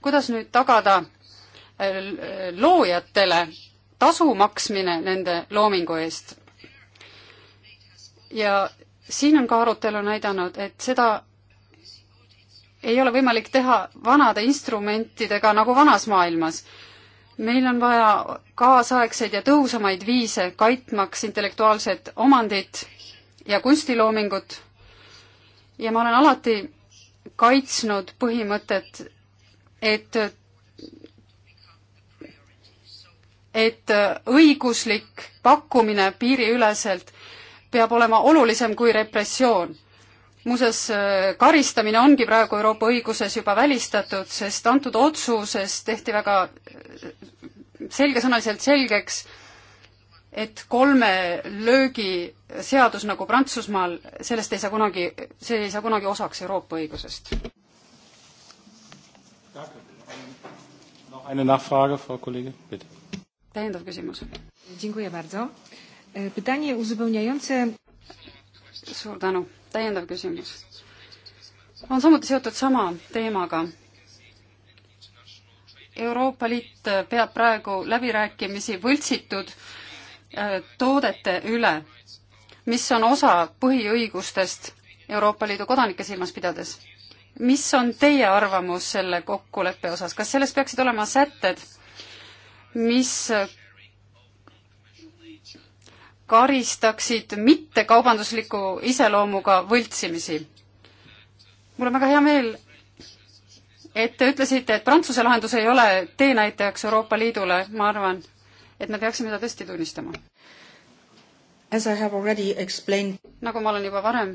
kuidas nüüd tagada äh, loojatele tasu maksmine nende loomingu eest. ja siin on ka arutelu näidanud, et seda ei ole võimalik teha vanade instrumentidega nagu vanas maailmas. meil on vaja kaasaegseid ja tõhusamaid viise kaitmaks intellektuaalset omandit ja kunstiloomingut ja ma olen alati kaitsnud põhimõtet, et et õiguslik pakkumine piiriüleselt peab olema olulisem kui repressioon. muuseas, karistamine ongi praegu Euroopa õiguses juba välistatud, sest antud otsuses tehti väga selgesõnaliselt selgeks, et kolme löögi seadus nagu Prantsusmaal, sellest ei saa kunagi, see ei saa kunagi osaks Euroopa õigusest. täiendav küsimus. E, suur tänu, täiendav küsimus. on samuti seotud sama teemaga Euroopa Liit peab praegu läbirääkimisi võltsitud Äh, toodete üle, mis on osa põhiõigustest Euroopa Liidu kodanike silmas pidades. mis on teie arvamus selle kokkuleppe osas, kas selles peaksid olema sätted, mis äh, karistaksid mittekaubandusliku iseloomuga võltsimisi? mul on väga hea meel, et te ütlesite, et Prantsuse lahendus ei ole teenäitajaks Euroopa Liidule, ma arvan, et me peaksime seda tõesti tunnistama. nagu ma olen juba varem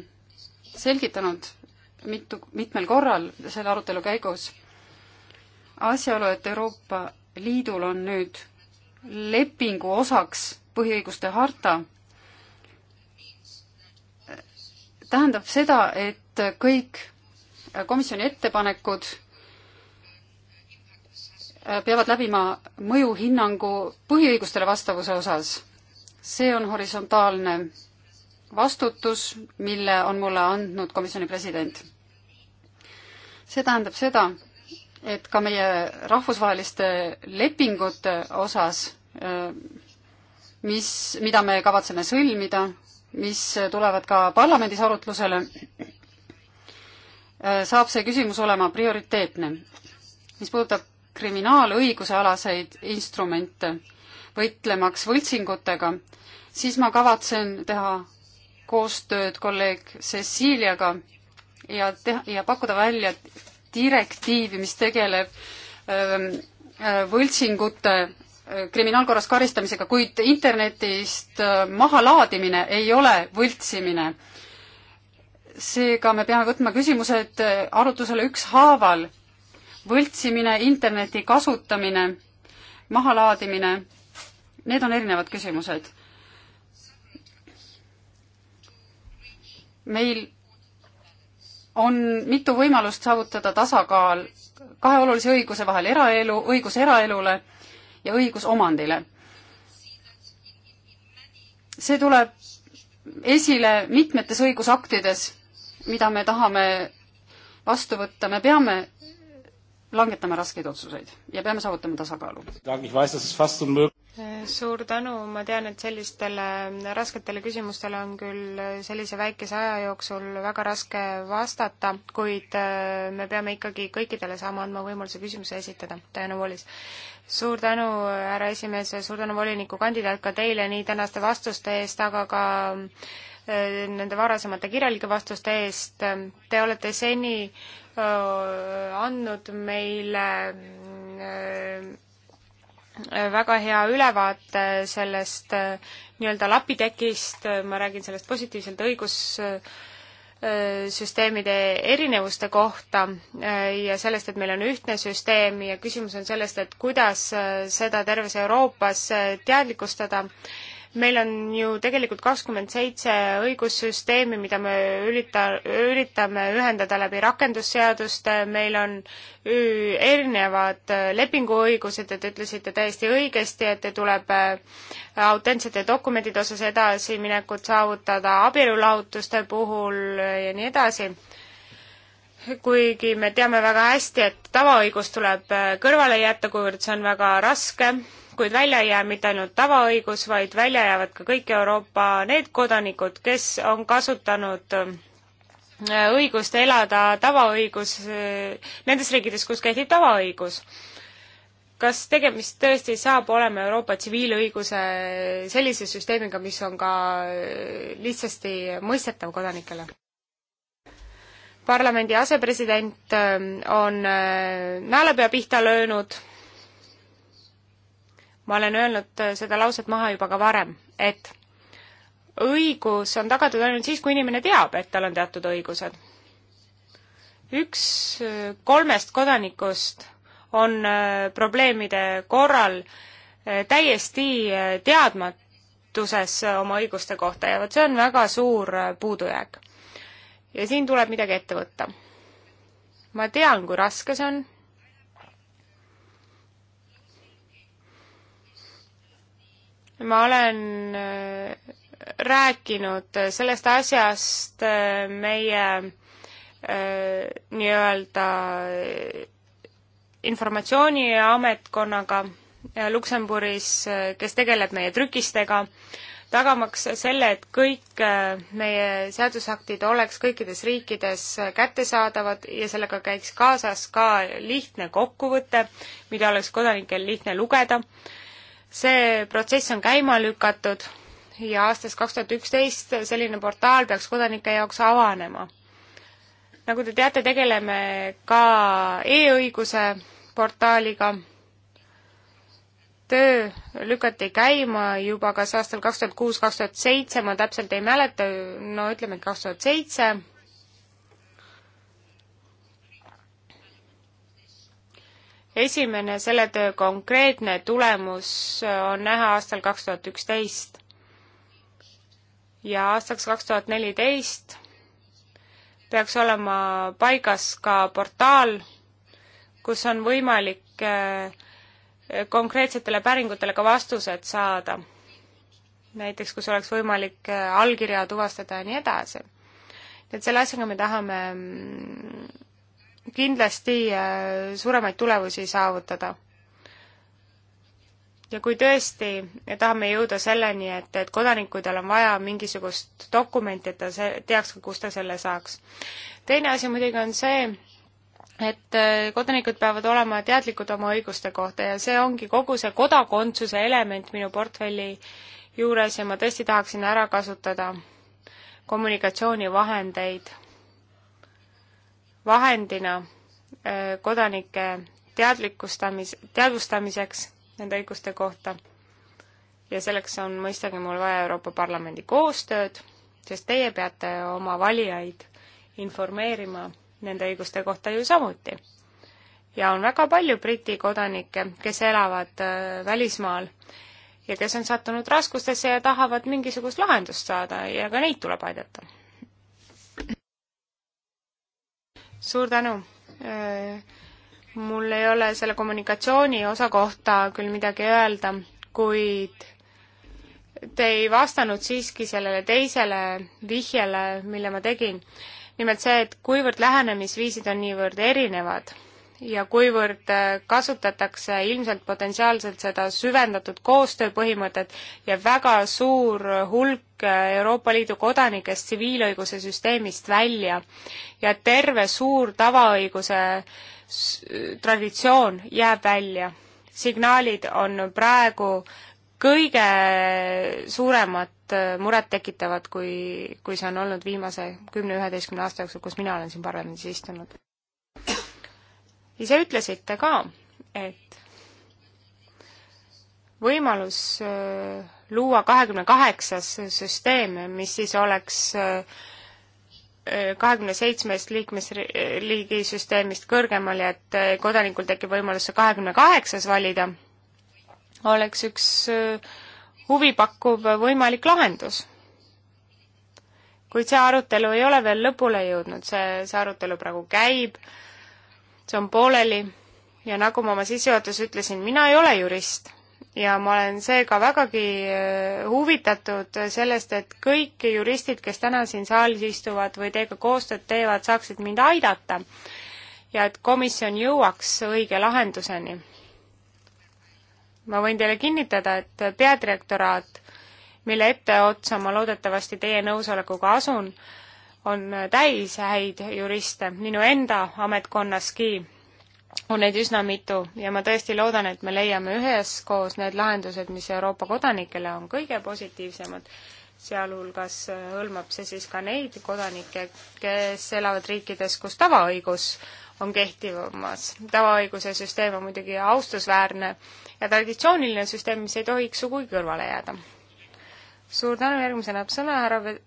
selgitanud mitu, mitmel korral selle arutelu käigus, asjaolu, et Euroopa Liidul on nüüd lepingu osaks põhiõiguste harta, tähendab seda, et kõik komisjoni ettepanekud peavad läbima mõjuhinnangu põhiõigustele vastavuse osas. see on horisontaalne vastutus, mille on mulle andnud komisjoni president. see tähendab seda, et ka meie rahvusvaheliste lepingute osas, äh, mis, mida me kavatseme sõlmida, mis tulevad ka parlamendis arutlusele, äh, saab see küsimus olema prioriteetne. mis puudutab kriminaalõiguse alaseid instrumente võitlemaks võltsingutega, siis ma kavatsen teha koostööd kolleeg Ceciliaga ja teha, ja pakkuda välja direktiivi, mis tegeleb ähm, äh, võltsingute äh, kriminaalkorras karistamisega, kuid internetist äh, mahalaadimine ei ole võltsimine. seega me peame võtma küsimused arutlusele ükshaaval võltsimine, interneti kasutamine, mahalaadimine, need on erinevad küsimused. meil on mitu võimalust saavutada tasakaal kahe olulise õiguse vahel, eraelu, õigus eraelule ja õigus omandile. see tuleb esile mitmetes õigusaktides, mida me tahame vastu võtta, me peame langetame raskeid otsuseid ja peame saavutama tasakaalu.
suur tänu, ma tean, et sellistele rasketele küsimustele on küll sellise väikese aja jooksul väga raske vastata, kuid äh, me peame ikkagi kõikidele saama andma võimaluse küsimuse esitada, tõenäolis. suur tänu, härra esimees, suur tänu, volinikukandidaat, ka teile nii tänaste vastuste eest, aga ka äh, nende varasemate kirjalike vastuste eest. Te olete seni Äh, andnud meile äh, väga hea ülevaate sellest äh, nii-öelda lapitekist, ma räägin sellest positiivselt õigussüsteemide erinevuste kohta ja sellest, et meil on ühtne süsteem ja küsimus on sellest, et kuidas seda terves Euroopas teadlikustada meil on ju tegelikult kakskümmend seitse õigussüsteemi, mida me ürita, üritame ühendada läbi rakendusseaduste, meil on erinevad äh, lepinguõigused ja te ütlesite täiesti õigesti, et tuleb äh, autentsete dokumentide osas edasiminekut saavutada abielulahutuste puhul äh, ja nii edasi kuigi me teame väga hästi, et tavaõigus tuleb kõrvale jätta, kuivõrd see on väga raske kuid välja ei jää mitte ainult tavaõigus, vaid välja jäävad ka kõik Euroopa need kodanikud, kes on kasutanud äh, õigust elada tavaõigus äh, nendes riikides, kus kehtib tavaõigus. kas tegemist tõesti saab olema Euroopa tsiviilõiguse äh, sellise süsteemiga, mis on ka lihtsasti mõistetav kodanikele? parlamendi asepresident on naelapea pihta löönud ma olen öelnud äh, seda lauset maha juba ka varem, et õigus on tagatud ainult siis, kui inimene teab, et tal on teatud õigused. üks äh, kolmest kodanikust on äh, probleemide korral täiesti teadmatuses oma õiguste kohta ja vot see on väga suur puudujääk. ja siin tuleb midagi ette võtta. ma tean, kui raske see on ma olen äh, rääkinud äh, sellest asjast äh, meie nii-öelda informatsiooniametkonnaga Luksemburis, kes tegeleb meie trükistega, tagamaks selle, et kõik meie seadusaktid oleks kõikides riikides kättesaadavad ja sellega käiks kaasas ka lihtne kokkuvõte, mida oleks kodanikel lihtne lugeda see protsess on käima lükatud ja aastast kaks tuhat üksteist selline portaal peaks kodanike jaoks avanema. nagu te teate, tegeleme ka e-õiguse portaaliga. töö lükati käima juba kas aastal kaks tuhat kuus, kaks tuhat seitse, ma täpselt ei mäleta, no ütleme, kaks tuhat seitse esimene selle töö konkreetne tulemus äh, on näha aastal kaks tuhat üksteist. ja aastaks kaks tuhat neliteist peaks olema paigas ka portaal, kus on võimalik äh, konkreetsetele päringutele ka vastused saada. näiteks, kus oleks võimalik äh, allkirja tuvastada ja nii edasi. et selle asjaga me tahame mm, kindlasti äh, suuremaid tulemusi saavutada. ja kui tõesti tahame jõuda selleni, et, et kodanikudel on vaja mingisugust dokumenti, et ta see, teaks, kust ta selle saaks. teine asi muidugi on see, et äh, kodanikud peavad olema teadlikud oma õiguste kohta ja see ongi kogu see kodakondsuse element minu portfelli juures ja ma tõesti tahaksin ära kasutada kommunikatsioonivahendeid vahendina kodanike teadlikustamis, teadvustamiseks nende õiguste kohta. ja selleks on mõistagi mul vaja Euroopa Parlamendi koostööd, sest teie peate oma valijaid informeerima nende õiguste kohta ju samuti. ja on väga palju Briti kodanikke, kes elavad välismaal ja kes on sattunud raskustesse ja tahavad mingisugust lahendust saada ja ka neid tuleb aidata suur tänu! Äh, mul ei ole selle kommunikatsiooni osa kohta küll midagi öelda, kuid te ei vastanud siiski sellele teisele vihjele, mille ma tegin. nimelt see, et kuivõrd lähenemisviisid on niivõrd erinevad ja kuivõrd äh, kasutatakse ilmselt potentsiaalselt seda süvendatud koostööpõhimõtet ja väga suur hulk äh, Euroopa Liidu kodanikest tsiviilõiguse süsteemist välja ja terve suur tavaõiguse traditsioon jääb välja. signaalid on praegu kõige suuremat äh, muret tekitavad, kui, kui see on olnud viimase kümne-üheteistkümne aasta jooksul, kus mina olen siin parlamendis istunud ise ütlesite ka, et võimalus äh, luua kahekümne kaheksas süsteem, mis siis oleks äh, äh, kahekümne seitsmest liikmesriigi süsteemist kõrgemal ja et kodanikul tekib võimalus see kahekümne kaheksas valida, oleks üks huvipakkuv võimalik lahendus. kuid see arutelu ei ole veel lõpule jõudnud, see, see arutelu praegu käib äh, see on pooleli ja nagu ma oma sissejuhatuses ütlesin, mina ei ole jurist ja ma olen seega vägagi äh, huvitatud sellest, et kõik juristid, kes täna siin saalis istuvad või teiega koostööd teevad, saaksid mind aidata ja et komisjon jõuaks õige lahenduseni. ma võin teile kinnitada, et peadirektoraat, mille etteotsa ma loodetavasti teie nõusolekuga asun, on täis häid juriste, minu enda ametkonnaski on neid üsna mitu ja ma tõesti loodan, et me leiame üheskoos need lahendused, mis Euroopa kodanikele on kõige positiivsemad, sealhulgas hõlmab see siis ka neid kodanikke, kes elavad riikides, kus tavaõigus on kehtivamas. tavaõiguse süsteem on muidugi austusväärne ja traditsiooniline süsteem, mis ei tohiks sugugi kõrvale jääda. suur tänu, järgmisena saab sõna härra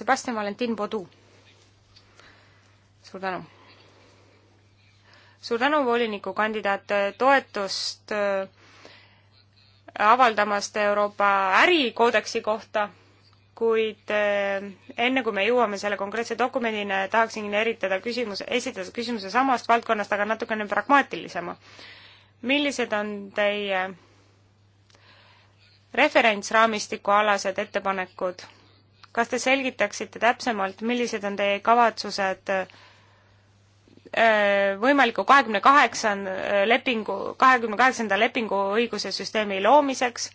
Sebastian Valentin Bodu suur tänu! suur tänu, volinikukandidaat, äh, toetust äh, avaldamast Euroopa ärikoodeksi kohta, kuid äh, enne, kui me jõuame selle konkreetse dokumendini, tahaksin eritada küsimuse, esitada küsimuse samast valdkonnast, aga natukene pragmaatilisema. millised on teie referentsraamistiku alased ettepanekud? kas te selgitaksite täpsemalt, millised on teie kavatsused äh, Äh, võimaliku kahekümne kaheksanda äh, lepingu, kahekümne kaheksanda lepingu õiguse süsteemi loomiseks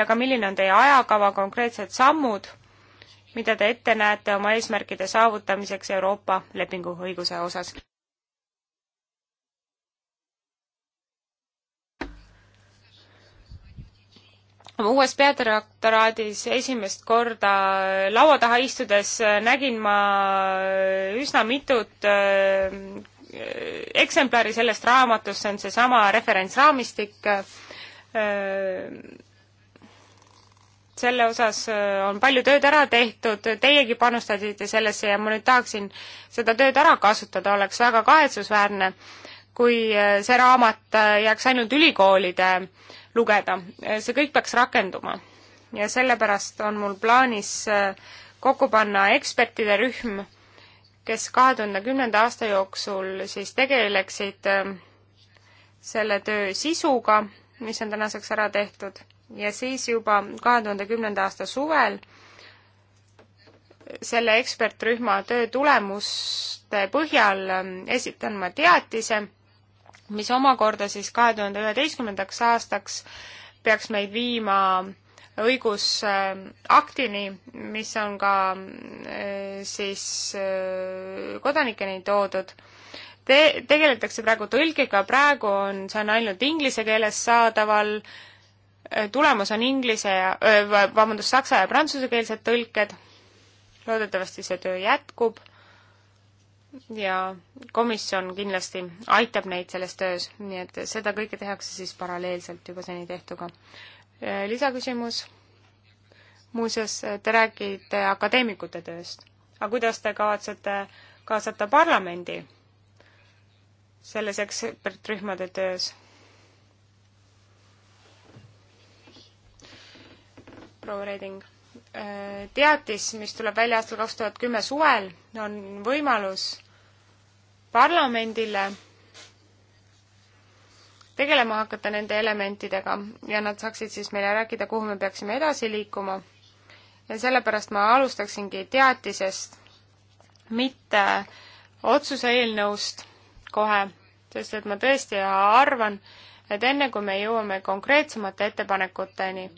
ja ka milline on teie ajakava, konkreetsed sammud, mida te ette näete oma eesmärkide saavutamiseks Euroopa lepinguõiguse osas? uues peadirektoraadis esimest korda laua taha istudes nägin ma üsna mitut äh, eksemplari sellest raamatust, see on seesama referentsraamistik. Äh, selle osas äh, on palju tööd ära tehtud, teiegi panustasite sellesse ja ma nüüd tahaksin seda tööd ära kasutada, oleks väga kahetsusväärne, kui see raamat jääks ainult ülikoolide lugeda. see kõik peaks rakenduma ja sellepärast on mul plaanis äh, kokku panna ekspertide rühm, kes kahe tuhande kümnenda aasta jooksul siis tegeleksid äh, selle töö sisuga, mis on tänaseks ära tehtud ja siis juba kahe tuhande kümnenda aasta suvel selle ekspertrühma töö tulemuste põhjal äh, esitan ma teatise mis omakorda siis kahe tuhande üheteistkümnendaks aastaks peaks meid viima õigusaktini, mis on ka äh, siis äh, kodanikeni toodud. Te-, tegeletakse praegu tõlgiga, praegu on, see on ainult inglise keeles saadaval, äh, tulemas on inglise ja, vabandust, saksa ja prantsusekeelsed tõlked, loodetavasti see töö jätkub ja komisjon kindlasti aitab neid selles töös, nii et seda kõike tehakse siis paralleelselt juba seni tehtuga. Äh, lisaküsimus, muuseas, äh, te räägite akadeemikute tööst, aga kuidas te kavatsete kaasata parlamendi selles ekspertrühmade töös? proua Reding Äh, teatis, mis tuleb välja aastal kaks tuhat kümme suvel, on võimalus parlamendile tegelema hakata nende elementidega ja nad saaksid siis meile rääkida, kuhu me peaksime edasi liikuma. ja sellepärast ma alustaksingi teatisest, mitte otsuse eelnõust kohe, sest et ma tõesti arvan, et enne kui me jõuame konkreetsemate ettepanekuteni,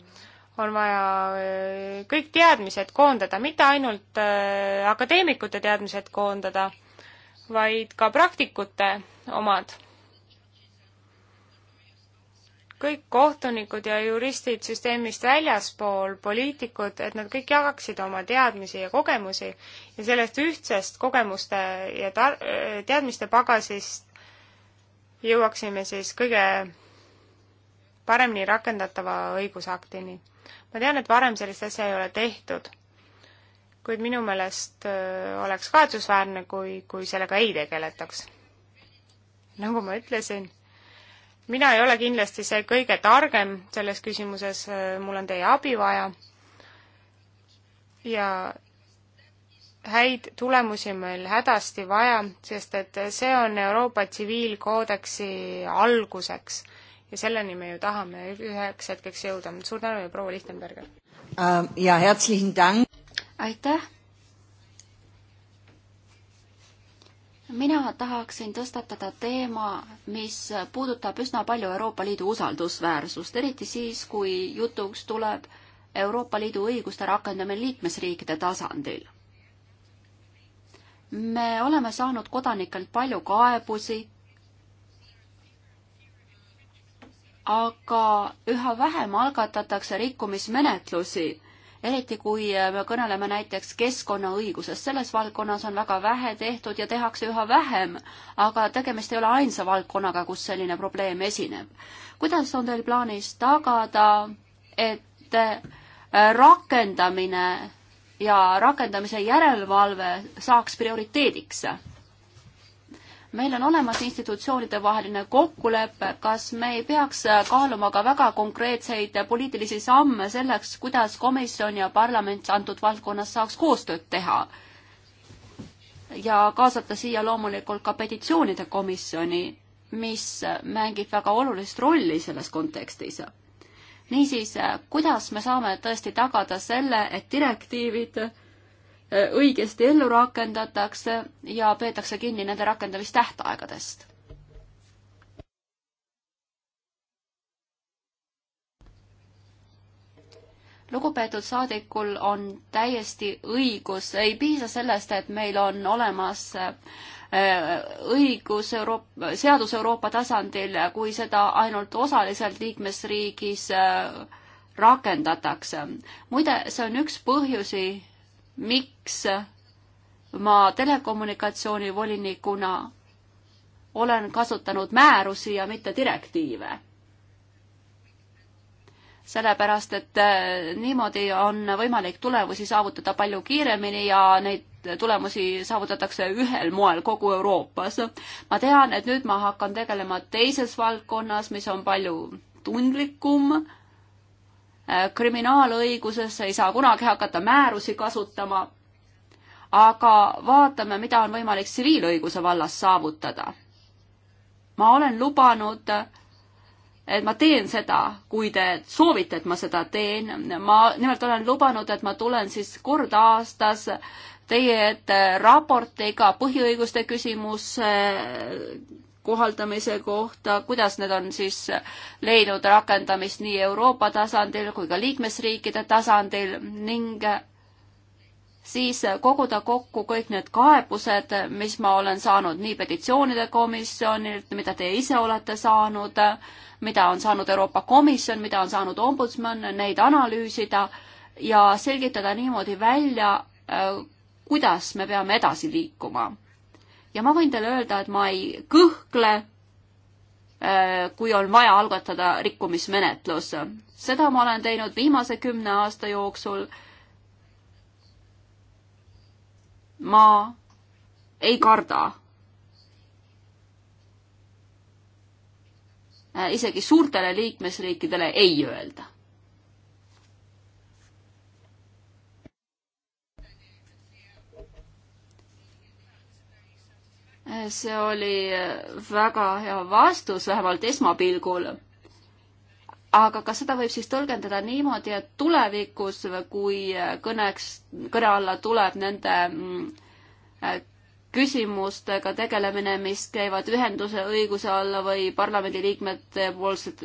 on vaja äh, kõik teadmised koondada, mitte ainult äh, akadeemikute teadmised koondada, vaid ka praktikute omad. kõik kohtunikud ja juristid süsteemist väljaspool, poliitikud, et nad kõik jagaksid oma teadmisi ja kogemusi ja sellest ühtsest kogemuste ja tar-, äh, teadmiste pagasist jõuaksime siis kõige paremini rakendatava õigusaktini ma tean, et varem sellist asja ei ole tehtud, kuid minu meelest oleks kahetsusväärne, kui, kui sellega ei tegeletaks. nagu ma ütlesin, mina ei ole kindlasti see kõige targem selles küsimuses, mul on teie abi vaja ja häid tulemusi on meil hädasti vaja, sest et see on Euroopa tsiviilkoodeksi alguseks ja selleni me ju tahame üheks hetkeks jõuda. suur tänu ja proua Lichtenberger!
Ähm, ja
herzlichen Dank! aitäh! mina tahaksin tõstatada teema, mis puudutab üsna palju Euroopa Liidu usaldusväärsust, eriti siis, kui jutuks tuleb Euroopa Liidu õiguste rakendamine liikmesriikide tasandil. me oleme saanud kodanikelt palju kaebusi aga üha vähem algatatakse rikkumismenetlusi, eriti kui me kõneleme näiteks keskkonnaõigusest. selles valdkonnas on väga vähe tehtud ja tehakse üha vähem, aga tegemist ei ole ainsa valdkonnaga, kus selline probleem esineb. kuidas on teil plaanis tagada, et äh, rakendamine ja rakendamise järelevalve saaks prioriteediks? meil on olemas institutsioonide vaheline kokkulepe, kas me ei peaks kaaluma ka väga konkreetseid poliitilisi samme selleks, kuidas komisjon ja parlament antud valdkonnas saaks koostööd teha? ja kaasata siia loomulikult ka petitsioonide komisjoni, mis mängib väga olulist rolli selles kontekstis. niisiis, kuidas me saame tõesti tagada selle, et direktiivid õigesti ellu rakendatakse ja peetakse kinni nende rakendamistähtaegadest. lugupeetud saadikul on täiesti õigus, ei piisa sellest, et meil on olemas äh, õigus Euroopa, seadus Euroopa tasandil, kui seda ainult osaliselt liikmesriigis äh, rakendatakse. muide, see on üks põhjusi, miks ma telekommunikatsioonivolinikuna olen kasutanud määrusi ja mitte direktiive. sellepärast, et äh, niimoodi on võimalik tulemusi saavutada palju kiiremini ja neid tulemusi saavutatakse ühel moel kogu Euroopas. ma tean, et nüüd ma hakkan tegelema teises valdkonnas, mis on palju tundlikum Äh, kriminaalõiguses ei saa kunagi hakata määrusi kasutama, aga vaatame, mida on võimalik tsiviilõiguse vallas saavutada. ma olen lubanud, et ma teen seda, kui te soovite, et ma seda teen. ma nimelt olen lubanud, et ma tulen siis kord aastas teie ette raportiga põhiõiguste küsimus kohaldamise kohta, kuidas need on siis leidnud rakendamist nii Euroopa tasandil kui ka liikmesriikide tasandil ning siis koguda kokku kõik need kaebused, mis ma olen saanud nii petitsioonide komisjonilt, mida te ise olete saanud, mida on saanud Euroopa Komisjon, mida on saanud ombudsman, neid analüüsida ja selgitada niimoodi välja, kuidas me peame edasi liikuma ja ma võin teile öelda, et ma ei kõhkle, äh, kui on vaja algatada rikkumismenetlus. seda ma olen teinud viimase kümne aasta jooksul. ma ei karda. Äh, isegi suurtele liikmesriikidele ei öelda see oli väga hea vastus, vähemalt esmapilgul. aga kas seda võib siis tõlgendada niimoodi, et tulevikus, kui kõneks, kõne alla tuleb nende mm, küsimustega tegelemine, mis käivad ühenduse õiguse alla või parlamendiliikmete poolsed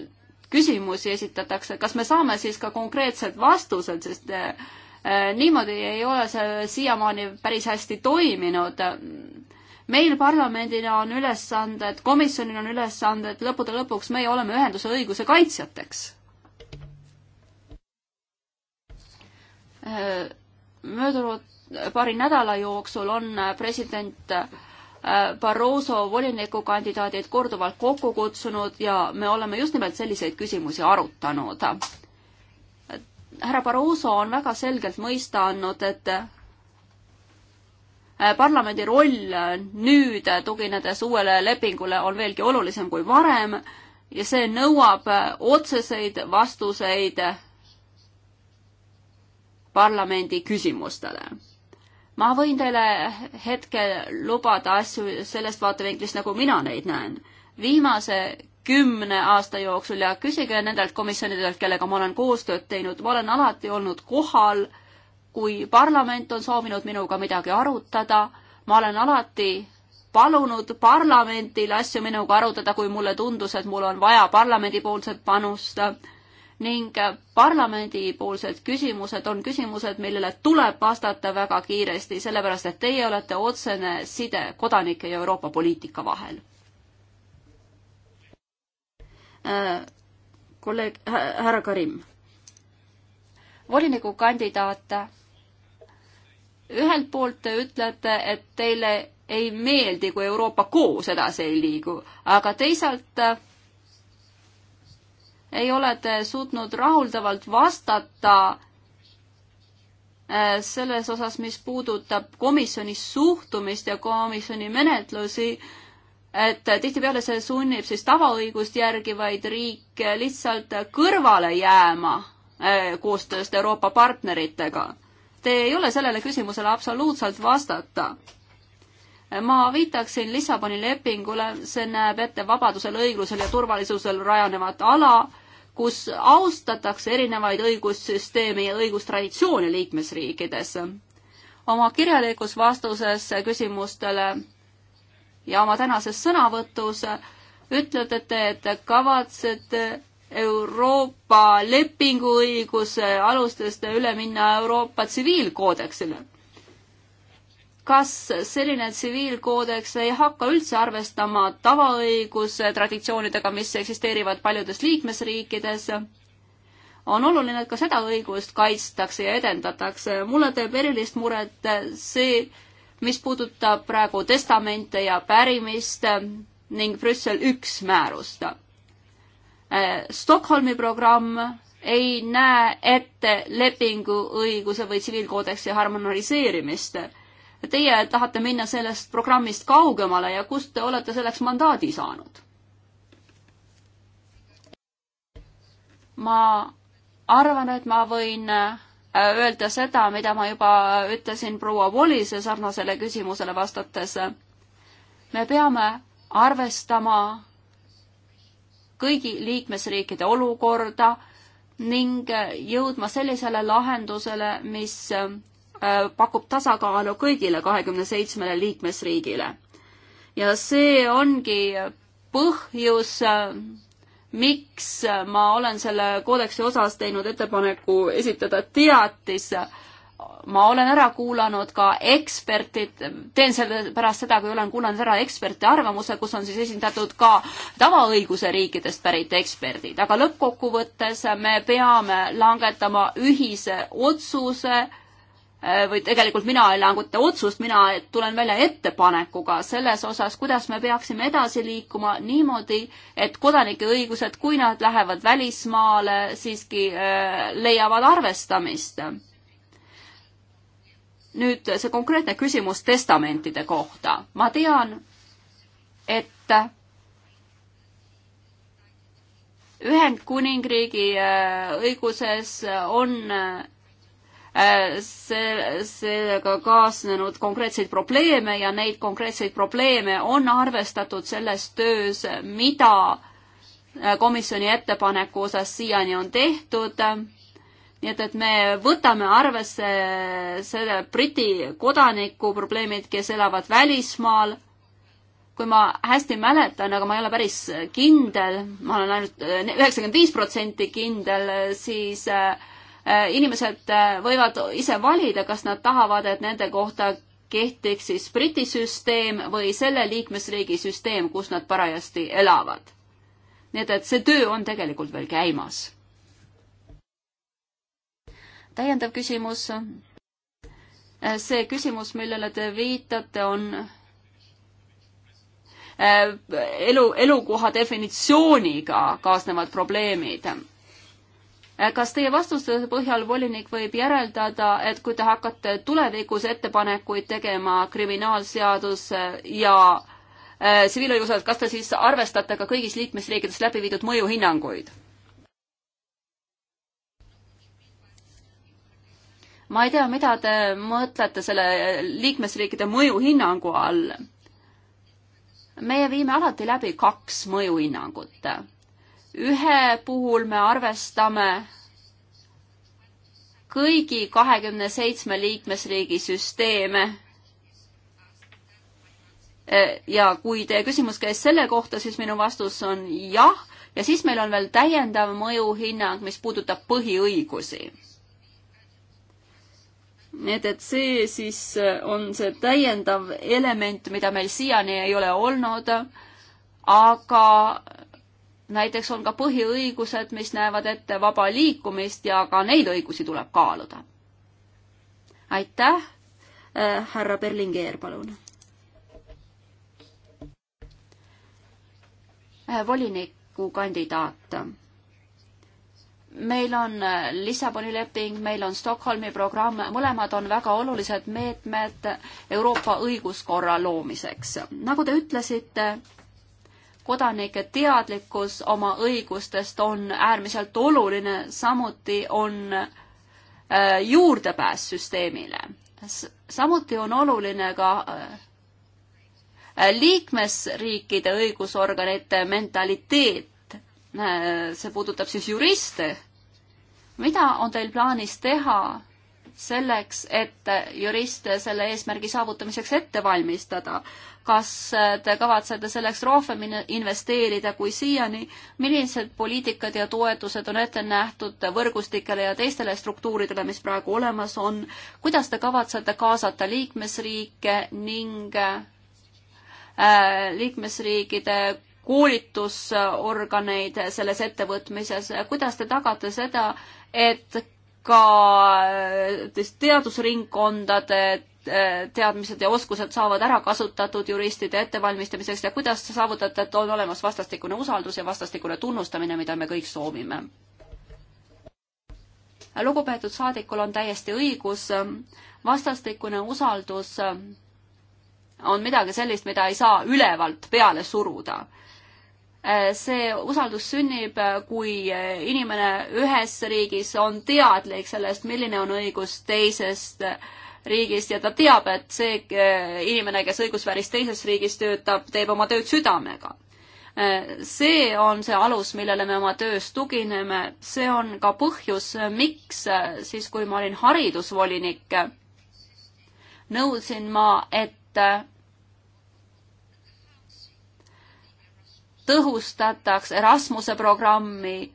küsimusi esitatakse, kas me saame siis ka konkreetsed vastused, sest eh, eh, niimoodi ei ole see siiamaani päris hästi toiminud meil parlamendina on ülesanded, komisjonil on ülesanded, lõppude lõpuks meie oleme ühenduse õiguse kaitsjateks. Äh, möödunud paari nädala jooksul on äh, president äh, Barroso volinikukandidaadid korduvalt kokku kutsunud ja me oleme just nimelt selliseid küsimusi arutanud härra Barroso on väga selgelt mõista andnud, et Äh, parlamendi roll äh, nüüd, äh, tuginedes uuele lepingule, on veelgi olulisem kui varem ja see nõuab otseseid vastuseid parlamendi küsimustele. ma võin teile hetkel lubada asju sellest vaatevinklist, nagu mina neid näen. viimase kümne aasta jooksul ja küsige nendelt komisjonidelt, kellega ma olen koostööd teinud, ma olen alati olnud kohal äh, kui parlament on soovinud minuga midagi arutada, ma olen alati palunud parlamendil asju minuga arutada, kui mulle tundus, et mul on vaja parlamendipoolset panust ning parlamendipoolsed küsimused on küsimused, millele tuleb vastata väga kiiresti, sellepärast et teie olete otsene side kodanike ja Euroopa poliitika vahel äh,. kolleeg äh,, härra Karim, volinikukandidaat ühelt poolt te ütlete, et teile ei meeldi, kui Euroopa koos edasi ei liigu, aga teisalt äh, ei ole te suutnud rahuldavalt vastata äh, selles osas, mis puudutab komisjoni suhtumist ja komisjoni menetlusi, et tihtipeale see sunnib siis tavaõigust järgivaid riike lihtsalt kõrvale jääma äh, koostööst Euroopa partneritega Te ei ole sellele küsimusele absoluutselt vastata. ma viitaksin Lissaboni lepingule, see näeb ette vabadusel, õiglusel ja turvalisusel rajanevat ala, kus austatakse erinevaid õigussüsteeme ja õigustraditsioone liikmesriikides. oma kirjalikus vastuses küsimustele ja oma tänases sõnavõtus ütlete te, et kavatsete Euroopa lepinguõiguse alustest üle minna Euroopa tsiviilkoodeksile. kas selline tsiviilkoodeks ei hakka üldse arvestama tavaõiguse traditsioonidega, mis eksisteerivad paljudes liikmesriikides? on oluline, et ka seda õigust kaitstakse ja edendatakse. mulle teeb erilist muret see, mis puudutab praegu testamente ja pärimist ning Brüssel üks määrust Äh, Stockholmi programm ei näe ette lepinguõiguse või tsiviilkoodeksi harmoniseerimist. Teie tahate minna sellest programmist kaugemale ja kust te olete selleks mandaadi saanud? ma arvan, et ma võin äh, öelda seda, mida ma juba ütlesin proua Volise sarnasele küsimusele vastates. me peame arvestama kõigi liikmesriikide olukorda ning jõudma sellisele lahendusele, mis äh, pakub tasakaalu kõigile kahekümne seitsmele liikmesriigile. ja see ongi põhjus, äh, miks ma olen selle koodeksi osas teinud ettepaneku esitada teatis ma olen ära kuulanud ka ekspertid, teen selle pärast seda, kui olen kuulanud ära eksperti arvamuse, kus on siis esindatud ka tavaõiguse riikidest pärit eksperdid, aga lõppkokkuvõttes me peame langetama ühise otsuse eh, või tegelikult mina ei languta otsust, mina tulen välja ettepanekuga selles osas, kuidas me peaksime edasi liikuma niimoodi, et kodanike õigused, kui nad lähevad välismaale, siiski eh, leiavad arvestamist nüüd see konkreetne küsimus testamentide kohta. ma tean, et Ühendkuningriigi äh, õiguses on äh, see, sellega kaasnenud konkreetseid probleeme ja neid konkreetseid probleeme on arvestatud selles töös, mida äh, komisjoni ettepaneku osas siiani on tehtud nii et, et me võtame arvesse selle Briti kodaniku probleemid, kes elavad välismaal. kui ma hästi mäletan, aga ma ei ole päris kindel, ma olen ainult eh, üheksakümmend viis protsenti kindel, siis eh, inimesed eh, võivad ise valida, kas nad tahavad, et nende kohta kehtiks siis Briti süsteem või selle liikmesriigi süsteem, kus nad parajasti elavad. nii et, et see töö on tegelikult veel käimas täiendav küsimus. see küsimus, millele te viitate, on äh, elu, elukoha definitsiooniga kaasnevad probleemid. Äh, kas teie vastuste põhjal volinik võib järeldada, et kui te hakkate tulevikus ettepanekuid tegema kriminaalseaduse ja äh, tsiviilõigused, kas te siis arvestate ka kõigis liikmesriikides läbi viidud mõjuhinnanguid? ma ei tea, mida te mõtlete selle liikmesriikide mõjuhinnangu all. meie viime alati läbi kaks mõjuhinnangut. ühe puhul me arvestame kõigi kahekümne seitsme liikmesriigi süsteeme e, ja kui teie küsimus käis selle kohta, siis minu vastus on jah, ja siis meil on veel täiendav mõjuhinnang, mis puudutab põhiõigusi et, et see siis äh, on see täiendav element, mida meil siiani ei ole olnud, aga näiteks on ka põhiõigused, mis näevad ette vaba liikumist ja ka neid õigusi tuleb kaaluda. aitäh, äh, härra Berlingeer, palun. Äh, volinikukandidaat meil on Lissaboni leping, meil on Stockholmi programm, mõlemad on väga olulised meetmed Euroopa õiguskorra loomiseks. nagu te ütlesite, kodanike teadlikkus oma õigustest on äärmiselt oluline, samuti on äh, juurdepääs süsteemile. samuti on oluline ka äh, liikmesriikide õigusorganite mentaliteet Äh, see puudutab siis juriste. mida on teil plaanis teha selleks, et juriste selle eesmärgi saavutamiseks ette valmistada? kas äh, te kavatsete selleks rohkem investeerida kui siiani? millised poliitikad ja toetused on ette nähtud võrgustikele ja teistele struktuuridele, mis praegu olemas on? kuidas te kavatsete kaasata liikmesriike ning äh, liikmesriikide koolitusorganeid selles ettevõtmises, kuidas te tagate seda, et ka äh, teadusringkondade äh, teadmised ja oskused saavad ära kasutatud juristide ettevalmistamiseks ja kuidas te saavutate, et on olemas vastastikune usaldus ja vastastikune tunnustamine, mida me kõik soovime? lugupeetud saadikul on täiesti õigus, vastastikune usaldus on midagi sellist, mida ei saa ülevalt peale suruda Äh, see usaldus sünnib, äh, kui äh, inimene ühes riigis on teadlik sellest, milline on õigus teisest riigist ja ta teab, et see inimene, kes õigusväris teises riigis töötab, teeb oma tööd südamega. see on see alus, millele me oma töös tugineme, see on ka põhjus, miks siis, kui ma olin haridusvolinik, nõudsin ma, et tõhustataks Erasmuse programmi,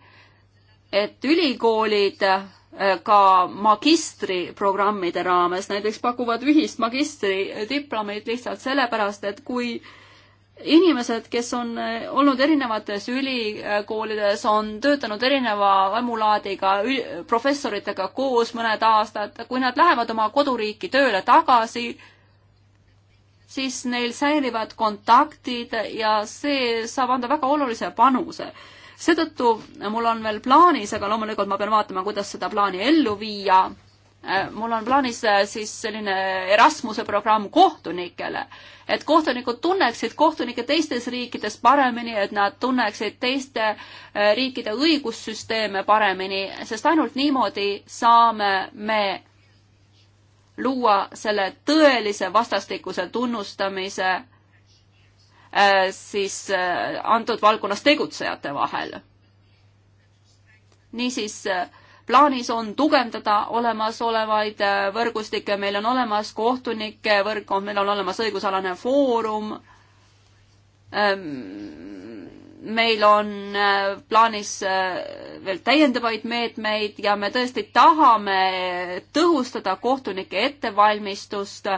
et ülikoolid äh, ka magistriprogrammide raames näiteks pakuvad ühist magistridiplomit lihtsalt sellepärast, et kui inimesed, kes on äh, olnud erinevates ülikoolides, on töötanud erineva vaimulaadiga professoritega koos mõned aastad, kui nad lähevad oma koduriiki tööle tagasi, siis neil säilivad kontaktid ja see saab anda väga olulise panuse. seetõttu mul on veel plaanis, aga loomulikult ma pean vaatama, kuidas seda plaani ellu viia. Äh, mul on plaanis äh, siis selline Erasmuse programm kohtunikele, et kohtunikud tunneksid kohtunikke teistes riikides paremini, et nad tunneksid teiste äh, riikide õigussüsteeme paremini, sest ainult niimoodi saame me luua selle tõelise vastastikuse tunnustamise äh, siis äh, antud valdkonnas tegutsejate vahel. niisiis äh, plaanis on tugevdada olemasolevaid võrgustikke, meil on olemas kohtunike võrk, meil on olemas õigusalane foorum. Ähm, meil on äh, plaanis äh, veel täiendavaid meetmeid ja me tõesti tahame tõhustada kohtunike ettevalmistust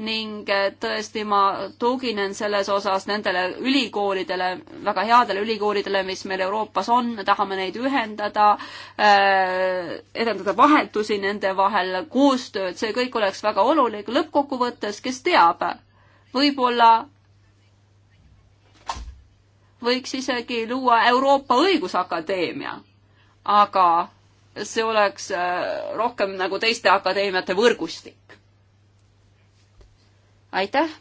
ning äh, tõesti ma tuginen selles osas nendele ülikoolidele, väga headele ülikoolidele, mis meil Euroopas on, me tahame neid ühendada, edendada vahetusi nende vahel, koostööd, see kõik oleks väga oluline. lõppkokkuvõttes, kes teab, võib-olla võiks isegi luua Euroopa Õigusakadeemia, aga see oleks äh, rohkem nagu teiste akadeemiate võrgustik. aitäh!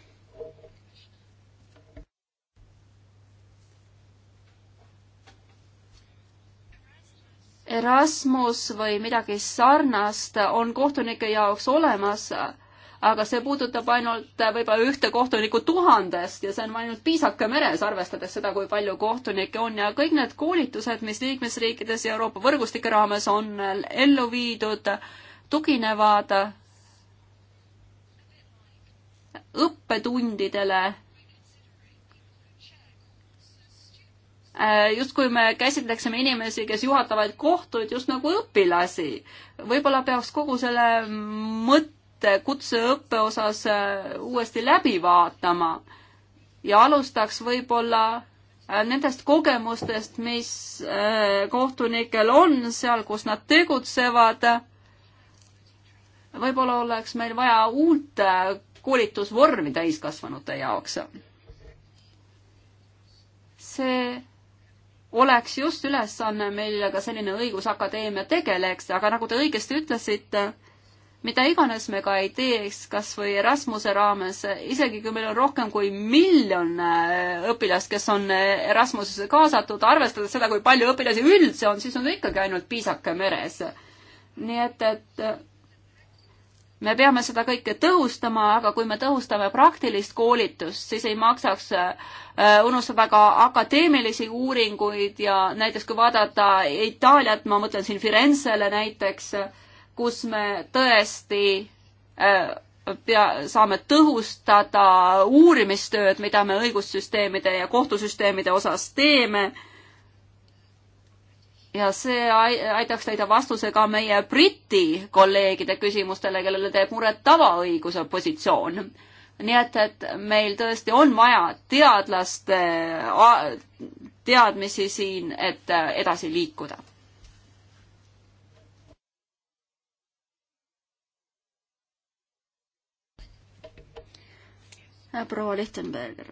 Erasmus või midagi sarnast on kohtunike jaoks olemas aga see puudutab ainult äh, võib-olla ühte kohtunikku tuhandest ja see on ainult piisake meres, arvestades seda, kui palju kohtunikke on ja kõik need koolitused, mis liikmesriikides ja Euroopa võrgustike raames on äh, ellu viidud, tuginevad äh, õppetundidele justkui me käsitleksime inimesi, kes juhatavad kohtuid just nagu õpilasi. võib-olla peaks kogu selle mõtte kutseõppe osas äh, uuesti läbi vaatama ja alustaks võib-olla äh, nendest kogemustest, mis äh, kohtunikel on seal, kus nad tegutsevad. võib-olla oleks meil vaja uut koolitusvormi täiskasvanute jaoks. see oleks just ülesanne, millega selline õigusakadeemia tegeleks, aga nagu te õigesti ütlesite, mida iganes me ka ei teeks, kas või Erasmuse raames, isegi kui meil on rohkem kui miljon äh, õpilast, kes on äh, Erasmusesse kaasatud, arvestades seda, kui palju õpilasi üldse on, siis on ta ikkagi ainult piisake meres. nii et, et äh, me peame seda kõike tõhustama, aga kui me tõhustame praktilist koolitust, siis ei maksaks unustada ka akadeemilisi uuringuid ja näiteks kui vaadata Itaaliat, ma mõtlen siin Firenzele näiteks, kus me tõesti äh, pea, saame tõhustada uurimistööd, mida me õigussüsteemide ja kohtusüsteemide osas teeme. ja see aitaks leida vastuse ka meie Briti kolleegide küsimustele, kellele teeb muret tavaõiguse positsioon. nii et, et meil tõesti on vaja teadlaste teadmisi siin, et äh, edasi liikuda Äh, proua Lichtenberger.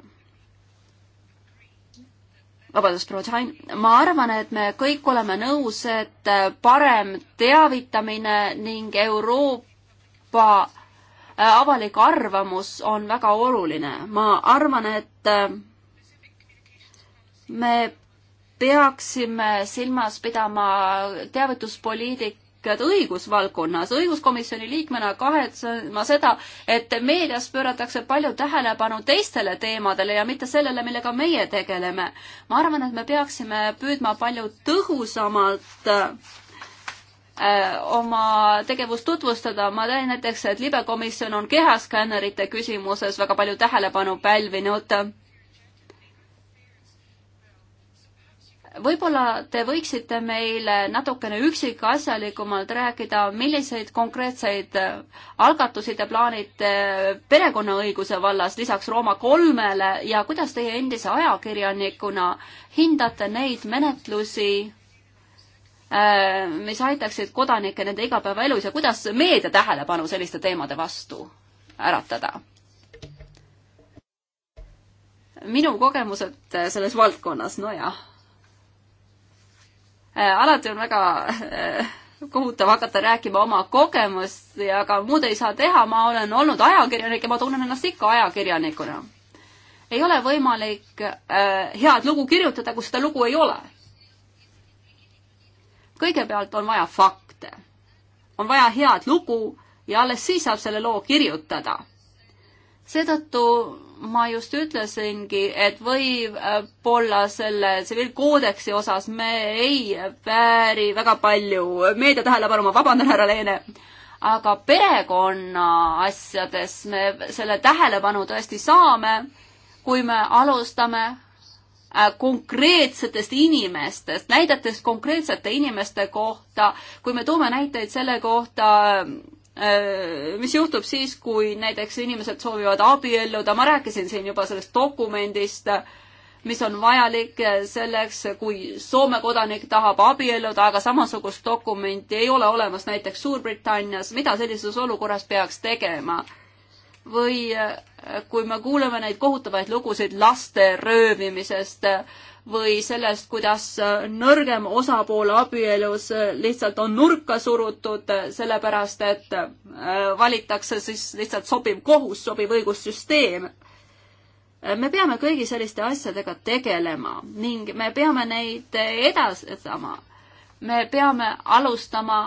vabandust, proua Tšain, ma arvan, et me kõik oleme nõus, et äh, parem teavitamine ning Euroopa äh, avalik arvamus on väga oluline. ma arvan, et me peaksime silmas pidama teavituspoliitik-, koostööd õigusvaldkonnas. õiguskomisjoni liikmena kahetsen ma seda, et meedias pööratakse palju tähelepanu teistele teemadele ja mitte sellele, millega meie tegeleme. ma arvan, et me peaksime püüdma palju tõhusamalt äh, oma tegevust tutvustada, ma tean näiteks, et libekomisjon on kehaskännerite küsimuses väga palju tähelepanu pälvinud võib-olla te võiksite meile natukene üksikasjalikumalt rääkida, milliseid konkreetseid äh, algatusi te plaanite äh, perekonnaõiguse vallas lisaks Rooma kolmele ja kuidas teie endise ajakirjanikuna hindate neid menetlusi, äh, mis aitaksid kodanikke nende igapäevaelus ja kuidas meedia tähelepanu selliste teemade vastu äratada? minu kogemused selles valdkonnas, nojah Äh, alati on väga äh, kohutav hakata rääkima oma kogemust ja ka muud ei saa teha, ma olen olnud ajakirjanik ja ma tunnen ennast ikka ajakirjanikuna. ei ole võimalik äh, head lugu kirjutada, kui seda lugu ei ole. kõigepealt on vaja fakte, on vaja head lugu ja alles siis saab selle loo kirjutada seetõttu ma just ütlesingi, et võib-olla äh, selle tsiviilkoodeksi osas me ei vääri väga palju meedia tähelepanu, ma vabandan, härra Leene, aga perekonna asjades me selle tähelepanu tõesti saame, kui me alustame äh, konkreetsetest inimestest, näidetest konkreetsete inimeste kohta, kui me toome näiteid selle kohta, Äh, mis juhtub siis, kui näiteks inimesed soovivad abielluda, ma rääkisin siin juba sellest dokumendist, mis on vajalik selleks, kui Soome kodanik tahab abielluda, aga samasugust dokumenti ei ole olemas näiteks Suurbritannias, mida sellises olukorras peaks tegema? või eh, kui me kuuleme neid kohutavaid lugusid laste röövimisest või sellest, kuidas eh, nõrgem osapool abielus eh, lihtsalt on nurka surutud, sellepärast et valitakse siis lihtsalt sobiv kohus, sobiv õigussüsteem. me peame kõigi selliste asjadega tegelema ning me peame neid edastama. me peame alustama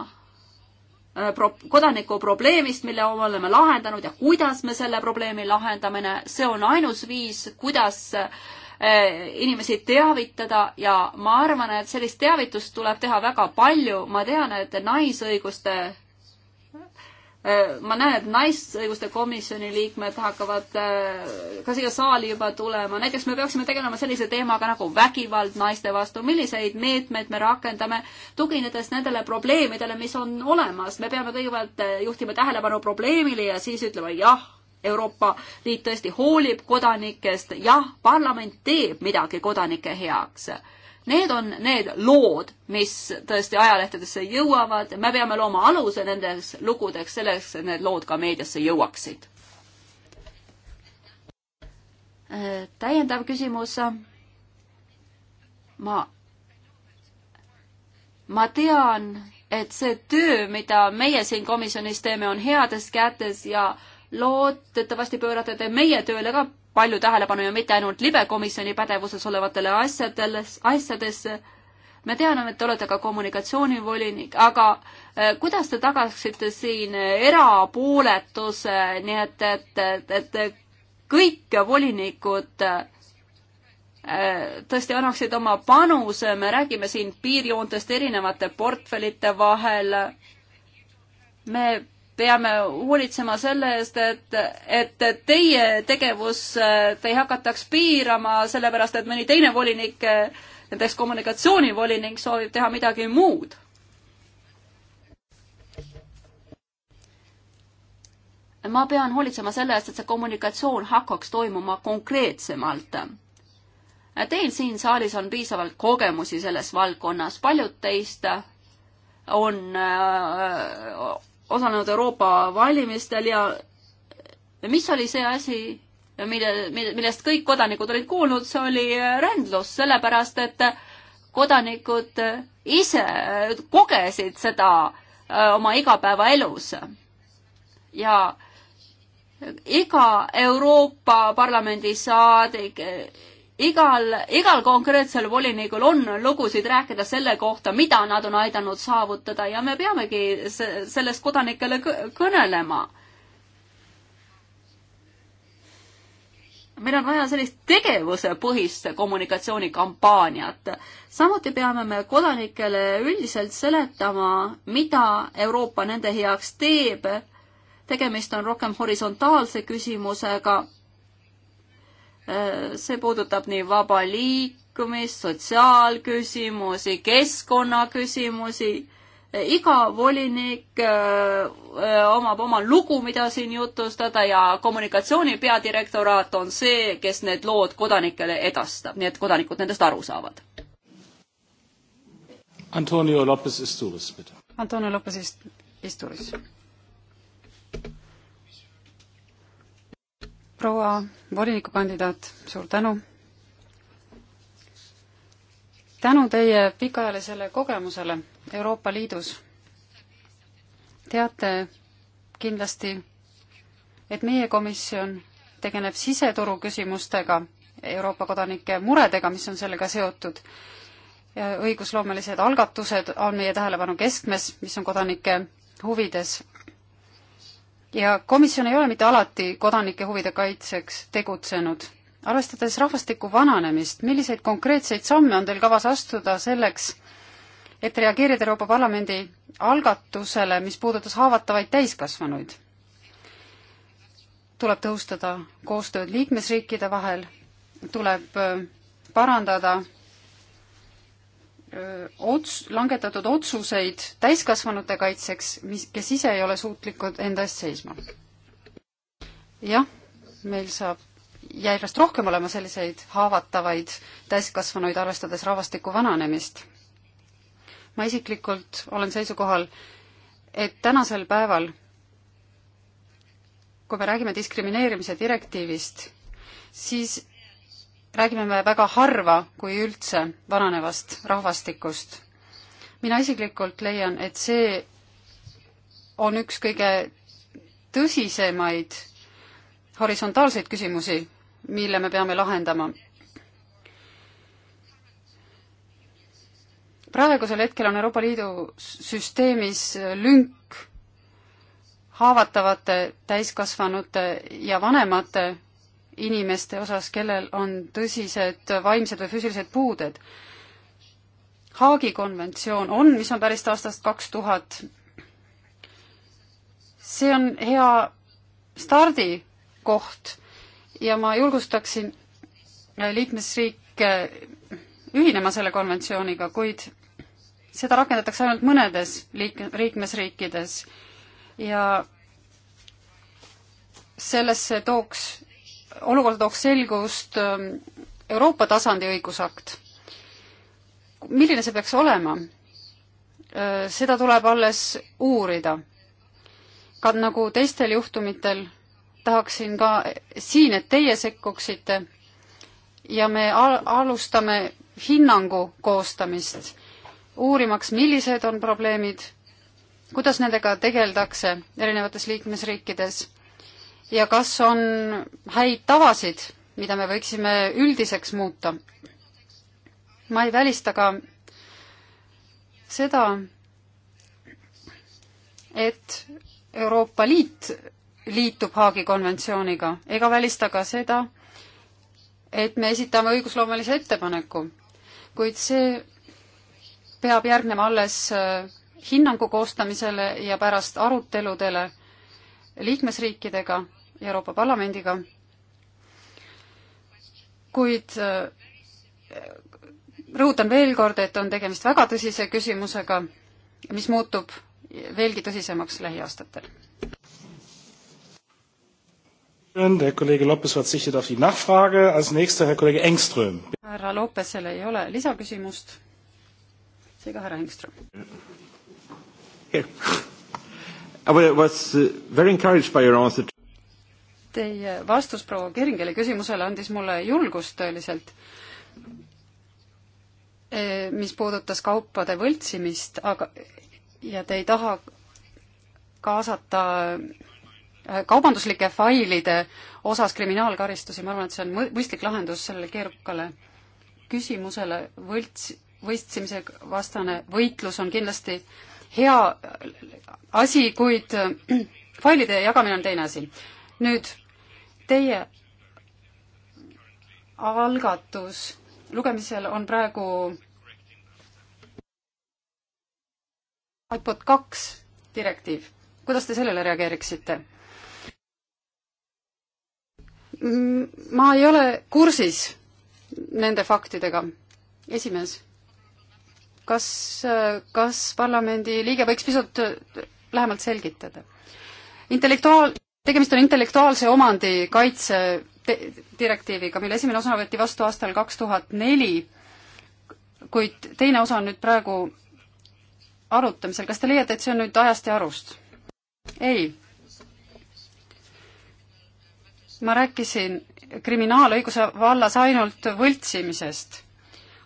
Äh, pro-, kodaniku probleemist, mille oleme lahendanud ja kuidas me selle probleemi lahendamine, see on ainus viis, kuidas äh, inimesi teavitada ja ma arvan, et sellist teavitust tuleb teha väga palju, ma tean, et naisõiguste Äh, ma näen, et naisõiguste komisjoni liikmed hakkavad äh, ka siia saali juba tulema. näiteks me peaksime tegelema sellise teemaga nagu vägivald naiste vastu. milliseid meetmeid me rakendame, tuginedes nendele probleemidele, mis on olemas. me peame kõigepealt äh, juhtima tähelepanu probleemile ja siis ütlema jah, Euroopa Liit tõesti hoolib kodanikest, jah, parlament teeb midagi kodanike heaks Need on need lood, mis tõesti ajalehtedesse jõuavad, me peame looma aluse nendeks lugudeks selleks, et need lood ka meediasse jõuaksid. täiendav küsimus. ma, ma tean, et see töö, mida meie siin komisjonis teeme, on heades kätes ja loodetavasti pöörate te meie tööle ka palju tähelepanu ja mitte ainult libekomisjoni pädevuses olevatele asjadele, asjadesse. me teame, et te olete ka kommunikatsioonivolinik, aga äh, kuidas te tagaksite siin erapooletuse, nii et, et, et, et kõik volinikud äh, tõesti annaksid oma panuse, me räägime siin piirjoontest erinevate portfellite vahel. me peame hoolitsema selle eest, et, et teie tegevust äh, ei hakataks piirama, sellepärast et mõni teine volinik, äh, näiteks kommunikatsioonivolinik, soovib teha midagi muud. ma pean hoolitsema selle eest, et see kommunikatsioon hakkaks toimuma konkreetsemalt Teil siin saalis on piisavalt kogemusi selles valdkonnas, paljud teist on äh, osalenud Euroopa valimistel ja mis oli see asi, mille, millest kõik kodanikud olid kuulnud, see oli rändlus, sellepärast et kodanikud ise kogesid seda äh, oma igapäevaelus. ja iga Euroopa Parlamendi saadik igal, igal konkreetsel volinikul on lugusid rääkida selle kohta, mida nad on aidanud saavutada ja me peamegi sellest kodanikele kõnelema. meil on vaja sellist tegevusepõhist kommunikatsioonikampaaniat. samuti peame me kodanikele üldiselt seletama, mida Euroopa nende heaks teeb. tegemist on rohkem horisontaalse küsimusega Äh, see puudutab nii vaba liikumist, sotsiaalküsimusi, keskkonnaküsimusi, äh, iga volinik äh, omab oma lugu, mida siin jutustada ja kommunikatsiooni peadirektoraat on see, kes need lood kodanikele edastab, nii et kodanikud nendest aru saavad.
Antonio Lopez Isturis, bitte. Antonio
Lopez Isturis.
proua volinikukandidaat, suur tänu! tänu teie pikaajalisele kogemusele Euroopa Liidus teate kindlasti, et meie komisjon tegeleb siseturu küsimustega, Euroopa kodanike muredega, mis on sellega seotud. õigusloomelised algatused on meie tähelepanu keskmes, mis on kodanike huvides, ja komisjon ei ole mitte alati kodanike huvide kaitseks tegutsenud. arvestades rahvastiku vananemist, milliseid konkreetseid samme on teil kavas astuda selleks, et reageerida Euroopa Parlamendi algatusele, mis puudutas haavatavaid täiskasvanuid? tuleb tõhustada koostööd liikmesriikide vahel, tuleb äh, parandada ots-, langetatud otsuseid täiskasvanute kaitseks, mis, kes ise ei ole suutlikud enda eest seisma. jah, meil saab järjest rohkem olema selliseid haavatavaid täiskasvanuid, arvestades rahvastiku vananemist. ma isiklikult olen seisukohal, et tänasel päeval, kui me räägime diskrimineerimise direktiivist, siis räägime me väga harva, kui üldse, vananevast rahvastikust. mina isiklikult leian, et see on üks kõige tõsisemaid horisontaalseid küsimusi, mille me peame lahendama. praegusel hetkel on Euroopa Liidu süsteemis lünk haavatavate täiskasvanute ja vanemate inimeste osas, kellel on tõsised vaimsed või füüsilised puuded. Haagi konventsioon on, mis on päris aastast kaks tuhat. see on hea stardikoht ja ma julgustaksin liikmesriike ühinema selle konventsiooniga, kuid seda rakendatakse ainult mõnedes liik-, liikmesriikides ja sellesse tooks olukorda tooks selgust ähm, Euroopa tasandi õigusakt. milline see peaks olema? Äh, seda tuleb alles uurida. ka nagu teistel juhtumitel tahaksin ka siin, et teie sekkuksite ja me al alustame hinnangu koostamist, uurimaks, millised on probleemid, kuidas nendega tegeldakse erinevates liikmesriikides ja kas on häid tavasid, mida me võiksime üldiseks muuta? ma ei välista ka seda, et Euroopa Liit liitub Haagi konventsiooniga, ega välista ka seda, et me esitame õigusloomelise ettepaneku, kuid see peab järgnema alles äh, hinnangu koostamisele ja pärast aruteludele liikmesriikidega Euroopa Parlamendiga, kuid äh, rõhutan veel kord, et on tegemist väga tõsise küsimusega, mis muutub veelgi tõsisemaks lähiaastatel.
Der Kollege Lopes verzichtet auf die Nachfrage. Als nächster Herr Kollege Engström.
Härra Lopesel ei ole lisaküsimust. Seega härra Engström.
I was uh, very encouraged by your answer.
Teie vastus proua Keringeli küsimusele andis mulle julgust tõeliselt, e, mis puudutas kaupade võltsimist, aga ja te ei taha kaasata e, kaubanduslike failide osas kriminaalkaristusi, ma arvan, et see on mõistlik lahendus sellele keerukale küsimusele, võlts, võltsimise vastane võitlus on kindlasti hea asi, kuid e, failide jagamine on teine asi nüüd teie algatus lugemisel on praegu iPod kaks direktiiv. kuidas te sellele reageeriksite? ma ei ole kursis nende faktidega. esimees, kas, kas parlamendi liige võiks pisut lähemalt selgitada? intellektuaal- tegemist on intellektuaalse omandi kaitse direktiiviga, mille esimene osa võeti vastu aastal kaks tuhat neli, kuid teine osa on nüüd praegu arutamisel. kas te leiate, et see on nüüd ajast ja arust? ei. ma rääkisin kriminaalõiguse vallas ainult võltsimisest,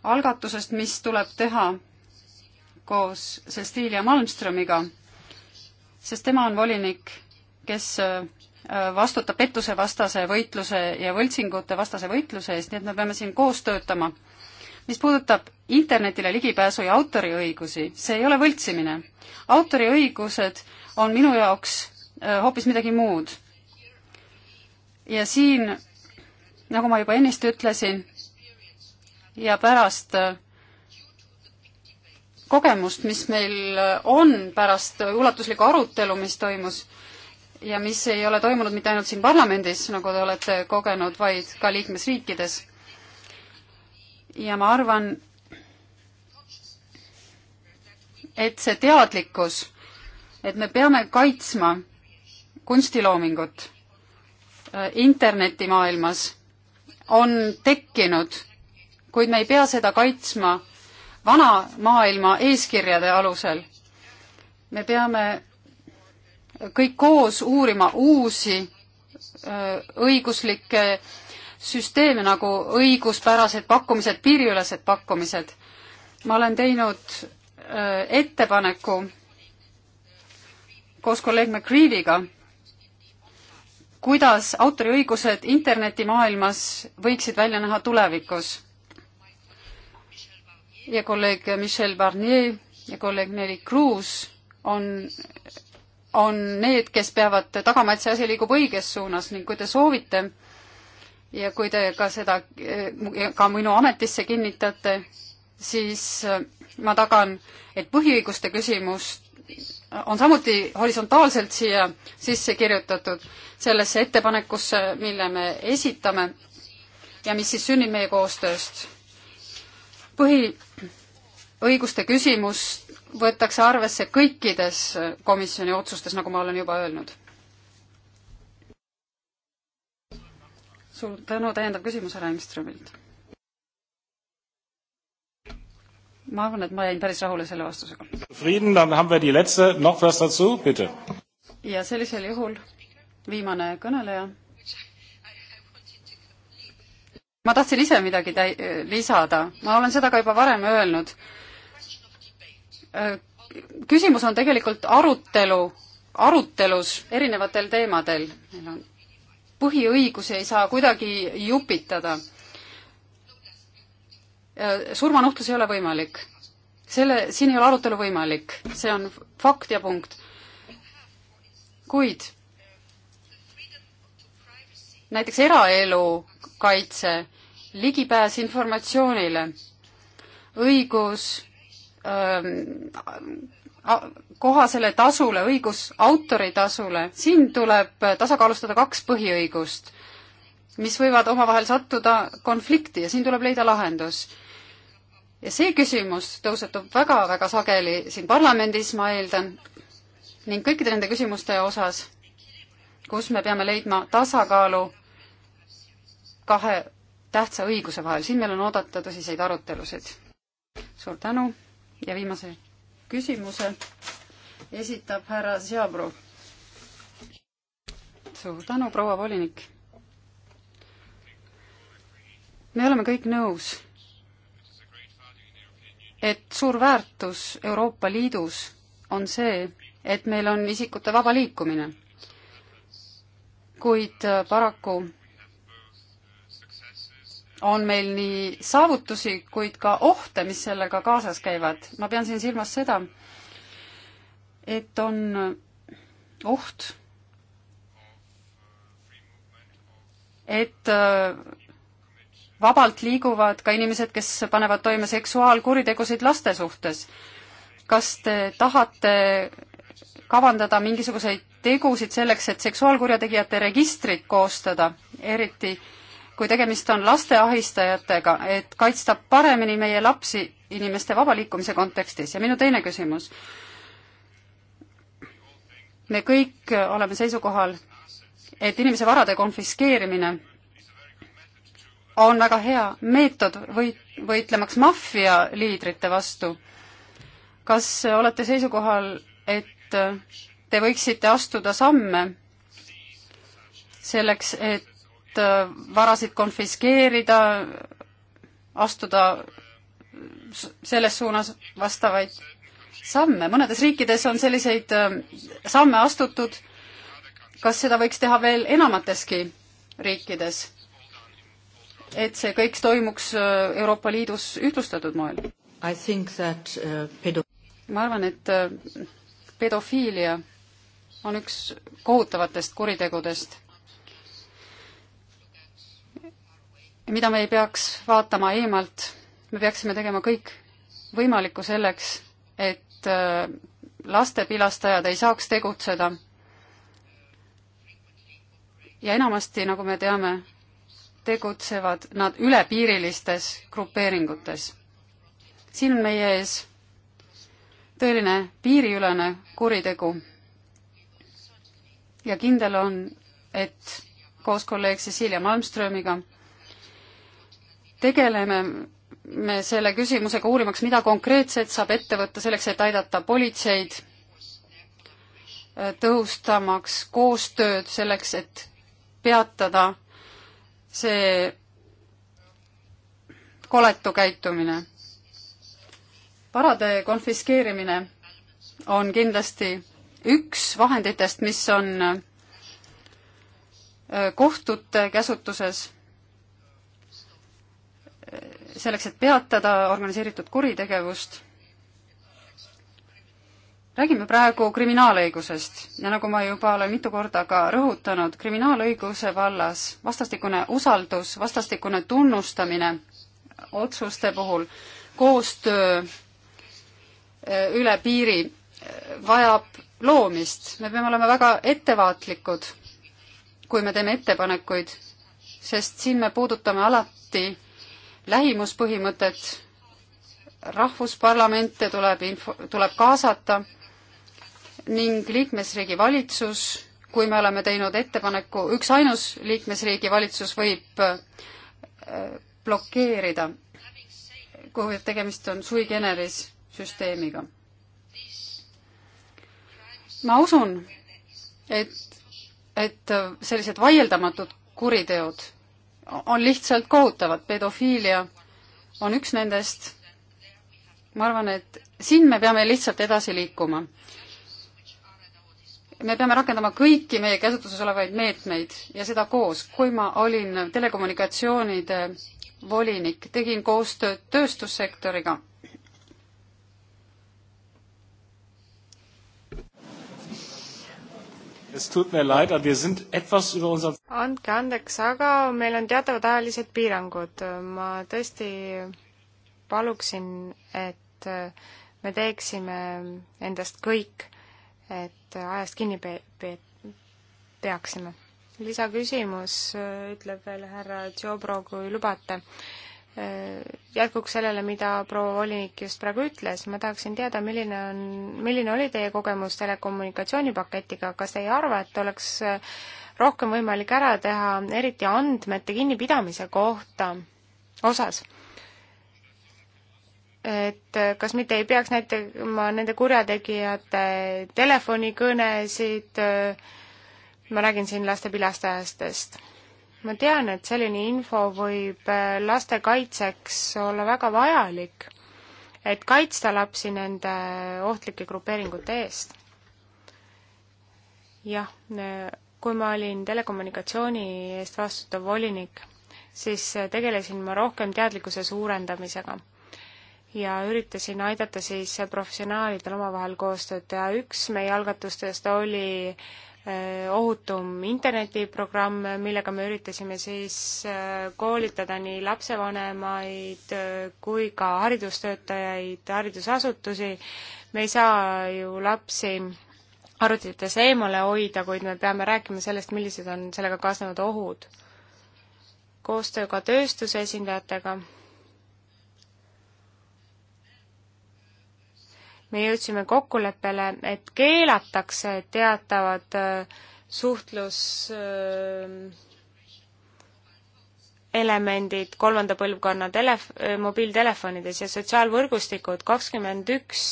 algatusest, mis tuleb teha koos Cecilia Malmströmiga, sest tema on volinik kes äh, vastutab pettusevastase võitluse ja võltsingute vastase võitluse eest, nii et me peame siin koos töötama. mis puudutab internetile ligipääsu ja autoriõigusi, see ei ole võltsimine. autoriõigused on minu jaoks äh, hoopis midagi muud. ja siin, nagu ma juba ennist ütlesin, ja pärast äh, kogemust, mis meil on pärast ulatuslikku arutelu, mis toimus, ja mis ei ole toimunud mitte ainult siin parlamendis, nagu te olete kogenud, vaid ka liikmesriikides. ja ma arvan, et see teadlikkus, et me peame kaitsma kunstiloomingut äh, internetimaailmas, on tekkinud, kuid me ei pea seda kaitsma vana maailma eeskirjade alusel. me peame kõik koos uurima uusi õiguslikke süsteeme nagu õiguspärased pakkumised, piiriülesed pakkumised. ma olen teinud ettepaneku koos kolleeg McCreeviga, kuidas autoriõigused internetimaailmas võiksid välja näha tulevikus. ja kolleeg Michel Barnier ja kolleeg Nelly Cruz on on need, kes peavad tagama, et see asi liigub õiges suunas ning kui te soovite ja kui te ka seda, eh, ka minu ametisse kinnitate, siis eh, ma tagan, et põhiõiguste küsimus on samuti horisontaalselt siia sisse kirjutatud sellesse ettepanekusse, mille me esitame ja mis siis sünnib meie koostööst. põhiõiguste küsimus võetakse arvesse kõikides komisjoni otsustes, nagu ma olen juba öelnud. suur tänu, täiendav küsimus härra Engströmilt. ma arvan, et ma jäin päris rahule selle vastusega. ja sellisel juhul viimane kõneleja ma tahtsin ise midagi täi-, lisada, ma olen seda ka juba varem öelnud, küsimus on tegelikult arutelu, arutelus erinevatel teemadel. meil on põhiõigusi ei saa kuidagi jupitada. surmanuhtlus ei ole võimalik. selle, siin ei ole arutelu võimalik, see on fakt ja punkt. kuid näiteks eraelu kaitse, ligipääs informatsioonile, õigus Ähm, kohasele tasule, õigus autoritasule, siin tuleb äh, tasakaalustada kaks põhiõigust, mis võivad omavahel sattuda konflikti ja siin tuleb leida lahendus. ja see küsimus tõusetub väga-väga sageli siin parlamendis, ma eeldan, ning kõikide nende küsimuste osas, kus me peame leidma tasakaalu kahe tähtsa õiguse vahel, siin meil on oodata tõsiseid arutelusid. suur tänu! ja viimase küsimuse esitab härra Seabru. suur tänu, proua volinik. me oleme kõik nõus, et suur väärtus Euroopa Liidus on see, et meil on isikute vaba liikumine. kuid paraku on meil nii saavutusi, kuid ka ohte, mis sellega kaasas käivad. ma pean siin silmas seda, et on oht, et äh, vabalt liiguvad ka inimesed, kes panevad toime seksuaalkuritegusid laste suhtes. kas te tahate kavandada mingisuguseid tegusid selleks, et seksuaalkurjategijate registrit koostada, eriti äh, kui tegemist on laste ahistajatega, et kaitsta paremini meie lapsi inimeste vaba liikumise kontekstis ja minu teine küsimus. me kõik oleme seisukohal, et inimese varade konfiskeerimine on väga hea meetod või, võitlemaks maffialiidrite vastu. kas olete seisukohal, et te võiksite astuda samme selleks, et et äh, varasid konfiskeerida, astuda selles suunas vastavaid samme. mõnedes riikides on selliseid äh, samme astutud. kas seda võiks teha veel enamateski riikides? et see kõik toimuks äh, Euroopa Liidus ühtlustatud moel? ma arvan, et pedofiilia on üks kohutavatest kuritegudest mida me ei peaks vaatama eemalt, me peaksime tegema kõik võimalikku selleks, et äh, lastepilastajad ei saaks tegutseda. ja enamasti, nagu me teame, tegutsevad nad ülepiirilistes grupeeringutes. siin on meie ees tõeline piiriülene kuritegu. ja kindel on, et koos kolleeg Cecilia Malmströmiga tegeleme me selle küsimusega, uurimaks, mida konkreetselt saab ette võtta selleks, et aidata politseid, äh, tõhustamaks koostööd selleks, et peatada see koletu käitumine. varade konfiskeerimine on kindlasti üks vahenditest, mis on äh, kohtute käsutuses selleks, et peatada organiseeritud kuritegevust. räägime praegu kriminaalõigusest ja nagu ma juba olen mitu korda ka rõhutanud, kriminaalõiguse vallas vastastikune usaldus, vastastikune tunnustamine otsuste puhul, koostöö eh, üle piiri eh, vajab loomist, me peame olema väga ettevaatlikud, kui me teeme ettepanekuid, sest siin me puudutame alati lähimuspõhimõtet, rahvusparlamente tuleb info, tuleb kaasata ning liikmesriigi valitsus, kui me oleme teinud ettepaneku, üksainus liikmesriigi valitsus võib äh, blokeerida, kui tegemist on sui generis süsteemiga. ma usun, et, et sellised vaieldamatud kuriteod on lihtsalt kohutavad, pedofiilia on üks nendest. ma arvan, et siin me peame lihtsalt edasi liikuma. me peame rakendama kõiki meie käsutuses olevaid meetmeid ja seda koos. kui ma olin telekommunikatsioonide volinik, tegin koostööd tööstussektoriga
Es tut mir leid, aber wir sind etwas über unser... andke andeks, aga meil on teatavad ajalised piirangud. ma tõesti paluksin, et me teeksime endast kõik, et ajast kinni pe-, pe-, peaksime. lisaküsimus, ütleb veel härra Tšobro, kui lubate Äh, jätkuks sellele, mida proua volinik just praegu ütles, ma tahaksin teada, milline on, milline oli teie kogemus telekommunikatsioonipaketiga, kas te ei arva, et oleks äh, rohkem võimalik ära teha, eriti andmete kinnipidamise kohta osas? et äh, kas mitte ei peaks näitama nende kurjategijate telefonikõnesid, ma räägin siin laste pilastajastest ma tean, et selline info võib äh, laste kaitseks olla väga vajalik, et kaitsta lapsi nende ohtlike grupeeringute eest. jah, äh, kui ma olin telekommunikatsiooni eest vastutav volinik, siis äh, tegelesin ma rohkem teadlikkuse suurendamisega ja üritasin aidata siis professionaalidel omavahel koostööd teha. üks meie algatustest oli äh, Eh, ohutum internetiprogramm, millega me üritasime siis eh, koolitada nii lapsevanemaid eh, kui ka haridustöötajaid, haridusasutusi. me ei saa ju lapsi arvutites eemale hoida, kuid me peame rääkima sellest, millised on sellega kaasnevad ohud. koostöö ka tööstuse esindajatega me jõudsime kokkuleppele, et keelatakse teatavad äh, suhtlus äh, elemendid kolmanda põlvkonna telef-, äh, mobiiltelefonides ja sotsiaalvõrgustikud, kakskümmend üks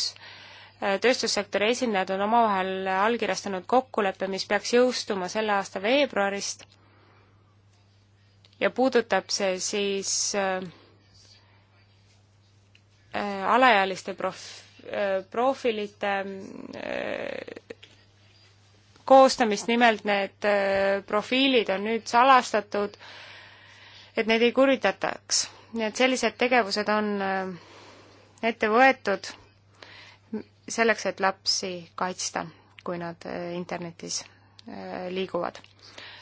tööstussektori esindajad on omavahel allkirjastanud kokkuleppe, mis peaks jõustuma selle aasta veebruarist ja puudutab see siis äh, alaealiste prof-, Äh, profiilite äh, koostamist, nimelt need äh, profiilid on nüüd salastatud, et neid ei kuritataks. nii et sellised tegevused on ette võetud selleks, et lapsi kaitsta, kui nad internetis liiguvad.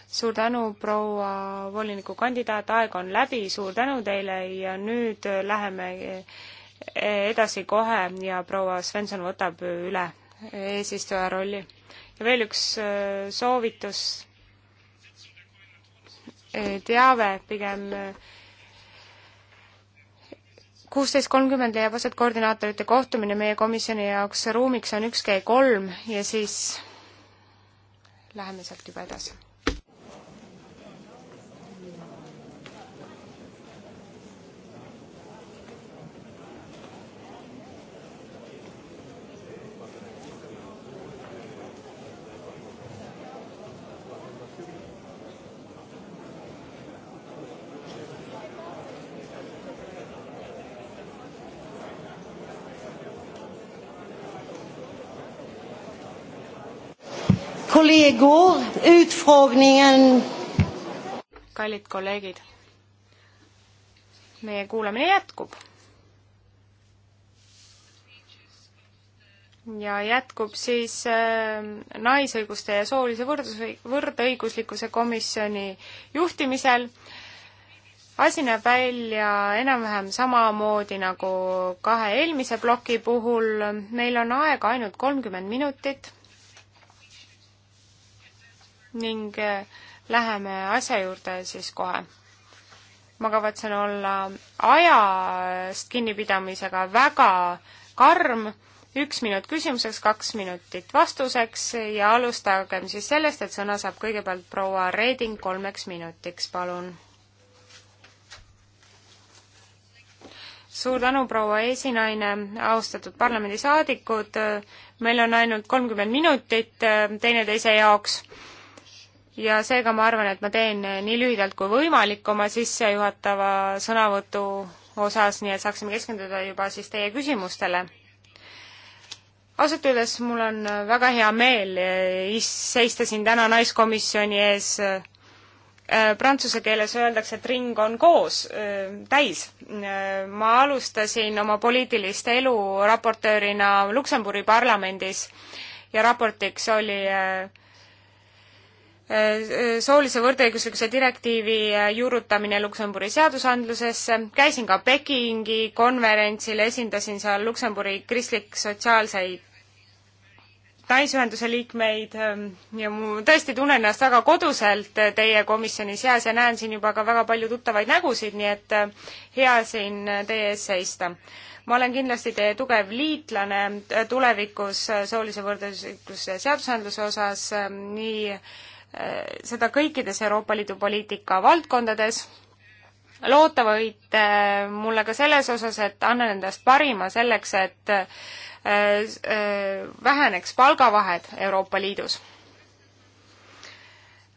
suur tänu, proua volinikukandidaat, aeg on läbi, suur tänu teile ja nüüd läheme edasi kohe ja proua Svensson võtab üle eesistuja rolli. ja veel üks äh, soovitus, äh, teave pigem äh, kuusteist kolmkümmend leiab aset koordinaatorite kohtumine meie komisjoni jaoks, ruumiks on üks G kolm ja siis läheme sealt juba edasi
kollegor, utfrågningen.
kallid kolleegid, meie kuulamine jätkub. ja jätkub siis äh, Naisõiguste ja soolise võrdus, võrdõiguslikkuse komisjoni juhtimisel asi näeb välja enam-vähem samamoodi nagu kahe eelmise ploki puhul, meil on aega ainult kolmkümmend minutit ning eh, läheme asja juurde siis kohe. ma kavatsen olla ajast kinnipidamisega väga karm, üks minut küsimuseks, kaks minutit vastuseks ja alustagem siis sellest, et sõna saab kõigepealt proua Reeding kolmeks minutiks, palun suur tänu, proua esinaine, austatud parlamendisaadikud, meil on ainult kolmkümmend minutit eh, teineteise jaoks ja seega ma arvan, et ma teen nii lühidalt kui võimalik oma sissejuhatava sõnavõtu osas, nii et saaksime keskenduda juba siis teie küsimustele. ausalt öeldes mul on väga hea meel eh, seista siin täna naiskomisjoni ees. Eh, prantsuse keeles öeldakse, et ring on koos, eh, täis. ma alustasin oma poliitilist elu raportöörina Luksemburi parlamendis ja raportiks oli äh, soolise võrdõiguslikkuse direktiivi äh, juurutamine Luksemburi seadusandlusesse, käisin ka Pekingi konverentsil, esindasin seal Luksemburi kristlik-sotsiaalseid naisühenduse liikmeid ähm, ja mu tõesti tunnen ennast väga koduselt äh, teie komisjoni seas ja näen siin juba ka väga palju tuttavaid nägusid, nii et äh, hea siin teie ees seista. ma olen kindlasti teie tugev liitlane tulevikus soolise võrdõiguslikkuse seadusandluse osas ähm, nii Eh, seda kõikides Euroopa Liidu poliitika valdkondades. loota võite eh, mulle ka selles osas, et annan endast parima selleks, et eh, väheneks palgavahed Euroopa Liidus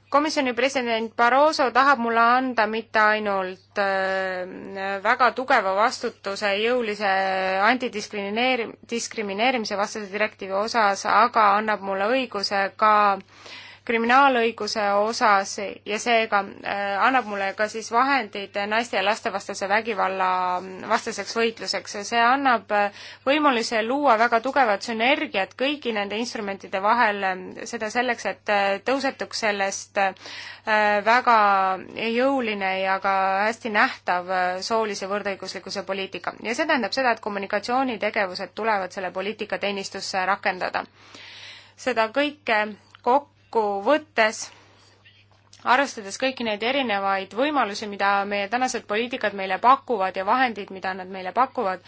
komisjoni president Barroso tahab mulle anda mitte ainult väga tugeva vastutuse jõulise antidiskrimineeri-, diskrimineerimise vastase direktiivi osas, aga annab mulle õiguse ka äh, kriminaalõiguse osas ja seega äh, annab mulle ka siis vahendid naiste ja lastevastase vägivalla mm, vastaseks võitluseks ja see annab äh, võimaluse luua väga tugevat sünergiat kõigi nende instrumentide vahel, mm, seda selleks, et äh, tõusetuks sellest väga jõuline ja ka hästi nähtav soolise võrdõiguslikkuse poliitika. ja see tähendab seda, et kommunikatsioonitegevused tulevad selle poliitika teenistusse rakendada. seda kõike kokku kokkuvõttes arvestades kõiki neid erinevaid võimalusi, mida meie tänased poliitikad meile pakuvad ja vahendid, mida nad meile pakuvad,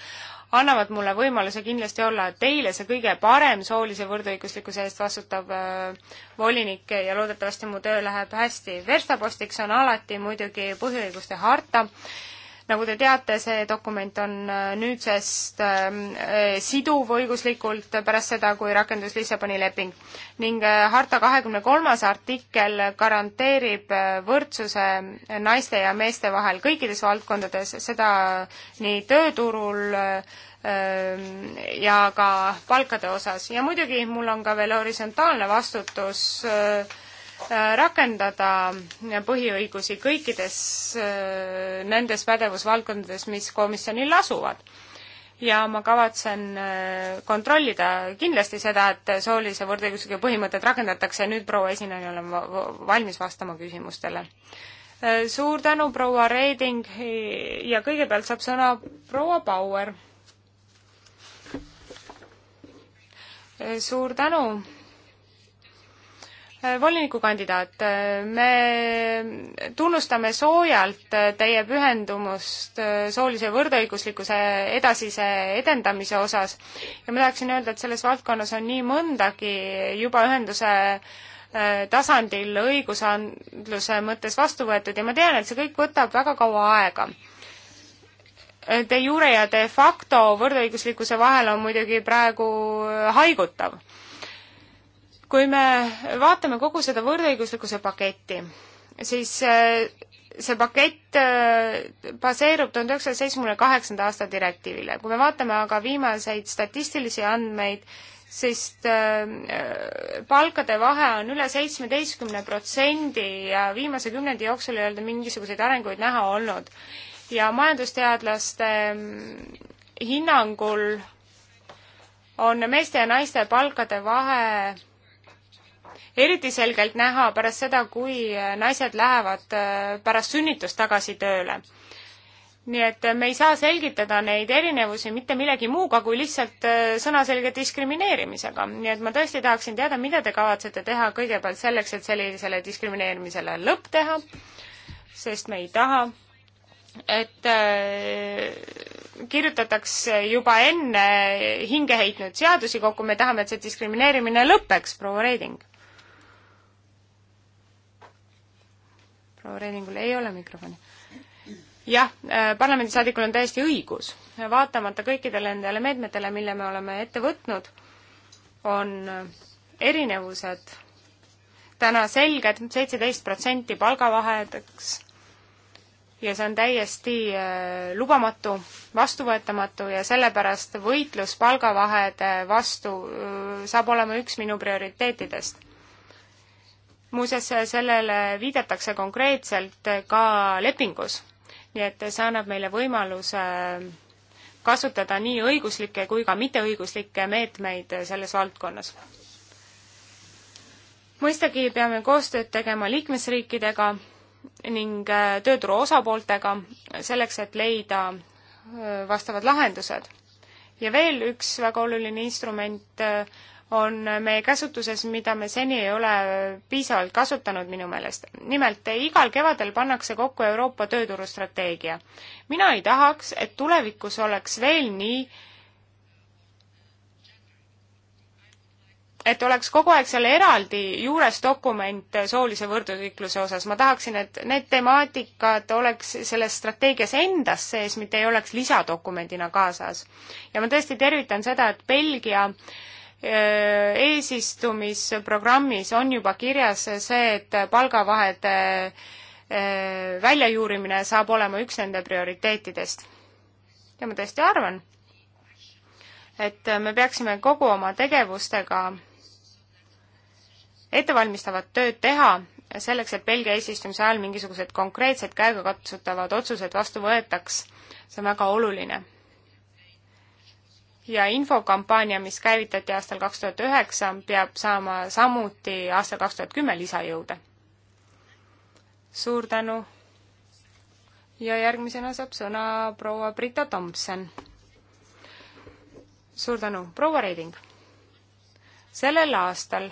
annavad mulle võimaluse kindlasti olla teile see kõige parem soolise võrdõiguslikkuse eest vastutav äh, volinik ja loodetavasti mu töö läheb hästi. verstapostiks on alati muidugi põhiõiguste harta äh,, nagu te teate, see dokument on äh, nüüdsest ähm, äh, siduv õiguslikult pärast seda, kui rakendus Lissaboni leping ning äh, harta kahekümne kolmas artikkel garanteerib võrdsuse naiste ja meeste vahel kõikides valdkondades, seda nii tööturul ja ka palkade osas ja muidugi mul on ka veel horisontaalne vastutus äh, Äh, rakendada põhiõigusi kõikides äh, nendes pädevusvaldkondades, mis komisjonil asuvad. ja ma kavatsen äh, kontrollida kindlasti seda, et soolise võrdõiguslikkuse põhimõtted rakendatakse ja nüüd proua esinejana olen valmis vastama küsimustele. suur tänu, proua Reiding ja kõigepealt saab sõna proua Bauer. suur tänu volinikukandidaat, me tunnustame soojalt teie pühendumust soolise võrdõiguslikkuse edasise edendamise osas ja ma tahaksin öelda, et selles valdkonnas on nii mõndagi juba ühenduse äh, tasandil õigusandluse mõttes vastu võetud ja ma tean, et see kõik võtab väga kaua aega de jure ja de facto võrdõiguslikkuse vahel on muidugi praegu haigutav kui me vaatame kogu seda võrdõiguslikkuse paketti, siis äh, see pakett äh, baseerub tuhande üheksasaja seitsmekümne kaheksanda aasta direktiivile. kui me vaatame aga viimaseid statistilisi andmeid, sest äh, palkade vahe on üle seitsmeteistkümne protsendi ja viimase kümnendi jooksul ei olnud mingisuguseid arenguid näha olnud. ja majandusteadlaste mm, hinnangul on meeste ja naiste palkade vahe eriti selgelt näha pärast seda, kui naised lähevad äh, pärast sünnitust tagasi tööle. nii et äh, me ei saa selgitada neid erinevusi mitte millegi muuga kui lihtsalt äh, sõnaselge diskrimineerimisega. nii et ma tõesti tahaksin teada, mida te kavatsete teha kõigepealt selleks, et sellisele diskrimineerimisele lõpp teha, sest me ei taha et kirjutataks juba enne hinge heitnud seadusi kokku, me tahame, et see diskrimineerimine lõpeks, proua Reiding. proua Reiningul ei ole mikrofoni. jah, äh, parlamendisaadikul on täiesti õigus, vaatamata kõikidele nendele meetmetele, mille me oleme ette võtnud, on äh, erinevused täna selged, seitseteist protsenti palgavahedeks ja see on täiesti äh, lubamatu, vastuvõetamatu ja sellepärast võitlus palgavahede vastu saab olema üks minu prioriteetidest muuseas, sellele viidatakse konkreetselt ka lepingus, nii et see annab meile võimaluse kasutada nii õiguslikke kui ka mitteõiguslikke meetmeid selles valdkonnas. mõistagi peame koostööd tegema liikmesriikidega ning äh, tööturu osapooltega selleks, et leida äh, vastavad lahendused. ja veel üks väga oluline instrument äh, on meie käsutuses, mida me seni ei ole piisavalt kasutanud minu meelest. nimelt, igal kevadel pannakse kokku Euroopa tööturustrateegia. mina ei tahaks, et tulevikus oleks veel nii, et oleks kogu aeg seal eraldi juures dokument soolise võrdõiguslikkuse osas, ma tahaksin, et need temaatikad oleks selles strateegias endas sees, mitte ei oleks lisadokumendina kaasas. ja ma tõesti tervitan seda, et Belgia äh, Äh, eesistumisprogrammis on juba kirjas see, et palgavahede äh, väljajuurimine saab olema üks nende prioriteetidest. ja ma tõesti arvan, et me peaksime kogu oma tegevustega ettevalmistavat tööd teha, selleks, et Belgia eesistumise ajal mingisugused konkreetsed käegakatsutavad otsused vastu võetaks, see on väga oluline ja infokampaania, mis käivitati aastal kaks tuhat üheksa, peab saama samuti aastal kaks tuhat kümme lisajõude. suur tänu! ja järgmisena saab sõna proua Brita Tomson. suur tänu, proua Reiding! sellel aastal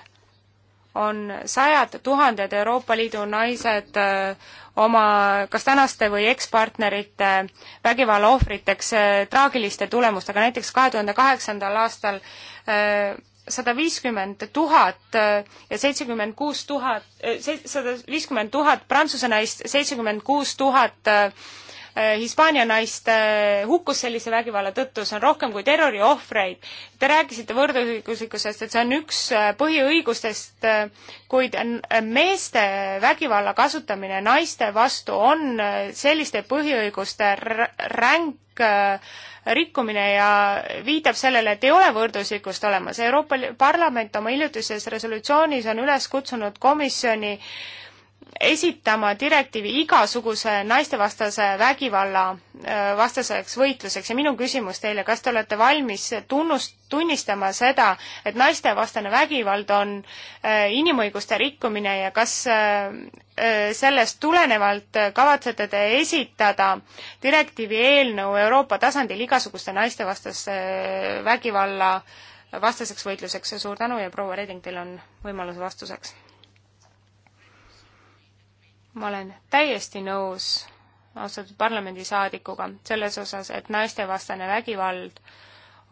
on sajad tuhanded Euroopa Liidu naised äh, oma kas tänaste või ekspartnerite vägivalla ohvriteks äh, traagiliste tulemustega, näiteks kahe tuhande kaheksandal aastal äh, sada viiskümmend tuhat ja seitsekümmend kuus tuhat, sada viiskümmend tuhat prantsuse naist, seitsekümmend kuus tuhat Eh, Hispaania naist eh, hukkus sellise vägivalla tõttu, see on rohkem kui terroriohvreid. Te rääkisite võrdõiguslikkusest, et see on üks eh, põhiõigustest, kuid meeste vägivalla kasutamine naiste vastu on selliste põhiõiguste ränk rikkumine ja viitab sellele, et ei ole võrdõiguslikkust olemas. Euroopa Parlament oma hiljutises resolutsioonis on üles kutsunud komisjoni äh, esitama direktiivi igasuguse naistevastase vägivalla äh, vastaseks võitluseks ja minu küsimus teile, kas te olete valmis tunnust, tunnistama seda, et naistevastane vägivald on äh, inimõiguste rikkumine ja kas äh, sellest tulenevalt kavatsete te esitada direktiivi eelnõu Euroopa tasandil igasuguste naistevastase vägivalla vastaseks võitluseks, suur tänu ja proua Reding, teil on võimalus vastuseks ma olen täiesti nõus austatud parlamendisaadikuga selles osas, et naistevastane vägivald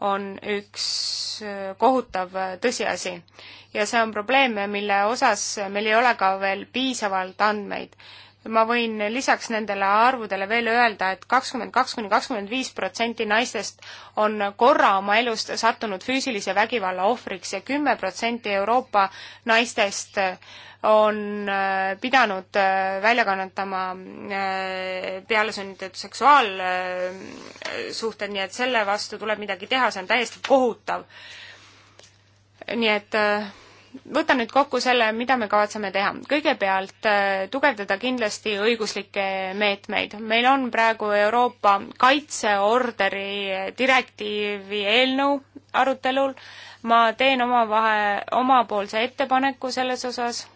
on üks äh, kohutav äh, tõsiasi ja see on probleem, mille osas meil ei ole ka veel piisavalt andmeid. ma võin lisaks nendele arvudele veel öelda et, et kakskümmend kaks kuni kakskümmend viis protsenti naistest on korra oma elust sattunud füüsilise vägivalla ohvriks ja kümme protsenti Euroopa naistest äh, on äh, pidanud äh, välja kannatama äh, pealesunnitud seksuaalsuhted, nii et selle vastu tuleb midagi teha, see on täiesti kohutav. nii et võtan nüüd kokku selle, mida me kavatseme teha. kõigepealt tugevdada kindlasti õiguslikke meetmeid. meil on praegu Euroopa kaitseorderi direktiivi eelnõu arutelul. ma teen oma vahe, omapoolse ettepaneku selles osas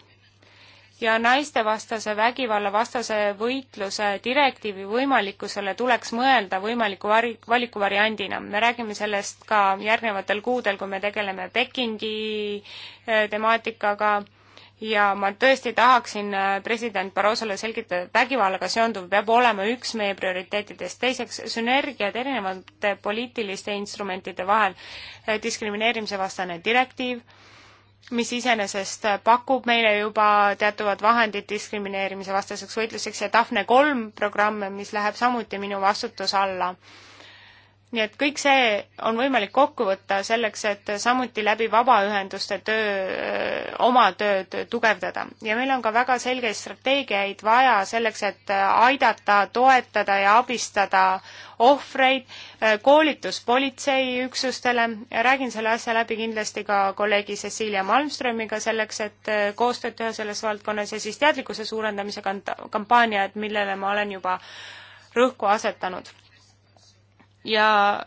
ja naistevastase vägivalla vastase võitluse direktiivi võimalikkusele tuleks mõelda võimaliku vari-, valikuvariandina. me räägime sellest ka järgnevatel kuudel, kui me tegeleme Pekingi eh, temaatikaga ja ma tõesti tahaksin eh, president Barrosole selgitada, et vägivallaga seonduv peab olema üks meie prioriteetidest. teiseks, sünergiad erinevate poliitiliste instrumentide vahel, eh, diskrimineerimise vastane direktiiv mis iseenesest pakub meile juba teatavad vahendid diskrimineerimise vastaseks võitluseks ja Daphne kolm programm, mis läheb samuti minu vastutuse alla nii et kõik see on võimalik kokku võtta selleks, et samuti läbi vabaühenduste töö, oma tööd tugevdada. ja meil on ka väga selgeid strateegiaid vaja selleks, et aidata, toetada ja abistada ohvreid, koolitus politseiüksustele, räägin selle asja läbi kindlasti ka kolleegi Cecilia Malmströmiga selleks, et koostööd teha selles valdkonnas ja siis teadlikkuse suurendamise kampaaniad, millele ma olen juba rõhku asetanud ja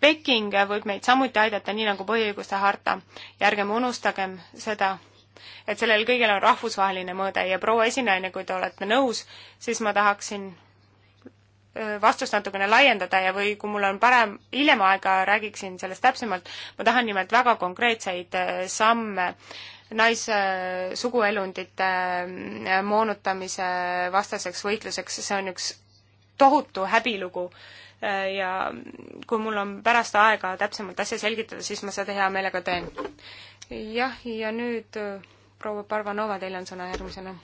Peking võib meid samuti aidata, nii nagu põhiõiguste harta. ja ärgem unustagem seda, et sellel kõigel on rahvusvaheline mõõde ja proua esinaine, kui te olete nõus, siis ma tahaksin vastust natukene laiendada ja või kui mul on parem, hiljem aega, räägiksin sellest täpsemalt. ma tahan nimelt väga konkreetseid samme naissuguelundite moonutamise vastaseks võitluseks, see on üks tohutu häbilugu ja kui mul on pärast aega täpsemalt asja selgitada, siis ma seda hea meelega teen. jah, ja nüüd äh, proua Parvanova, teil on sõna järgmisena.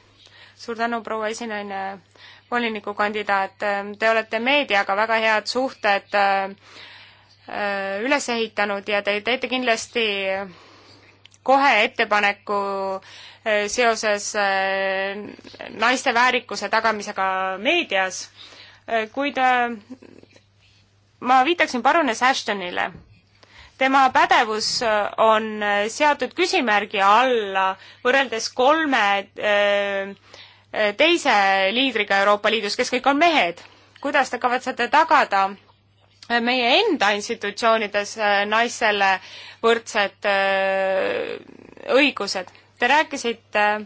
suur tänu, proua esinaine, volinikukandidaat, ähm, te olete meediaga väga head suhted äh, äh, üles ehitanud ja te teete kindlasti kohe ettepaneku seoses naiste väärikuse tagamisega meedias kui ta, äh, ma viitaksin parunes Ashtonile. tema pädevus äh, on äh, seatud küsimärgi alla võrreldes kolme teise liidriga Euroopa Liidus, kes kõik on mehed. kuidas te kavatsete tagada meie enda institutsioonides naistele võrdsed õigused? Te rääkisite äh,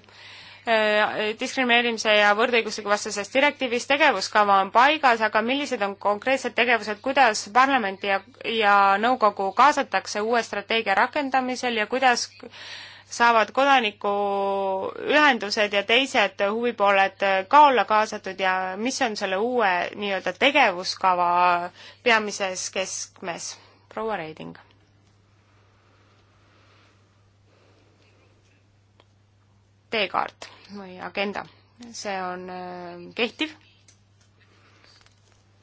Äh, diskrimineerimise ja võrdõigusliku vastases direktiivis tegevuskava on paigas, aga millised on konkreetsed tegevused, kuidas parlamenti ja, ja nõukogu kaasatakse uue strateegia rakendamisel ja kuidas saavad kodanikuühendused ja teised huvipooled ka olla kaasatud ja mis on selle uue nii-öelda tegevuskava peamises keskmes? proua Reiding teekaart või agenda. see on äh, kehtiv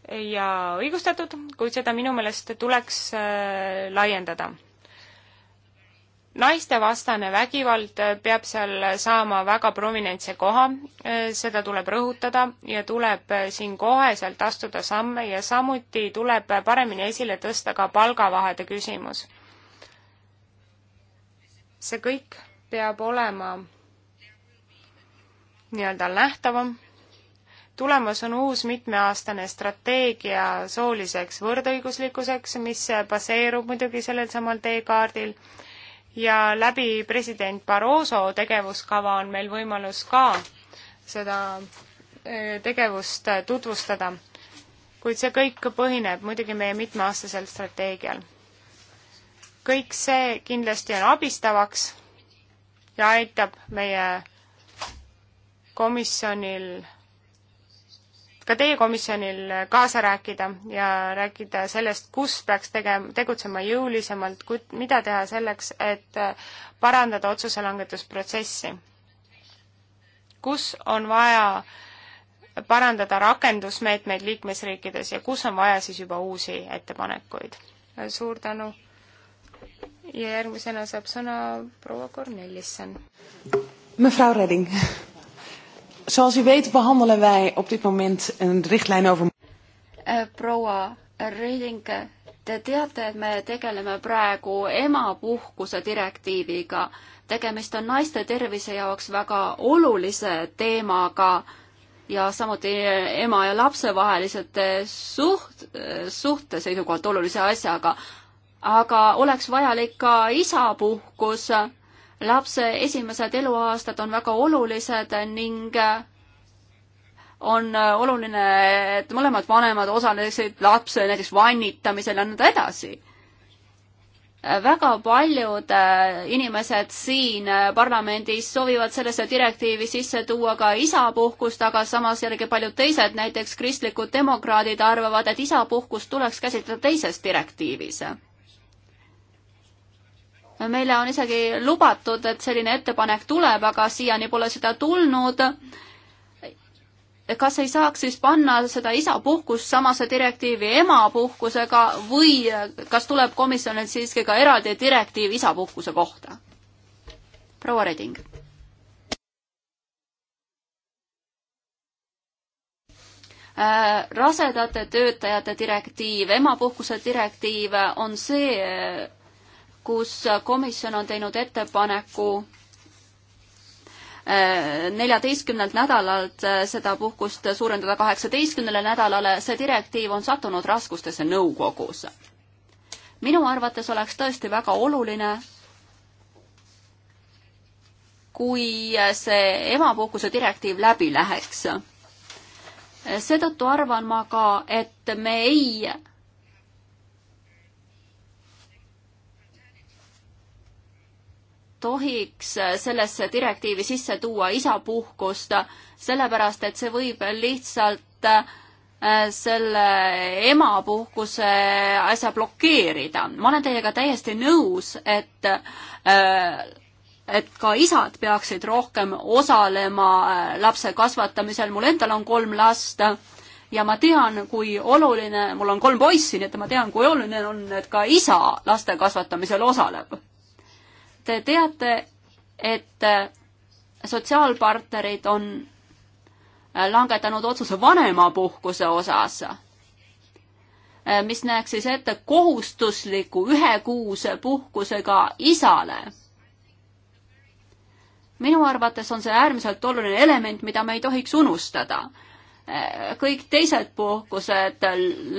ja õigustatud, kuid seda minu meelest tuleks äh, laiendada. naistevastane vägivald äh, peab seal saama väga prominentse koha, seda tuleb rõhutada ja tuleb siin koheselt astuda samme ja samuti tuleb paremini esile tõsta ka palgavahede küsimus. see kõik peab olema nii-öelda nähtavam. tulemas on uus mitmeaastane strateegia sooliseks võrdõiguslikkuseks, mis baseerub muidugi sellel samal teekaardil ja läbi president Barroso tegevuskava on meil võimalus ka seda eh, tegevust tutvustada. kuid see kõik põhineb muidugi meie mitmeaastasel strateegial. kõik see kindlasti on abistavaks ja aitab meie komisjonil, ka teie komisjonil kaasa rääkida ja rääkida sellest, kus peaks tegema, tegutsema jõulisemalt, mida teha selleks, et parandada otsuse langetusprotsessi. kus on vaja parandada rakendusmeetmeid liikmesriikides ja kus on vaja siis juba uusi ettepanekuid. suur tänu! ja järgmisena saab sõna proua Kornelissen.
Mevrouw Redding Zoals u weet behandelen wij op dit moment een richtlijn over...
Eh, proua Reding, te teate, et me tegeleme praegu emapuhkuse direktiiviga. tegemist on naiste tervise jaoks väga olulise teemaga ja samuti ema ja lapse vahelisete suht, suhte seisukohalt olulise asjaga. aga oleks vajalik ka isapuhkus lapse esimesed eluaastad on väga olulised ning äh, on äh, oluline, et mõlemad vanemad osalesid lapse näiteks vannitamisel ja nõnda edasi. Äh, väga paljud inimesed siin parlamendis soovivad sellesse direktiivi sisse tuua ka isapuhkust, aga samas jällegi paljud teised, näiteks kristlikud demokraadid arvavad, et isapuhkust tuleks käsitleda teises direktiivis meile on isegi lubatud, et selline ettepanek tuleb, aga siiani pole seda tulnud. kas ei saaks siis panna seda isapuhkust samasse direktiivi emapuhkusega või kas tuleb komisjonilt siiski ka eraldi direktiiv isapuhkuse kohta? proua Reding. Äh, rasedate töötajate direktiiv, emapuhkuse direktiiv on see kus komisjon on teinud ettepaneku eh, neljateistkümnelt nädalalt eh, seda puhkust suurendada kaheksateistkümnele nädalale, see direktiiv on sattunud raskustesse nõukogus. minu arvates oleks tõesti väga oluline, kui see emapuhkuse direktiiv läbi läheks. seetõttu arvan ma ka, et me ei tohiks sellesse direktiivi sisse tuua isapuhkust, sellepärast et see võib lihtsalt äh, selle emapuhkuse asja blokeerida. ma olen teiega täiesti nõus, et äh, et ka isad peaksid rohkem osalema äh, lapse kasvatamisel. mul endal on kolm last ja ma tean, kui oluline, mul on kolm poissi, nii et ma tean, kui oluline on, et ka isa laste kasvatamisel osaleb Te teate, et äh, sotsiaalpartnerid on äh, langetanud otsuse vanemapuhkuse osas, äh, mis näeks siis ette kohustusliku ühekuuse puhkusega isale. minu arvates on see äärmiselt oluline element, mida me ei tohiks unustada. kõik teised puhkused,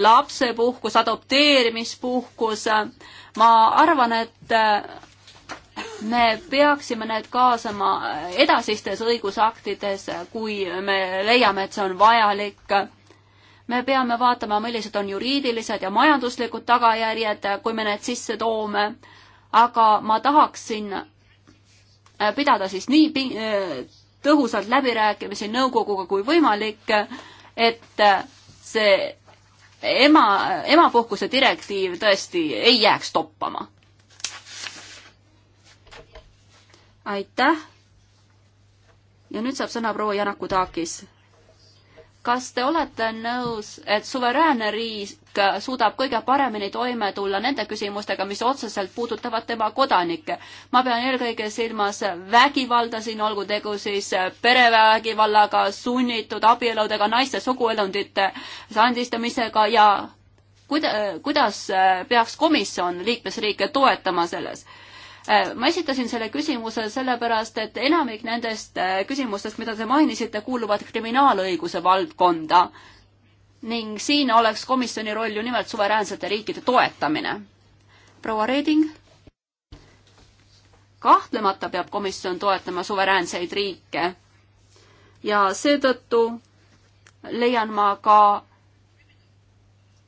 lapsepuhkus, adopteerimispuhkus, ma arvan, et me peaksime need kaasama edasistes õigusaktides, kui me leiame, et see on vajalik. me peame vaatama, millised on juriidilised ja majanduslikud tagajärjed, kui me need sisse toome. aga ma tahaksin pidada siis nii tõhusalt läbirääkimisi nõukoguga kui võimalik, et see ema, emapuhkuse direktiiv tõesti ei jääks toppama aitäh. ja nüüd saab sõna proua Janaku Taakis. kas te olete nõus, et suveräänne riik suudab kõige paremini toime tulla nende küsimustega, mis otseselt puudutavad tema kodanikke? ma pean eelkõige silmas vägivalda siin, olgu tegu siis perevägivallaga, sunnitud abieludega, naiste suguelundite sandistamisega ja kuida-, kuidas peaks komisjon liikmesriike toetama selles? Äh, ma esitasin selle küsimuse sellepärast, et enamik nendest äh, küsimustest, mida te mainisite, kuuluvad kriminaalõiguse valdkonda. ning siin oleks komisjoni roll ju nimelt suveräänsete riikide toetamine. proua Reding? kahtlemata peab komisjon toetama suveräänseid riike ja seetõttu leian ma ka,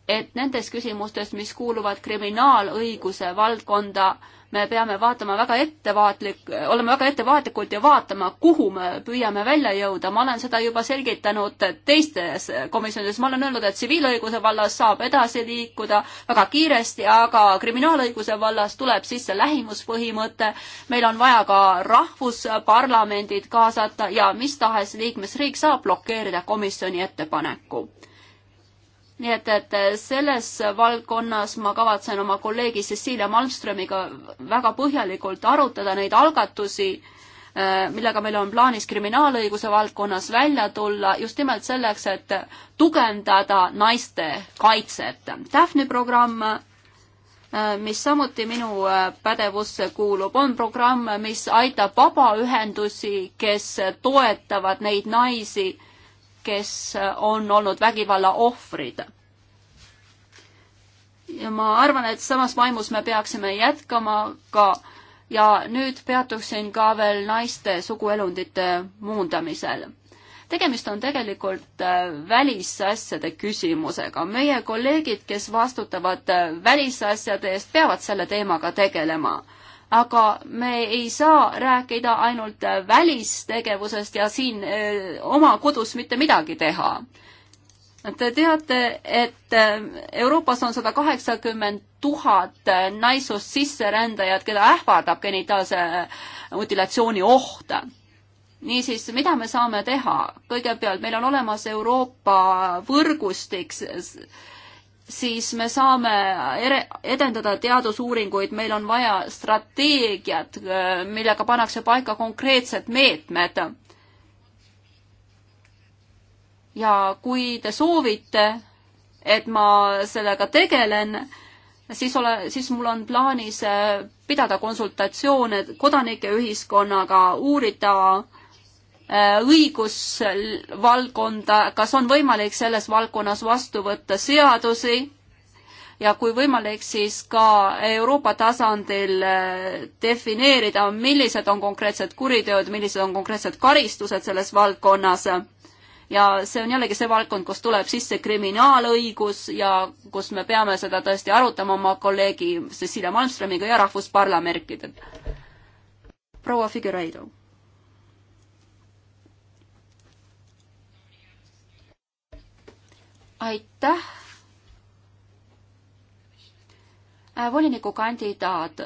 et nendes küsimustes, mis kuuluvad kriminaalõiguse valdkonda, me peame vaatama väga ettevaatlik, olema väga ettevaatlikud ja vaatama, kuhu me püüame välja jõuda. ma olen seda juba selgitanud teistes komisjonides, ma olen öelnud, et tsiviilõiguse vallas saab edasi liikuda väga kiiresti, aga kriminaalõiguse vallas tuleb sisse lähimuspõhimõte. meil on vaja ka rahvusparlamendid kaasata ja mis tahes liikmesriik saab blokeerida komisjoni ettepaneku nii et, et selles valdkonnas ma kavatsen oma kolleegi Cecilia Malmströmiga väga põhjalikult arutada neid algatusi, äh, millega meil on plaanis kriminaalõiguse valdkonnas välja tulla, just nimelt selleks, et tugevdada naiste kaitset. Daphne programm äh, mis samuti minu äh, pädevusse kuulub, on programm, mis aitab vabaühendusi, kes toetavad neid naisi, kes on olnud vägivalla ohvrid. ja ma arvan, et samas vaimus me peaksime jätkama ka ja nüüd peatuksin ka veel naiste suguelundite muundamisel. tegemist on tegelikult äh, välisasjade küsimusega. meie kolleegid, kes vastutavad äh, välisasjade eest, peavad selle teemaga tegelema aga me ei saa rääkida ainult välistegevusest ja siin oma kodus mitte midagi teha. Te teate, et Euroopas on sada kaheksakümmend tuhat naissoost sisserändajat, keda ähvardab genitaalse mutilatsiooni oht niisiis, mida me saame teha? kõigepealt meil on olemas Euroopa võrgustik siis me saame ere, edendada teadusuuringuid, meil on vaja strateegiat, millega pannakse paika konkreetsed meetmed. ja kui te soovite, et ma sellega tegelen, siis ole, siis mul on plaanis pidada konsultatsioone kodanike ühiskonnaga, uurida äh, Äh, õigusvaldkonda, kas on võimalik selles valdkonnas vastu võtta seadusi ja kui võimalik, siis ka Euroopa tasandil äh, defineerida, millised on konkreetsed kuriteod, millised on konkreetsed karistused selles valdkonnas. ja see on jällegi see valdkond, kus tuleb sisse kriminaalõigus ja kus me peame seda tõesti arutama oma kolleegi Cecilia Malmströmiga ja rahvusparlamentidega. proua Figueiredo aitäh. Äh, volinikukandidaat,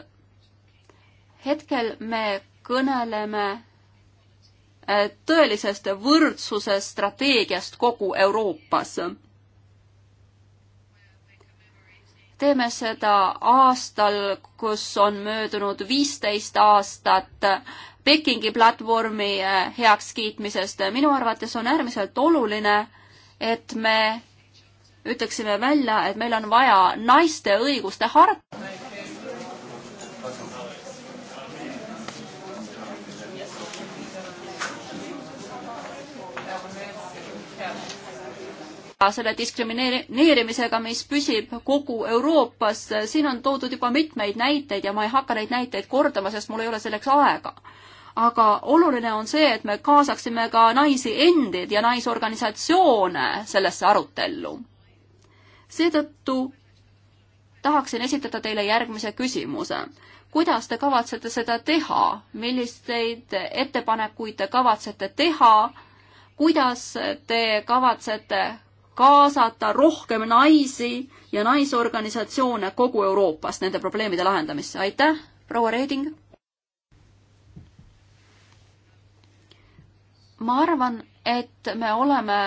hetkel me kõneleme äh, tõelisest võrdsuse strateegiast kogu Euroopas. teeme seda aastal, kus on möödunud viisteist aastat Pekingi platvormi äh, heakskiitmisest. minu arvates on äärmiselt oluline, et me ütleksime välja, et meil on vaja naiste õiguste hart-. selle diskrimineerimisega, mis püsib kogu Euroopas, siin on toodud juba mitmeid näiteid ja ma ei hakka neid näiteid kordama, sest mul ei ole selleks aega aga oluline on see, et me kaasaksime ka naisi endid ja naisorganisatsioone sellesse arutellu seetõttu tahaksin esitada teile järgmise küsimuse. kuidas te kavatsete seda teha, milliseid ettepanekuid te kavatsete teha, kuidas te kavatsete kaasata rohkem naisi ja naisorganisatsioone kogu Euroopas nende probleemide lahendamisse, aitäh, proua Reeding! ma arvan, et me oleme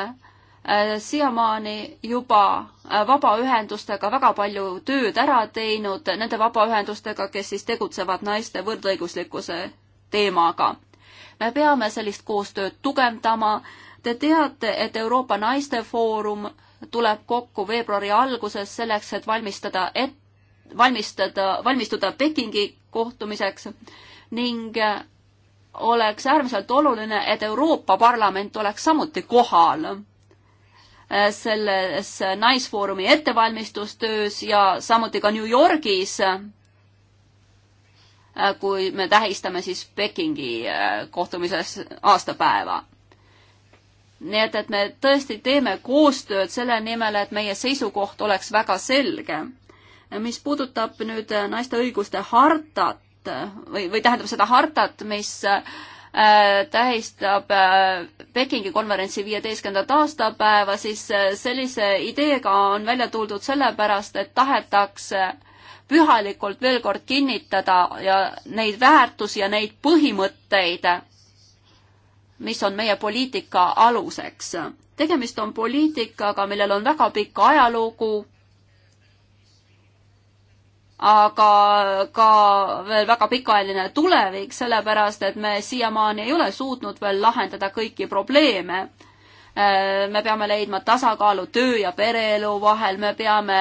Äh, siiamaani juba äh, vabaühendustega väga palju tööd ära teinud, nende vabaühendustega, kes siis tegutsevad naiste võrdõiguslikkuse teemaga. me peame sellist koostööd tugevdama. Te teate, et Euroopa Naistefoorum tuleb kokku veebruari alguses selleks, et valmistada et-, valmistada, valmistuda Pekingi kohtumiseks ning äh, oleks äärmiselt oluline, et Euroopa Parlament oleks samuti kohal Äh, selles Naisfoorumi ettevalmistustöös ja samuti ka New Yorgis, äh, kui me tähistame siis Pekingi äh, kohtumises aastapäeva. nii et, et me tõesti teeme koostööd selle nimel, et meie seisukoht oleks väga selge. mis puudutab nüüd naiste õiguste hartat või, või tähendab seda hartat, mis äh, Äh, tähistab äh, Pekingi konverentsi viieteistkümnendat aastapäeva, siis äh, sellise ideega on välja tuldud sellepärast, et tahetakse pühalikult veel kord kinnitada ja neid väärtusi ja neid põhimõtteid, mis on meie poliitika aluseks. tegemist on poliitikaga, millel on väga pikk ajalugu aga ka veel väga pikaajaline tulevik, sellepärast et me siiamaani ei ole suutnud veel lahendada kõiki probleeme. Äh, me peame leidma tasakaalu töö ja pereelu vahel, me peame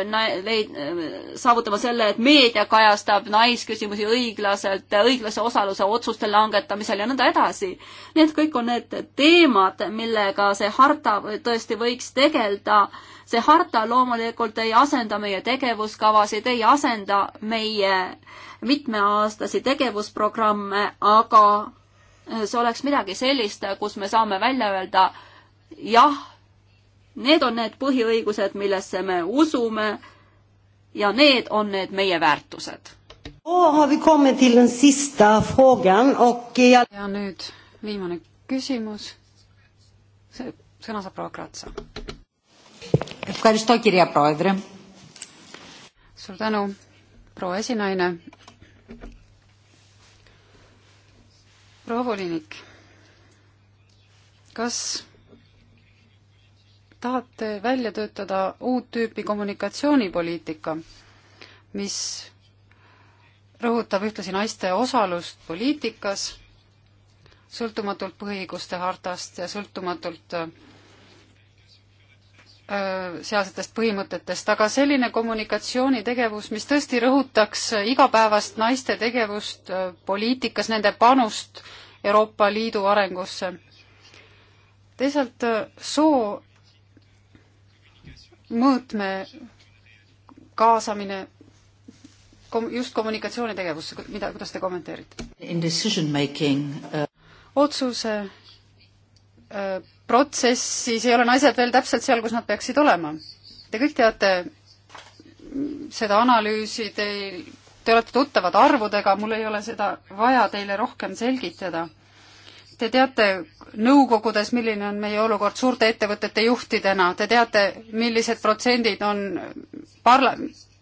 äh, leid-, äh, saavutama selle, et meedia kajastab naisküsimusi õiglaselt, õiglase osaluse otsuste langetamisel ja nõnda edasi. Need kõik on need teemad, millega see harta tõesti võiks tegeleda see harta loomulikult ei asenda meie tegevuskavasid, ei asenda meie mitmeaastasi tegevusprogramme, aga see oleks midagi sellist, kus me saame välja öelda jah, need on need põhiõigused, millesse me usume ja need on need meie väärtused.
ja nüüd viimane küsimus. sõna saab proua Kratsa. Ευχαριστώ, κυρία Πρόεδρε. Suur tänu, proua esinaine. proua volinik, kas tahate välja töötada uut tüüpi kommunikatsioonipoliitika, mis rõhutab ühtlasi naiste osalust poliitikas, sõltumatult põhiõiguste hartast ja sõltumatult Äh, sealsetest põhimõtetest, aga selline kommunikatsioonitegevus, mis tõesti rõhutaks igapäevast naiste tegevust äh, poliitikas, nende panust Euroopa Liidu arengusse. teisalt äh, soo mõõtme kaasamine kom-, just kommunikatsioonitegevusse, mida, kuidas te kommenteerite? otsuse Äh, protsessis ei ole naised veel täpselt seal, kus nad peaksid olema. Te kõik teate seda analüüsi, teil, te olete tuttavad arvudega, mul ei ole seda vaja teile rohkem selgitada. Te teate nõukogudes, milline on meie olukord suurte ettevõtete juhtidena, te teate, millised protsendid on parla-,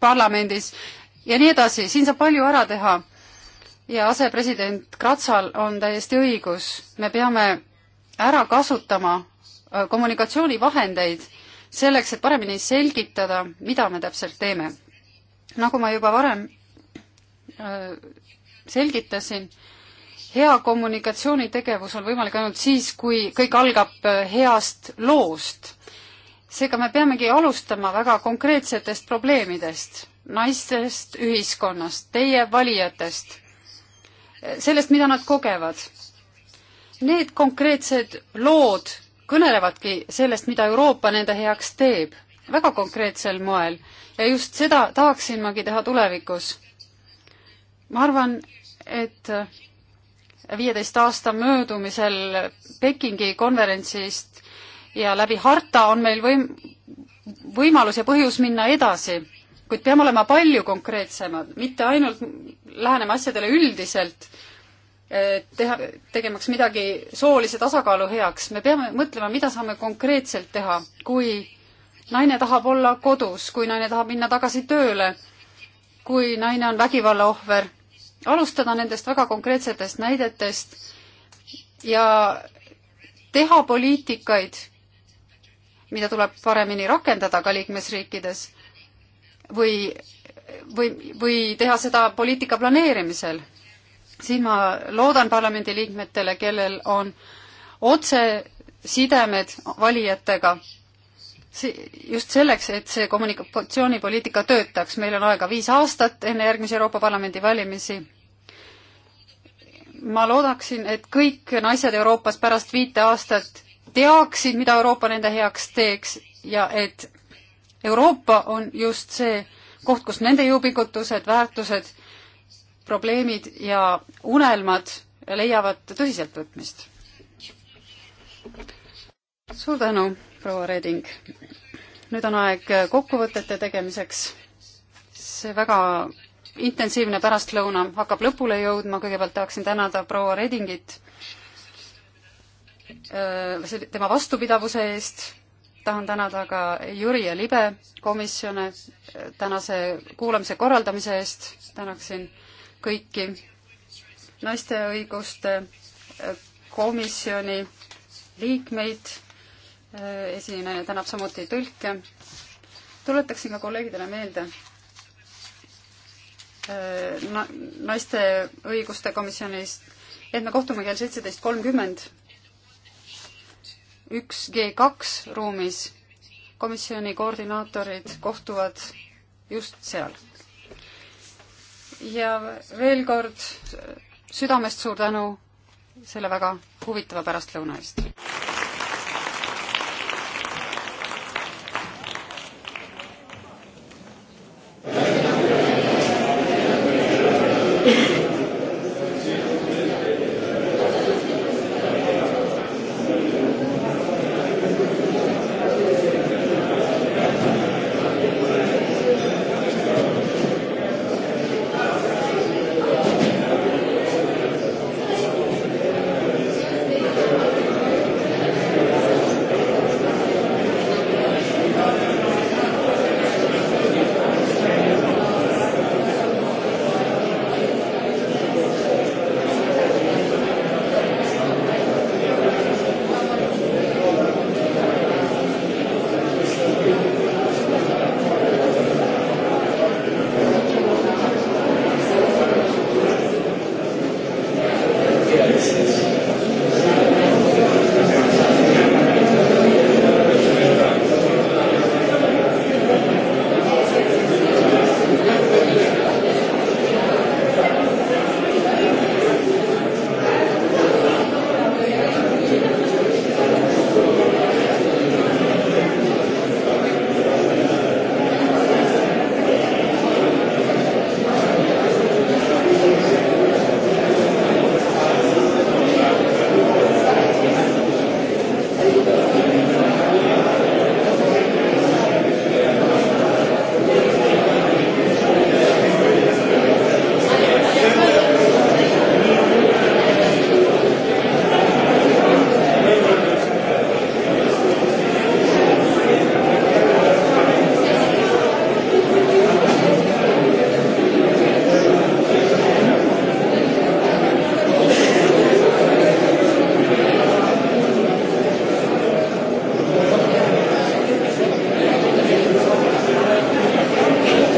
parlamendis ja nii edasi, siin saab palju ära teha. ja asepresident Kratsal on täiesti õigus, me peame ära kasutama äh, kommunikatsioonivahendeid selleks, et paremini selgitada, mida me täpselt teeme. nagu ma juba varem äh, selgitasin, hea kommunikatsioonitegevus on võimalik ainult siis, kui kõik algab äh, heast loost. seega me peamegi alustama väga konkreetsetest probleemidest, naistest, ühiskonnast, teie valijatest, sellest, mida nad kogevad Need konkreetsed lood kõnelevadki sellest, mida Euroopa nende heaks teeb, väga konkreetsel moel. ja just seda tahaksin magi teha tulevikus. ma arvan, et viieteist aasta möödumisel Pekingi konverentsist ja läbi harta on meil võim-, võimalus ja põhjus minna edasi, kuid peame olema palju konkreetsemad, mitte ainult lähenema asjadele üldiselt Eh, teha, tegemaks midagi soolise tasakaalu heaks, me peame mõtlema, mida saame konkreetselt teha, kui naine tahab olla kodus, kui naine tahab minna tagasi tööle, kui naine on vägivalla ohver, alustada nendest väga konkreetsetest näidetest ja teha poliitikaid, mida tuleb paremini rakendada ka liikmesriikides või, või, või teha seda poliitika planeerimisel siin ma loodan parlamendiliikmetele, kellel on otsesidemed valijatega, just selleks, et see kommunikatsioonipoliitika töötaks, meil on aega viis aastat enne järgmisi Euroopa Parlamendi valimisi. ma loodaksin, et kõik naised Euroopas pärast viite aastat teaksid, mida Euroopa nende heaks teeks ja et Euroopa on just see koht, kus nende jõupingutused, väärtused probleemid ja unelmad leiavad tõsiseltvõtmist. suur tänu, proua Reding. nüüd on aeg kokkuvõtete tegemiseks. see väga intensiivne pärastlõuna hakkab lõpule jõudma, kõigepealt tahaksin tänada proua Redingit äh, tema vastupidavuse eest, tahan tänada ka Jüri ja Libe komisjone tänase kuulamise korraldamise eest, tänaksin kõiki naiste õiguste äh, komisjoni liikmeid, äh, esineja tänab samuti tõlke. tuletaksin ka kolleegidele meelde äh, na-, naiste õiguste komisjonis, et me kohtume kell seitseteist kolmkümmend üks G kaks ruumis. komisjoni koordinaatorid kohtuvad just seal ja veel kord südamest suur tänu selle väga huvitava pärastlõuna eest!